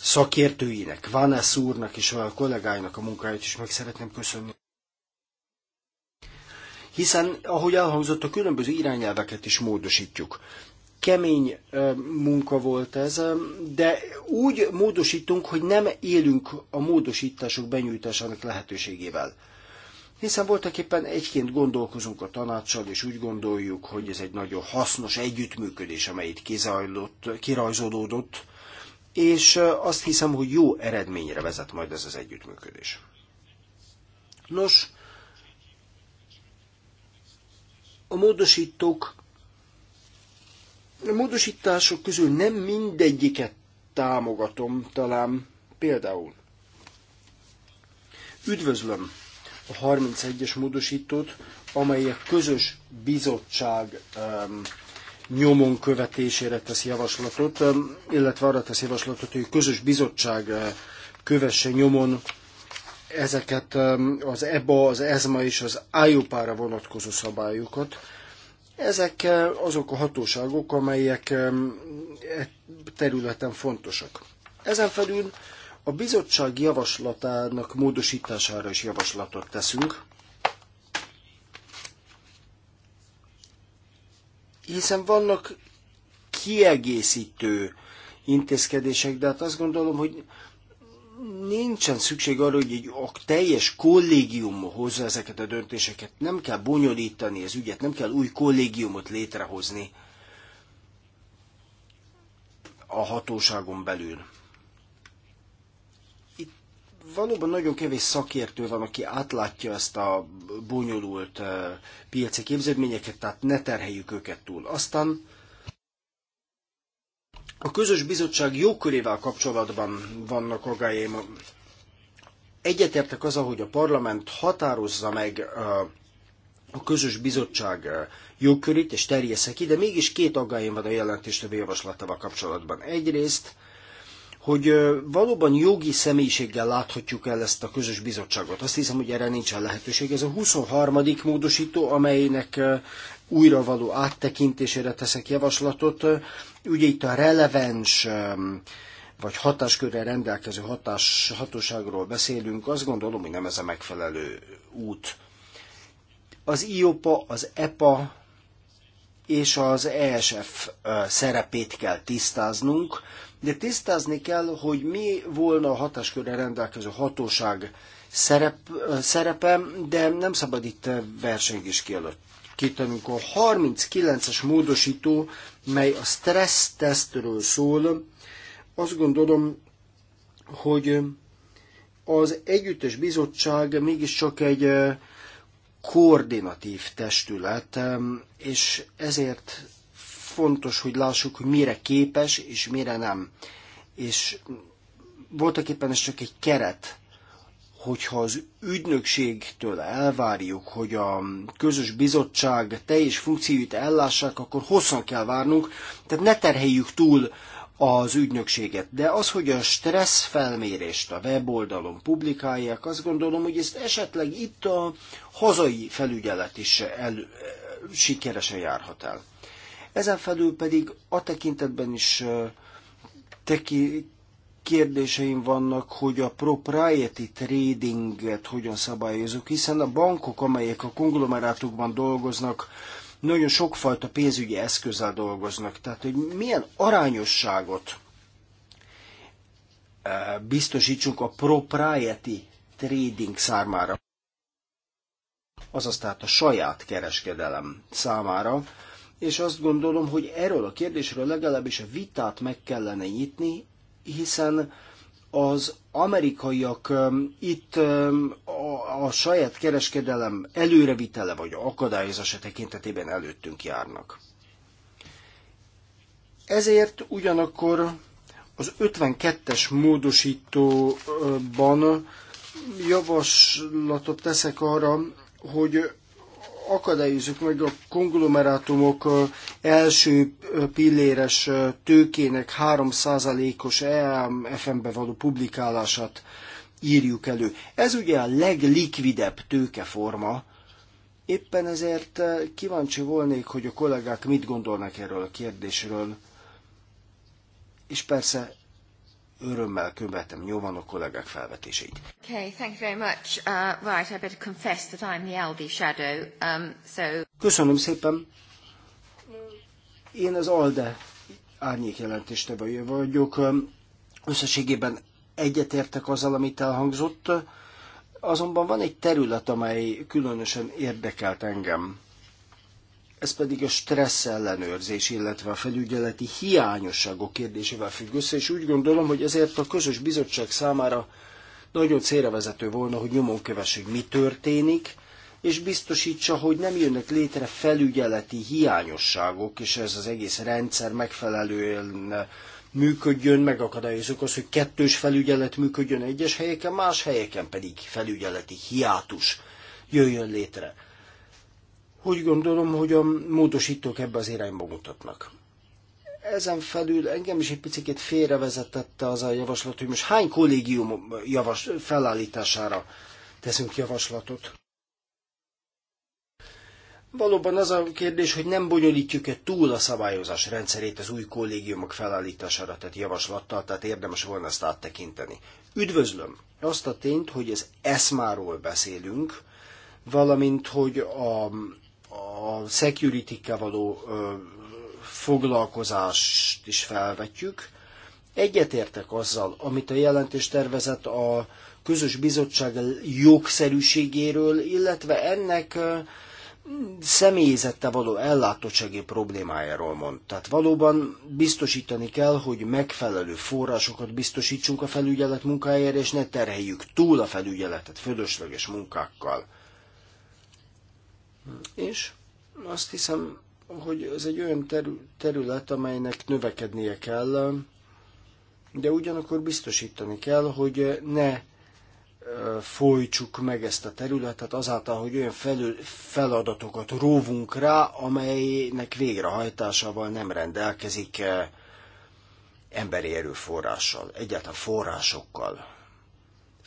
szakértőinek, Vanessa úrnak és a kollégáinak a munkáját is meg szeretném köszönni hiszen, ahogy elhangzott, a különböző irányelveket is módosítjuk. Kemény munka volt ez, de úgy módosítunk, hogy nem élünk a módosítások benyújtásának lehetőségével hiszen voltak éppen egyként gondolkozunk a tanácssal, és úgy gondoljuk, hogy ez egy nagyon hasznos együttműködés, amely itt kizajlott, kirajzolódott, és azt hiszem, hogy jó eredményre vezet majd ez az együttműködés. Nos, A módosítók a módosítások közül nem mindegyiket támogatom, talán például üdvözlöm a 31-es módosítót, amely a közös bizottság um, nyomon követésére tesz javaslatot, illetve arra tesz javaslatot, hogy a közös bizottság kövesse nyomon ezeket az EBA, az ESMA és az iupa ra vonatkozó szabályokat. Ezek azok a hatóságok, amelyek e területen fontosak. Ezen felül a bizottság javaslatának módosítására is javaslatot teszünk, hiszen vannak kiegészítő intézkedések, de hát azt gondolom, hogy nincsen szükség arra, hogy egy a teljes kollégium hozza ezeket a döntéseket. Nem kell bonyolítani az ügyet, nem kell új kollégiumot létrehozni a hatóságon belül. Itt valóban nagyon kevés szakértő van, aki átlátja ezt a bonyolult eh, piaci képződményeket, tehát ne terheljük őket túl. Aztán a közös bizottság jókörével kapcsolatban vannak agályém. Egyetértek az, hogy a parlament határozza meg a közös bizottság jókörét, és terjessze ki, de mégis két aggályom van a jelentéstevő javaslatával kapcsolatban. Egyrészt, hogy valóban jogi személyiséggel láthatjuk el ezt a közös bizottságot. Azt hiszem, hogy erre nincsen lehetőség. Ez a 23. módosító, amelynek újra való áttekintésére teszek javaslatot. Ugye itt a releváns vagy hatáskörrel rendelkező hatás, hatóságról beszélünk, azt gondolom, hogy nem ez a megfelelő út. Az IOPA, az EPA és az ESF szerepét kell tisztáznunk, de tisztázni kell, hogy mi volna a hatáskörrel rendelkező hatóság szerep, szerepe, de nem szabad itt versengés kielőtt kitanunk. A 39-es módosító, mely a stressz tesztről szól, azt gondolom, hogy az együttes bizottság mégiscsak egy koordinatív testület, és ezért fontos, hogy lássuk, hogy mire képes és mire nem. És voltak éppen ez csak egy keret hogyha az ügynökségtől elvárjuk, hogy a közös bizottság teljes funkcióit ellássák, akkor hosszan kell várnunk, tehát ne terheljük túl az ügynökséget. De az, hogy a stressz felmérést a weboldalon publikálják, azt gondolom, hogy ezt esetleg itt a hazai felügyelet is el, sikeresen járhat el. Ezen felül pedig a tekintetben is teki, kérdéseim vannak, hogy a propriety tradinget hogyan szabályozok, hiszen a bankok, amelyek a konglomerátokban dolgoznak, nagyon sokfajta pénzügyi eszközzel dolgoznak. Tehát, hogy milyen arányosságot eh, biztosítsunk a propriety trading számára, azaz tehát a saját kereskedelem számára, és azt gondolom, hogy erről a kérdésről legalábbis a vitát meg kellene nyitni, hiszen az amerikaiak um, itt um, a, saját kereskedelem előrevitele vagy akadályozása tekintetében előttünk járnak. Ezért ugyanakkor az 52-es módosítóban javaslatot teszek arra, hogy akadályozzuk meg a konglomerátumok első pilléres tőkének 3%-os EMFM-be való publikálását írjuk elő. Ez ugye a leglikvidebb tőkeforma, éppen ezért kíváncsi volnék, hogy a kollégák mit gondolnak erről a kérdésről. És persze örömmel követem nyomon a kollégák felvetését. Okay, thank you very much. Uh, right, I better confess that I'm the Aldi shadow, um, so... Köszönöm szépen. Én az ALDE árnyék jelentéstevője vagyok. Összességében egyetértek azzal, amit elhangzott, azonban van egy terület, amely különösen érdekelt engem ez pedig a stressz ellenőrzés, illetve a felügyeleti hiányosságok kérdésével függ össze, és úgy gondolom, hogy ezért a közös bizottság számára nagyon célrevezető volna, hogy nyomon kövessük, mi történik, és biztosítsa, hogy nem jönnek létre felügyeleti hiányosságok, és ez az egész rendszer megfelelően működjön, megakadályozunk az, hogy kettős felügyelet működjön egyes helyeken, más helyeken pedig felügyeleti hiátus jöjjön létre. Úgy gondolom, hogy a módosítók ebbe az irányba mutatnak. Ezen felül engem is egy picit félrevezetette az a javaslat, hogy most hány kollégium javas, felállítására teszünk javaslatot. Valóban az a kérdés, hogy nem bonyolítjuk-e túl a szabályozás rendszerét az új kollégiumok felállítására tett javaslattal, tehát érdemes volna ezt áttekinteni. Üdvözlöm azt a tényt, hogy az eszmáról beszélünk, valamint, hogy a a security-kkel való foglalkozást is felvetjük. Egyetértek azzal, amit a jelentés tervezett a közös bizottság jogszerűségéről, illetve ennek személyzette való ellátottsági problémájáról mond. Tehát valóban biztosítani kell, hogy megfelelő forrásokat biztosítsunk a felügyelet munkájára, és ne terheljük túl a felügyeletet fölösleges munkákkal. És azt hiszem, hogy ez egy olyan terület, amelynek növekednie kell, de ugyanakkor biztosítani kell, hogy ne folytsuk meg ezt a területet azáltal, hogy olyan felül, feladatokat róvunk rá, amelynek végrehajtásával nem rendelkezik emberi erőforrással, egyáltalán forrásokkal.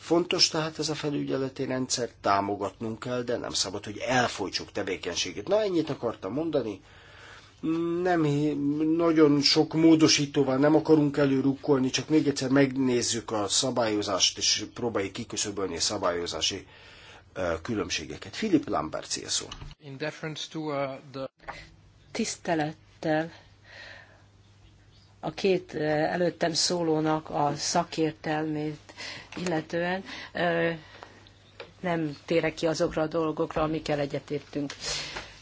Fontos tehát ez a felügyeleti rendszer, támogatnunk kell, de nem szabad, hogy elfolytsuk tevékenységét. Na, ennyit akartam mondani. Nem, nagyon sok módosítóval nem akarunk előrukkolni, csak még egyszer megnézzük a szabályozást, és próbáljuk kiküszöbölni a szabályozási különbségeket. Philip Lambert szó. Uh, Tisztelettel a két előttem szólónak a szakértelmét illetően nem térek ki azokra a dolgokra, amikkel egyetértünk.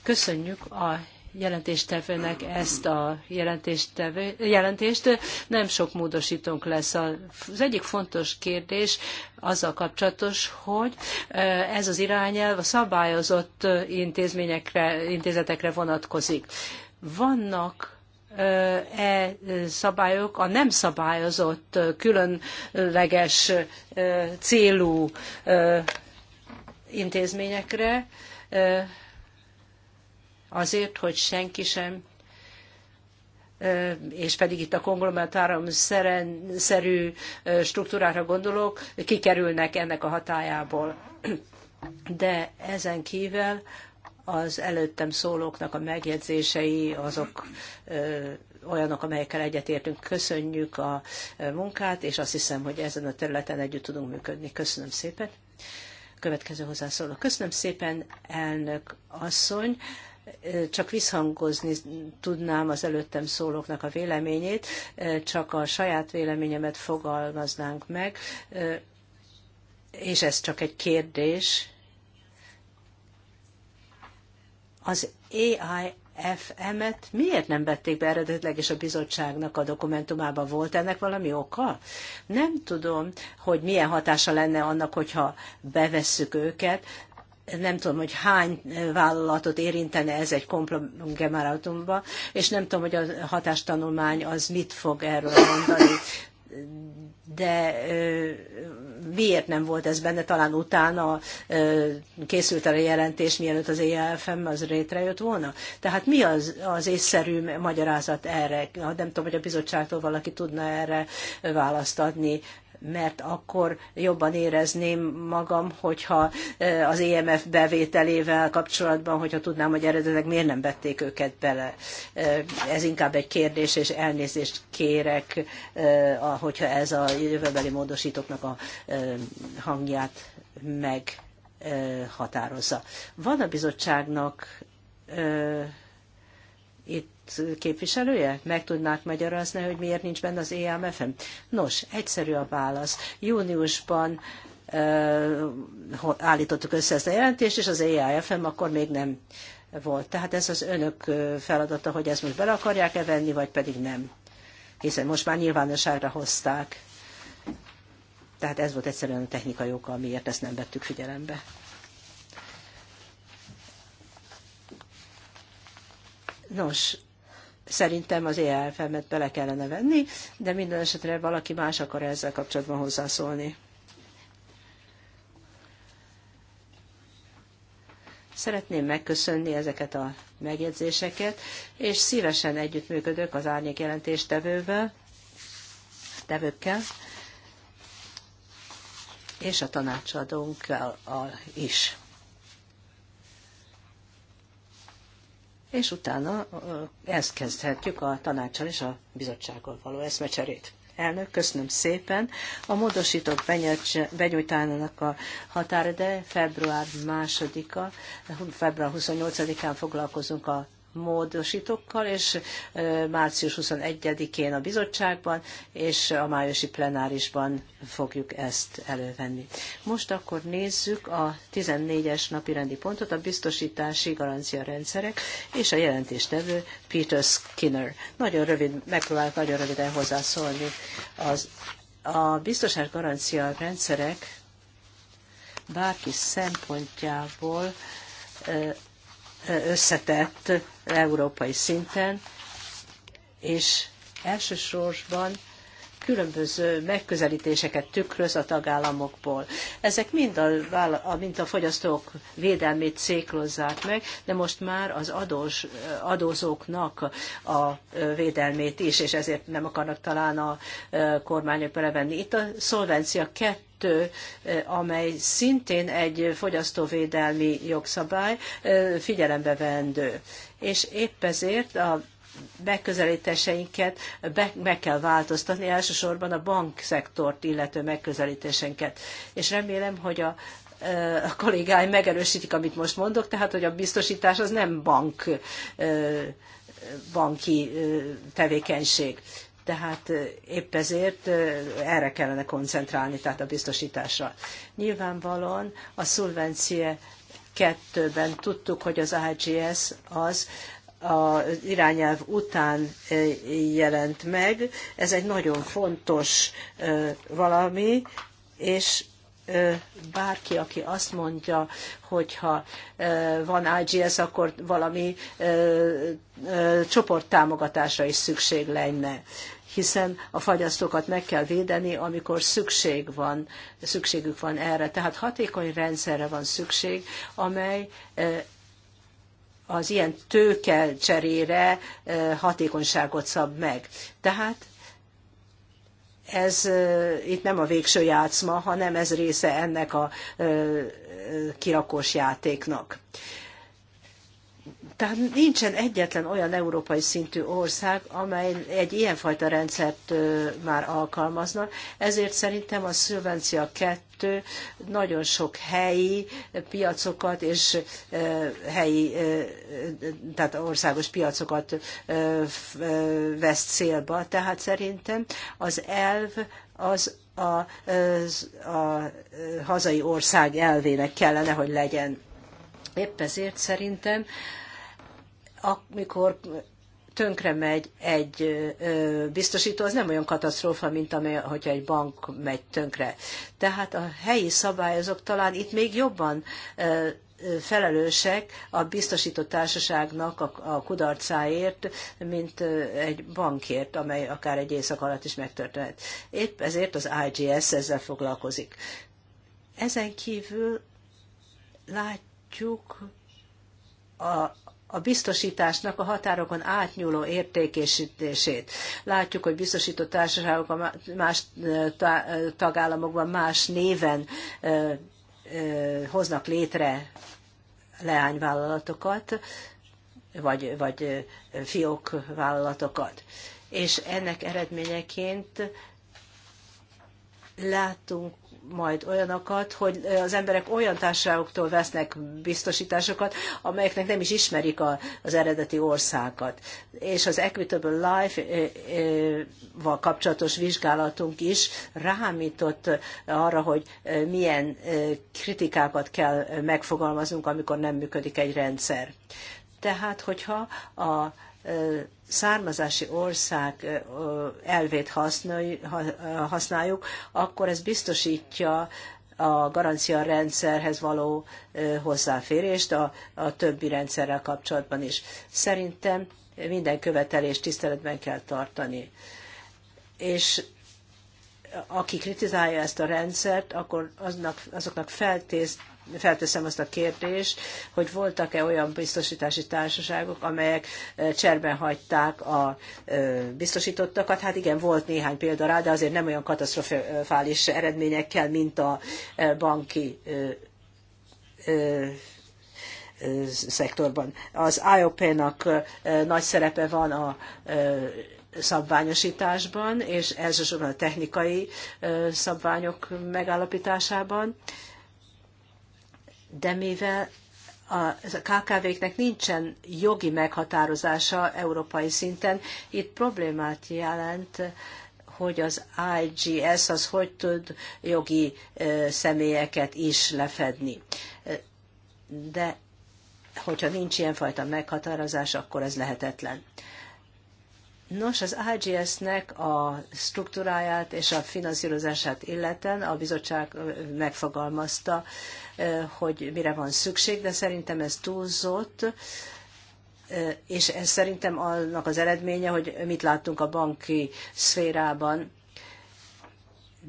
Köszönjük a jelentéstevőnek ezt a jelentéstevő, jelentést. Nem sok módosítónk lesz. Az egyik fontos kérdés azzal kapcsolatos, hogy ez az irányelv a szabályozott intézményekre, intézetekre vonatkozik. Vannak e szabályok a nem szabályozott, különleges célú intézményekre, azért, hogy senki sem, és pedig itt a konglomerátum szerű struktúrára gondolok, kikerülnek ennek a hatájából. De ezen kívül az előttem szólóknak a megjegyzései azok olyanok, amelyekkel egyetértünk. Köszönjük a munkát, és azt hiszem, hogy ezen a területen együtt tudunk működni. Köszönöm szépen. Következő hozzászóló. Köszönöm szépen, elnök asszony csak visszhangozni tudnám az előttem szólóknak a véleményét, csak a saját véleményemet fogalmaznánk meg, és ez csak egy kérdés, Az AIFM-et miért nem vették be eredetileg, és a bizottságnak a dokumentumában volt ennek valami oka? Nem tudom, hogy milyen hatása lenne annak, hogyha bevesszük őket, nem tudom, hogy hány vállalatot érintene ez egy kompromisszumba, és nem tudom, hogy a hatástanulmány az mit fog erről mondani de miért nem volt ez benne, talán utána készült el a jelentés, mielőtt az EFM az jött volna. Tehát mi az, az észszerű magyarázat erre? Nem tudom, hogy a bizottságtól valaki tudna erre választ adni, mert akkor jobban érezném magam, hogyha az EMF bevételével kapcsolatban, hogyha tudnám, hogy eredetileg miért nem vették őket bele. Ez inkább egy kérdés, és elnézést kérek, hogyha ez a jövőbeli módosítóknak a hangját meghatározza. Van a bizottságnak itt képviselője? Meg tudnák magyarázni, hogy miért nincs benne az e EMFM? Nos, egyszerű a válasz. Júniusban állítottuk össze ezt a jelentést, és az EAFM akkor még nem volt. Tehát ez az önök feladata, hogy ezt most bele akarják-e venni, vagy pedig nem. Hiszen most már nyilvánosságra hozták. Tehát ez volt egyszerűen a technikai oka, amiért ezt nem vettük figyelembe. Nos, Szerintem az ELFM-et bele kellene venni, de minden esetre valaki más akar ezzel kapcsolatban hozzászólni. Szeretném megköszönni ezeket a megjegyzéseket, és szívesen együttműködök az árnyék jelentéstevővel, tevőkkel, és a tanácsadónkkal is. és utána ezt kezdhetjük a tanácsal és a bizottsággal való eszmecserét. Elnök, köszönöm szépen. A módosítók benyújtának a határa, de február 2-a, február 28-án foglalkozunk a módosítókkal, és március 21-én a bizottságban, és a májusi plenárisban fogjuk ezt elővenni. Most akkor nézzük a 14-es napi rendi pontot, a biztosítási garancia rendszerek, és a jelentéstevő Peter Skinner. Nagyon rövid, megpróbálok nagyon röviden hozzászólni. Az, a biztosítási garancia rendszerek bárki szempontjából összetett európai szinten, és elsősorban különböző megközelítéseket tükröz a tagállamokból. Ezek mind a, mind a fogyasztók védelmét céklozzák meg, de most már az adós, adózóknak a védelmét is, és ezért nem akarnak talán a e, kormányok belevenni. Itt a szolvencia 2, amely szintén egy fogyasztóvédelmi jogszabály, figyelembe vendő. És épp ezért a megközelítéseinket be, meg kell változtatni, elsősorban a bankszektort illető megközelítéseinket. És remélem, hogy a, a kollégáim megerősítik, amit most mondok, tehát, hogy a biztosítás az nem bank, banki tevékenység. Tehát épp ezért erre kellene koncentrálni, tehát a biztosításra. Nyilvánvalóan a szulvencia kettőben tudtuk, hogy az IGS az az irányelv után jelent meg. Ez egy nagyon fontos valami, és bárki, aki azt mondja, hogyha van IGS, akkor valami csoporttámogatásra is szükség lenne hiszen a fagyasztókat meg kell védeni, amikor szükség van, szükségük van erre. Tehát hatékony rendszerre van szükség, amely e, az ilyen tőke cserére e, hatékonyságot szab meg. Tehát ez e, itt nem a végső játszma, hanem ez része ennek a kirakós játéknak. Tehát nincsen egyetlen olyan európai szintű ország, amely egy ilyenfajta rendszert már alkalmazna, ezért szerintem a szilvencia 2 nagyon sok helyi piacokat és helyi, tehát országos piacokat vesz célba. Tehát szerintem az elv az a, az a hazai ország elvének kellene, hogy legyen. Épp ezért szerintem amikor tönkre megy egy biztosító, az nem olyan katasztrófa, mint amely, hogyha egy bank megy tönkre. Tehát a helyi szabályozók talán itt még jobban felelősek a biztosító társaságnak a kudarcáért, mint egy bankért, amely akár egy éjszak alatt is megtörténhet. Épp ezért az IGS ezzel foglalkozik. Ezen kívül látjuk a, a biztosításnak a határokon átnyúló értékesítését. Látjuk, hogy biztosított társaságok a más tagállamokban más néven hoznak létre leányvállalatokat, vagy, vagy fiók vállalatokat. És ennek eredményeként látunk majd olyanokat, hogy az emberek olyan társaságoktól vesznek biztosításokat, amelyeknek nem is ismerik a, az eredeti országot. És az Equitable Life-val kapcsolatos vizsgálatunk is rámított arra, hogy milyen kritikákat kell megfogalmaznunk, amikor nem működik egy rendszer. Tehát, hogyha a származási ország elvét használjuk, akkor ez biztosítja a garancia rendszerhez való hozzáférést a, a többi rendszerrel kapcsolatban is. Szerintem minden követelést tiszteletben kell tartani. És aki kritizálja ezt a rendszert, akkor aznak, azoknak feltéz, felteszem azt a kérdést, hogy voltak-e olyan biztosítási társaságok, amelyek cserben hagyták a biztosítottakat. Hát igen, volt néhány példa rá, de azért nem olyan katasztrofális eredményekkel, mint a banki szektorban. Az IOP-nak nagy szerepe van a szabványosításban, és elsősorban a technikai szabványok megállapításában de mivel a KKV-knek nincsen jogi meghatározása európai szinten, itt problémát jelent, hogy az IGS az hogy tud jogi személyeket is lefedni. De hogyha nincs ilyenfajta meghatározás, akkor ez lehetetlen. Nos, az IGS-nek a struktúráját és a finanszírozását illeten a bizottság megfogalmazta, hogy mire van szükség, de szerintem ez túlzott, és ez szerintem annak az eredménye, hogy mit láttunk a banki szférában,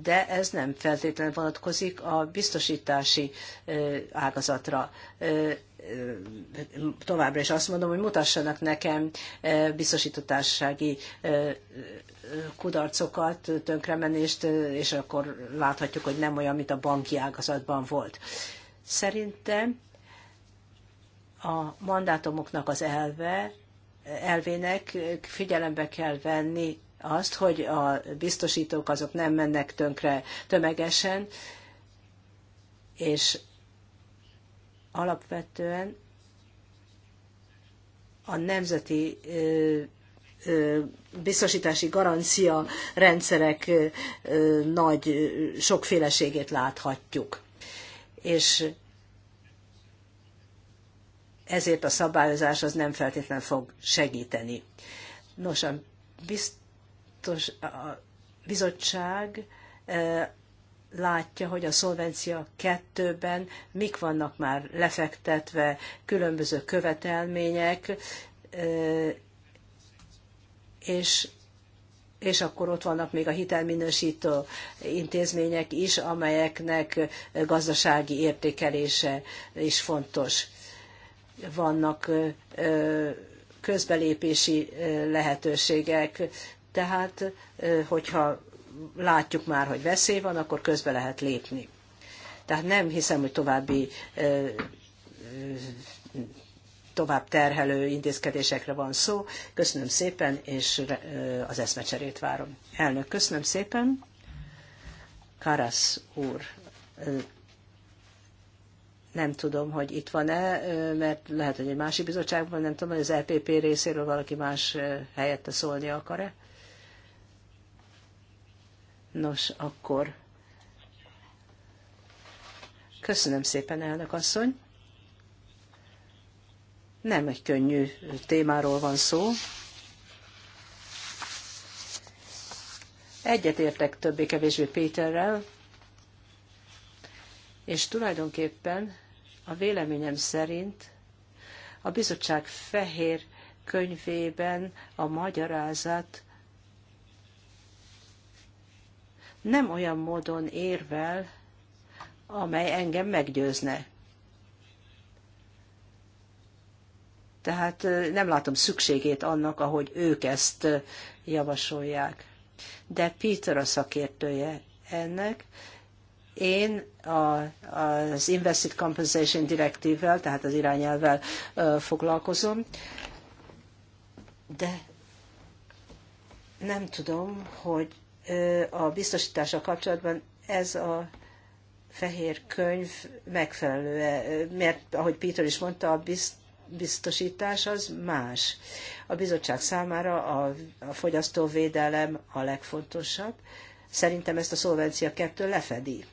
de ez nem feltétlenül vonatkozik a biztosítási ágazatra továbbra is azt mondom, hogy mutassanak nekem eh, biztosítottársági eh, eh, kudarcokat, tönkremenést, és akkor láthatjuk, hogy nem olyan, mint a banki ágazatban volt. Szerintem a mandátumoknak az elve, elvének figyelembe kell venni azt, hogy a biztosítók azok nem mennek tönkre tömegesen, és alapvetően a nemzeti biztosítási garancia rendszerek nagy sokféleségét láthatjuk. És ezért a szabályozás az nem feltétlenül fog segíteni. Nos, a biztos a bizottság látja, hogy a szolvencia kettőben mik vannak már lefektetve, különböző követelmények, és, és akkor ott vannak még a hitelminősítő intézmények is, amelyeknek gazdasági értékelése is fontos. Vannak közbelépési lehetőségek, tehát hogyha látjuk már, hogy veszély van, akkor közbe lehet lépni. Tehát nem hiszem, hogy további tovább terhelő intézkedésekre van szó. Köszönöm szépen, és az eszmecserét várom. Elnök, köszönöm szépen. Karasz úr, nem tudom, hogy itt van-e, mert lehet, hogy egy másik bizottságban, nem tudom, hogy az LPP e részéről valaki más helyette szólni akar-e. Nos, akkor köszönöm szépen, elnök asszony. Nem egy könnyű témáról van szó. Egyetértek többé-kevésbé Péterrel, és tulajdonképpen a véleményem szerint a bizottság fehér könyvében a magyarázat nem olyan módon érvel, amely engem meggyőzne. Tehát nem látom szükségét annak, ahogy ők ezt javasolják. De Peter a szakértője ennek. Én a, az Invested Compensation Directive-vel, tehát az irányelvvel foglalkozom, de nem tudom, hogy a biztosítással kapcsolatban ez a fehér könyv megfelelő, -e? mert ahogy Péter is mondta, a biztosítás az más. A bizottság számára a, a fogyasztóvédelem a legfontosabb. Szerintem ezt a szolvencia kettő lefedi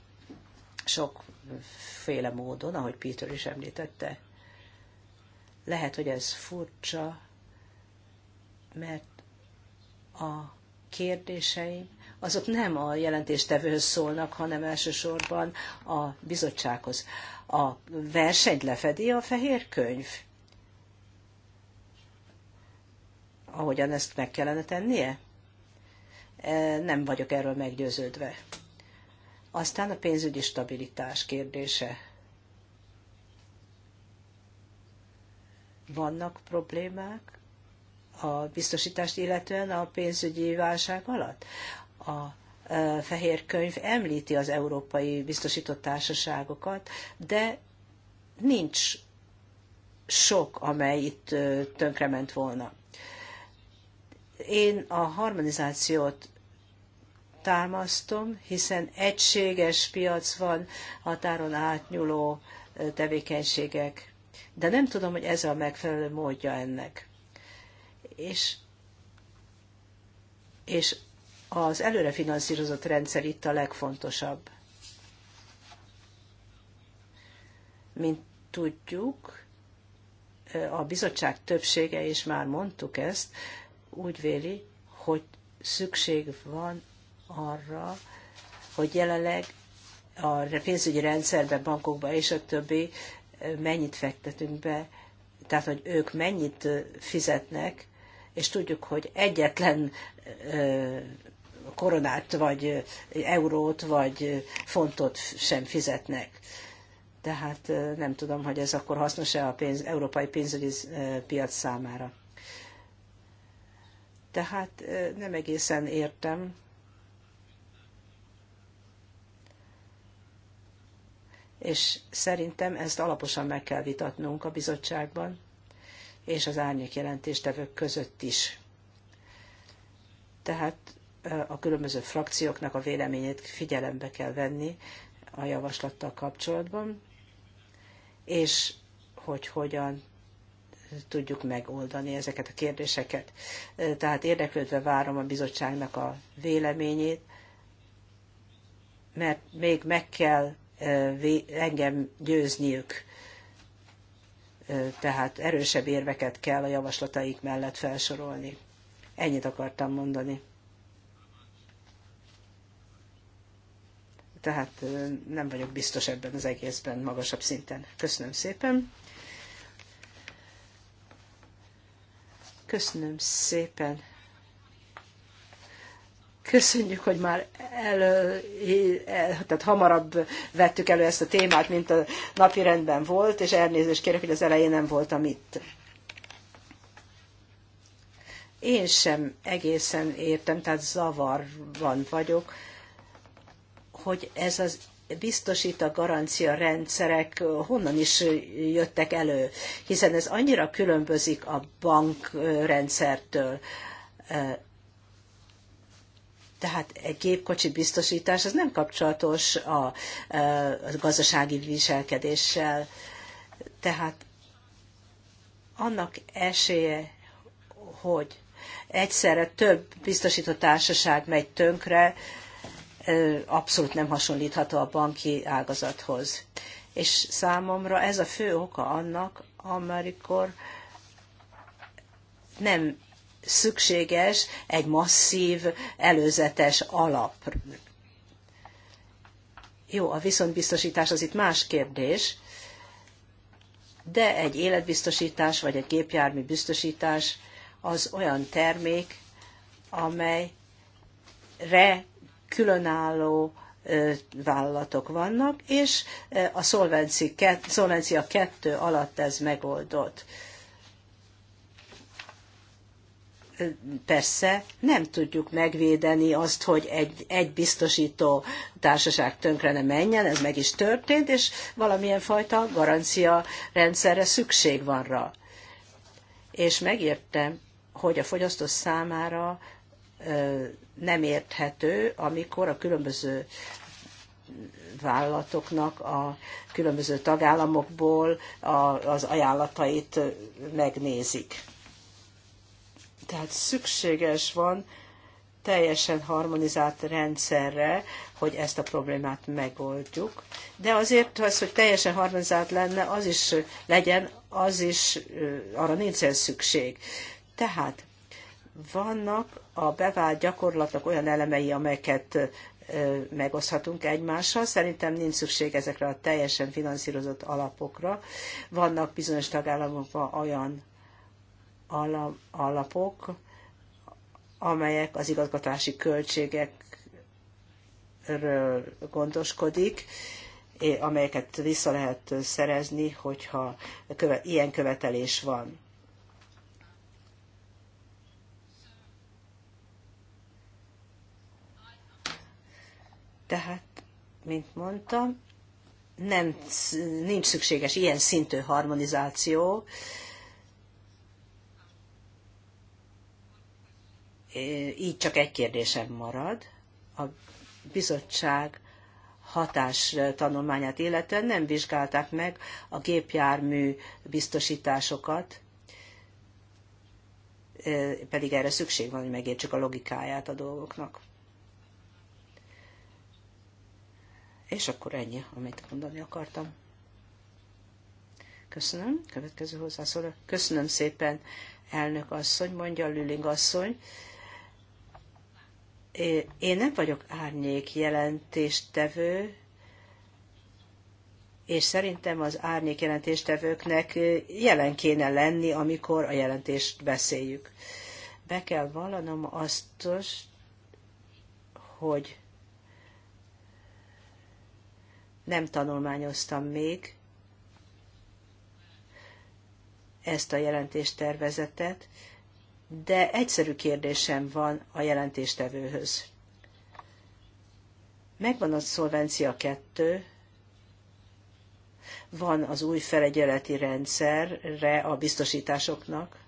sokféle módon, ahogy Péter is említette. Lehet, hogy ez furcsa, mert a kérdéseim azok nem a jelentéstevőhöz szólnak, hanem elsősorban a bizottsághoz. A versenyt lefedi a fehér könyv. Ahogyan ezt meg kellene tennie? E, nem vagyok erről meggyőződve. Aztán a pénzügyi stabilitás kérdése. Vannak problémák? a biztosítást illetően a pénzügyi válság alatt a e, fehér könyv említi az európai biztosított társaságokat, de nincs sok, amely itt e, tönkrement volna. Én a harmonizációt támasztom, hiszen egységes piac van, határon átnyúló e, tevékenységek, de nem tudom, hogy ez a megfelelő módja ennek. És, és az előre finanszírozott rendszer itt a legfontosabb. Mint tudjuk, a bizottság többsége, és már mondtuk ezt, úgy véli, hogy szükség van arra, hogy jelenleg a pénzügyi rendszerbe, bankokba és a többi mennyit fektetünk be, tehát hogy ők mennyit fizetnek, és tudjuk, hogy egyetlen koronát, vagy eurót, vagy fontot sem fizetnek. Tehát nem tudom, hogy ez akkor hasznos-e a pénz, európai pénzügyi piac számára. Tehát nem egészen értem, és szerintem ezt alaposan meg kell vitatnunk a bizottságban, és az árnyék jelentéstevők között is. Tehát a különböző frakcióknak a véleményét figyelembe kell venni a javaslattal kapcsolatban, és hogy hogyan tudjuk megoldani ezeket a kérdéseket. Tehát érdeklődve várom a bizottságnak a véleményét, mert még meg kell engem győzniük. Tehát erősebb érveket kell a javaslataik mellett felsorolni. Ennyit akartam mondani. tehát nem vagyok biztos ebben az egészben magasabb szinten. Köszönöm szépen. Köszönöm szépen. Köszönjük, hogy már elő, el, e, e, tehát hamarabb vettük elő ezt a témát, mint a napi rendben volt, és elnézést kérek, hogy az elején nem voltam itt. Én sem egészen értem, tehát zavarban vagyok hogy ez az biztosít a garancia rendszerek honnan is jöttek elő, hiszen ez annyira különbözik a bankrendszertől. Tehát egy gépkocsi biztosítás az nem kapcsolatos a, a gazdasági viselkedéssel. Tehát annak esélye, hogy egyszerre több biztosított társaság megy tönkre, abszolút nem hasonlítható a banki ágazathoz. És számomra ez a fő oka annak, amikor nem szükséges egy masszív, előzetes alap. Jó, a viszontbiztosítás az itt más kérdés, de egy életbiztosítás vagy egy gépjármű biztosítás az olyan termék, amelyre különálló vállalatok vannak, és a szolvencia 2 alatt ez megoldott. Persze nem tudjuk megvédeni azt, hogy egy, egy biztosító társaság tönkre ne menjen, ez meg is történt, és valamilyen fajta garancia rendszerre szükség van rá. És megértem, hogy a fogyasztó számára nem érthető, amikor a különböző vállalatoknak a különböző tagállamokból az ajánlatait megnézik. Tehát szükséges van teljesen harmonizált rendszerre, hogy ezt a problémát megoldjuk. De azért az, hogy teljesen harmonizált lenne, az is legyen, az is arra nincsen szükség. Tehát vannak a bevált gyakorlatok olyan elemei, amelyeket megoszhatunk egymással. Szerintem nincs szükség ezekre a teljesen finanszírozott alapokra. Vannak bizonyos tagállamokban olyan alapok, amelyek az igazgatási költségekről gondoskodik, amelyeket vissza lehet szerezni, hogyha ilyen követelés van. Tehát, mint mondtam, nem, nincs szükséges ilyen szintű harmonizáció, így csak egy kérdésem marad. A bizottság hatás tanulmányát illetően nem vizsgálták meg a gépjármű biztosításokat, pedig erre szükség van, hogy megértsük a logikáját a dolgoknak. És akkor ennyi, amit mondani akartam. Köszönöm. Következő hozzászóló. Köszönöm szépen, elnök asszony, mondja Lüling asszony. Én nem vagyok árnyék jelentéstevő, és szerintem az árnyék jelentéstevőknek jelen kéne lenni, amikor a jelentést beszéljük. Be kell vallanom azt, hogy nem tanulmányoztam még ezt a jelentéstervezetet, de egyszerű kérdésem van a jelentéstevőhöz. Megvan a szolvencia kettő, van az új felegyeleti rendszerre a biztosításoknak.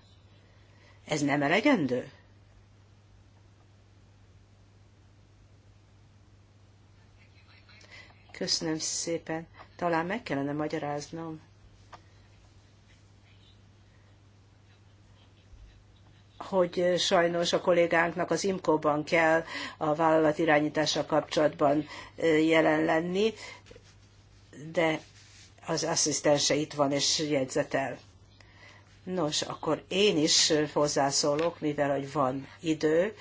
Ez nem elegendő? Köszönöm szépen. Talán meg kellene magyaráznom. hogy sajnos a kollégánknak az IMCO-ban kell a vállalat irányítása kapcsolatban jelen lenni, de az asszisztense itt van és jegyzetel. Nos, akkor én is hozzászólok, mivel hogy van idő,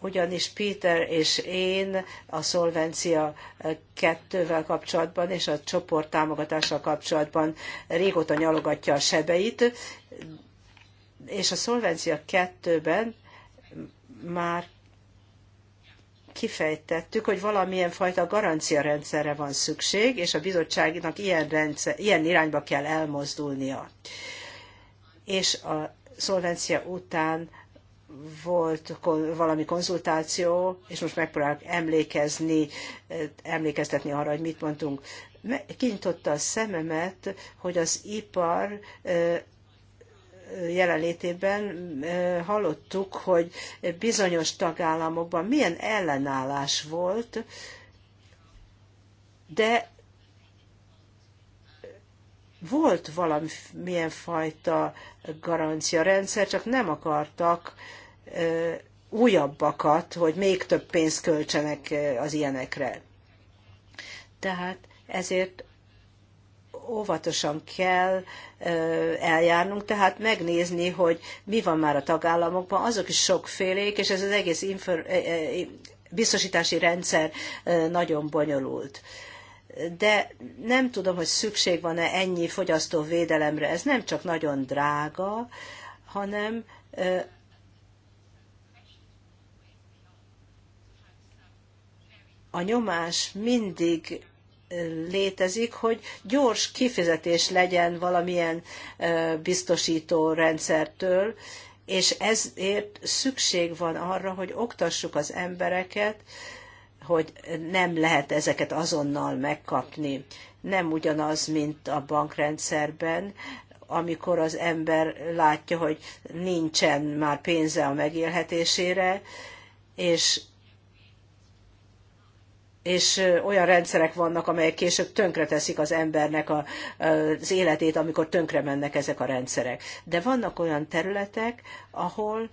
ugyanis Péter és én a szolvencia eh, kettővel kapcsolatban és a csoport támogatással kapcsolatban régóta nyalogatja a sebeit, és a szolvencia kettőben már kifejtettük, hogy valamilyen fajta garanciarendszerre van szükség, és a bizottságnak ilyen, rendszer, ilyen irányba kell elmozdulnia. És a szolvencia után volt valami konzultáció, és most megpróbálok emlékezni, eh, emlékeztetni arra, hogy mit mondtunk. Kintotta a szememet, hogy az ipar eh, jelenlétében eh, hallottuk, hogy bizonyos tagállamokban milyen ellenállás volt, de volt valamilyen fajta garancia rendszer csak nem akartak újabbakat, hogy még több pénzt költsenek az ilyenekre. Tehát ezért óvatosan kell eljárnunk, tehát megnézni, hogy mi van már a tagállamokban, azok is sokfélék, és ez az egész infor, biztosítási rendszer nagyon bonyolult. De nem tudom, hogy szükség van-e ennyi fogyasztóvédelemre. Ez nem csak nagyon drága, hanem a nyomás mindig létezik, hogy gyors kifizetés legyen valamilyen biztosító rendszertől, és ezért szükség van arra, hogy oktassuk az embereket, hogy nem lehet ezeket azonnal megkapni. Nem ugyanaz, mint a bankrendszerben, amikor az ember látja, hogy nincsen már pénze a megélhetésére, és és olyan rendszerek vannak, amelyek később tönkreteszik az embernek a, az életét, amikor tönkre mennek ezek a rendszerek. De vannak olyan területek, ahol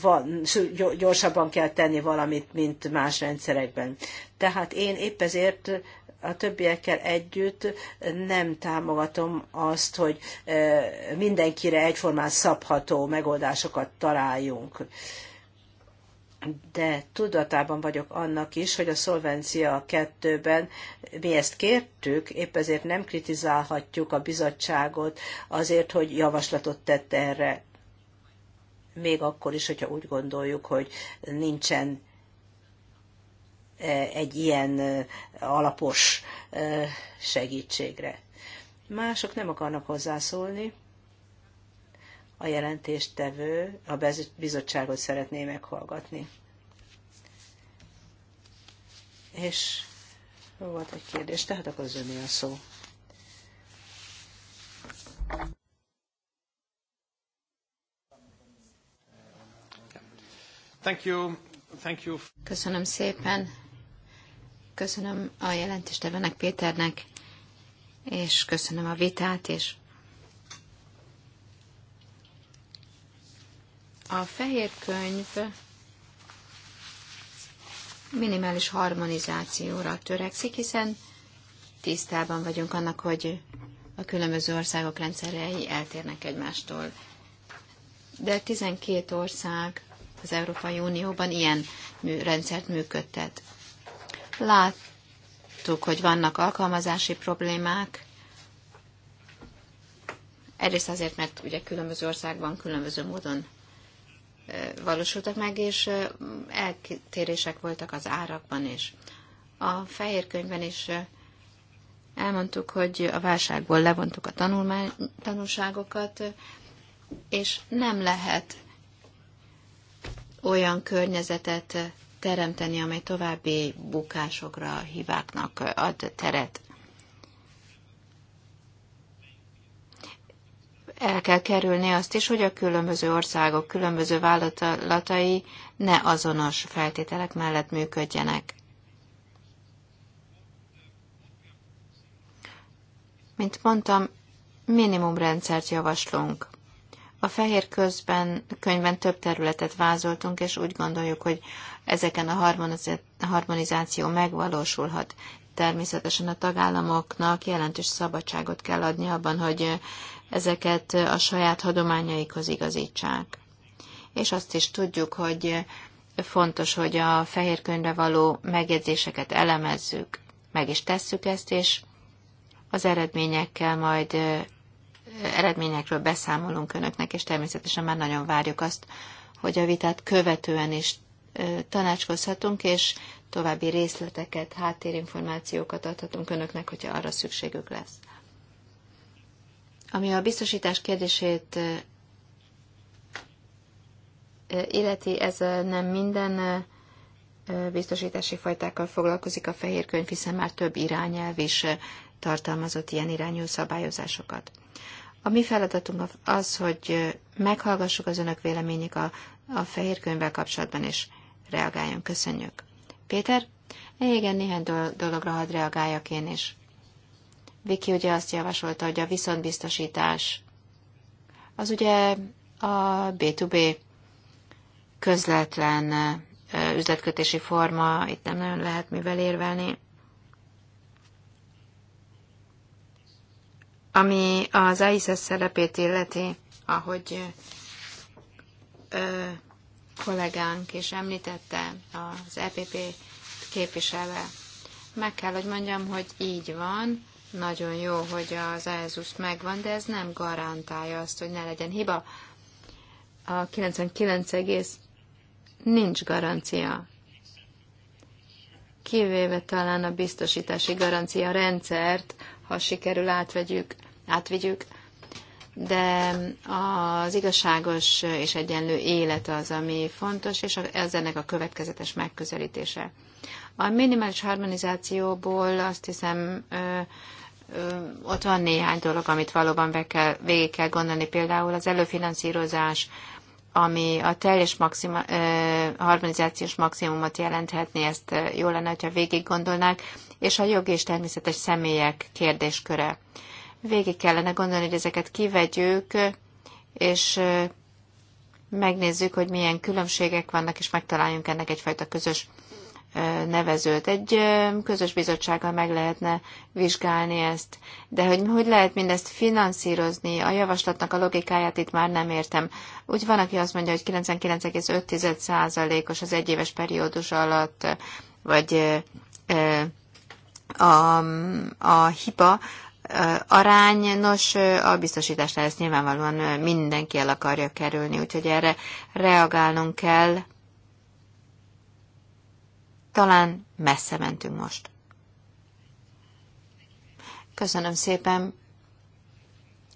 van, gyorsabban kell tenni valamit, mint más rendszerekben. Tehát én épp ezért a többiekkel együtt nem támogatom azt, hogy mindenkire egyformán szabható megoldásokat találjunk de tudatában vagyok annak is, hogy a szolvencia kettőben mi ezt kértük, épp ezért nem kritizálhatjuk a bizottságot azért, hogy javaslatot tett erre. Még akkor is, hogyha úgy gondoljuk, hogy nincsen eh, egy ilyen eh, alapos eh, segítségre. Mások nem akarnak hozzászólni a jelentéstevő, a bizottságot szeretné meghallgatni. És volt egy kérdés, tehát akkor az a szó. Thank you. Thank you. Köszönöm szépen. Köszönöm a jelentéstevőnek, Péternek, és köszönöm a vitát, és A fehér könyv minimális harmonizációra törekszik, hiszen tisztában vagyunk annak, hogy a különböző országok rendszerei eltérnek egymástól. De 12 ország az Európai Unióban ilyen rendszert működtet. Láttuk, hogy vannak alkalmazási problémák, egyrészt azért, mert ugye különböző országban különböző módon valósultak meg, és eltérések voltak az árakban is. A fehér könyvben is elmondtuk, hogy a válságból levontuk a tanulmány, tanulságokat, és nem lehet olyan környezetet teremteni, amely további bukásokra, hibáknak ad teret. kell kerülni azt is, hogy a különböző országok különböző vállalatai ne azonos feltételek mellett működjenek. Mint mondtam, minimum rendszert javaslunk. A fehér közben, könyvben több területet vázoltunk, és úgy gondoljuk, hogy ezeken a harmonizáció megvalósulhat. Természetesen a tagállamoknak jelentős szabadságot kell adni abban, hogy ezeket a saját hadományaikhoz igazítsák. És azt is tudjuk, hogy fontos, hogy a fehér könyvre való megjegyzéseket elemezzük, meg is tesszük ezt, és az eredményekkel majd eredményekről beszámolunk önöknek, és természetesen már nagyon várjuk azt, hogy a vitát követően is tanácskozhatunk, és további részleteket, háttérinformációkat adhatunk önöknek, hogyha arra szükségük lesz. Ami a biztosítás kérdését illeti, ez nem minden biztosítási fajtákkal foglalkozik a fehér könyv, hiszen már több irányelv is tartalmazott ilyen irányú szabályozásokat. A mi feladatunk az, hogy meghallgassuk az önök véleményük a, a fehér könyvvel kapcsolatban, és reagáljon. Köszönjük. Péter? Igen, néhány dologra hadd reagáljak én is. Viki ugye azt javasolta, hogy a viszontbiztosítás az ugye a B2B közletlen üzletkötési forma, itt nem nagyon lehet mivel érvelni. Ami az ISS szerepét illeti, ahogy ö, kollégánk is említette, az EPP képviselve, meg kell, hogy mondjam, hogy így van, nagyon jó, hogy az ESUS megvan, de ez nem garantálja azt, hogy ne legyen hiba. A 99, egész nincs garancia. Kivéve talán a biztosítási garancia rendszert, ha sikerül átvegyük, átvigyük, de az igazságos és egyenlő élet az, ami fontos, és ez ennek a következetes megközelítése. A minimális harmonizációból azt hiszem ott van néhány dolog, amit valóban be kell, végig kell gondolni, például az előfinanszírozás, ami a teljes maxima, harmonizációs maximumot jelenthetné, ezt jó lenne, ha végig gondolnák, és a jogi és természetes személyek kérdésköre. Végig kellene gondolni, hogy ezeket kivegyük, és megnézzük, hogy milyen különbségek vannak, és megtaláljunk ennek egyfajta közös nevezőt. Egy közös bizottsággal meg lehetne vizsgálni ezt. De hogy hogy lehet mindezt finanszírozni, a javaslatnak a logikáját itt már nem értem. Úgy van, aki azt mondja, hogy 99,5%-os az egyéves periódus alatt, vagy a, a hiba arány, nos, a biztosítást ezt nyilvánvalóan mindenki el akarja kerülni, úgyhogy erre reagálnunk kell talán messze mentünk most. Köszönöm szépen.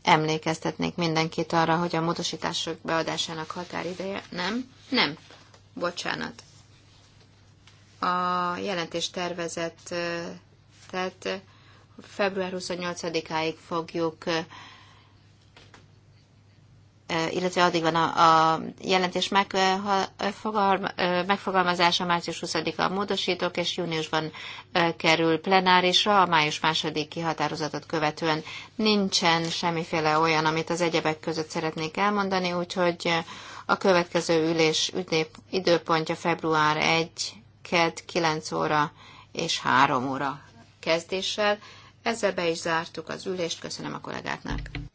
Emlékeztetnék mindenkit arra, hogy a módosítások beadásának határideje nem? Nem. Bocsánat. A jelentés tervezett, tehát február 28-áig fogjuk illetve addig van a, a jelentés megfogalmazása, március 20-a a módosítók, és júniusban kerül plenárisra, a május második kihatározatot követően nincsen semmiféle olyan, amit az egyebek között szeretnék elmondani, úgyhogy a következő ülés időpontja február 1 2, 9 óra és 3 óra kezdéssel. Ezzel be is zártuk az ülést, köszönöm a kollégáknak.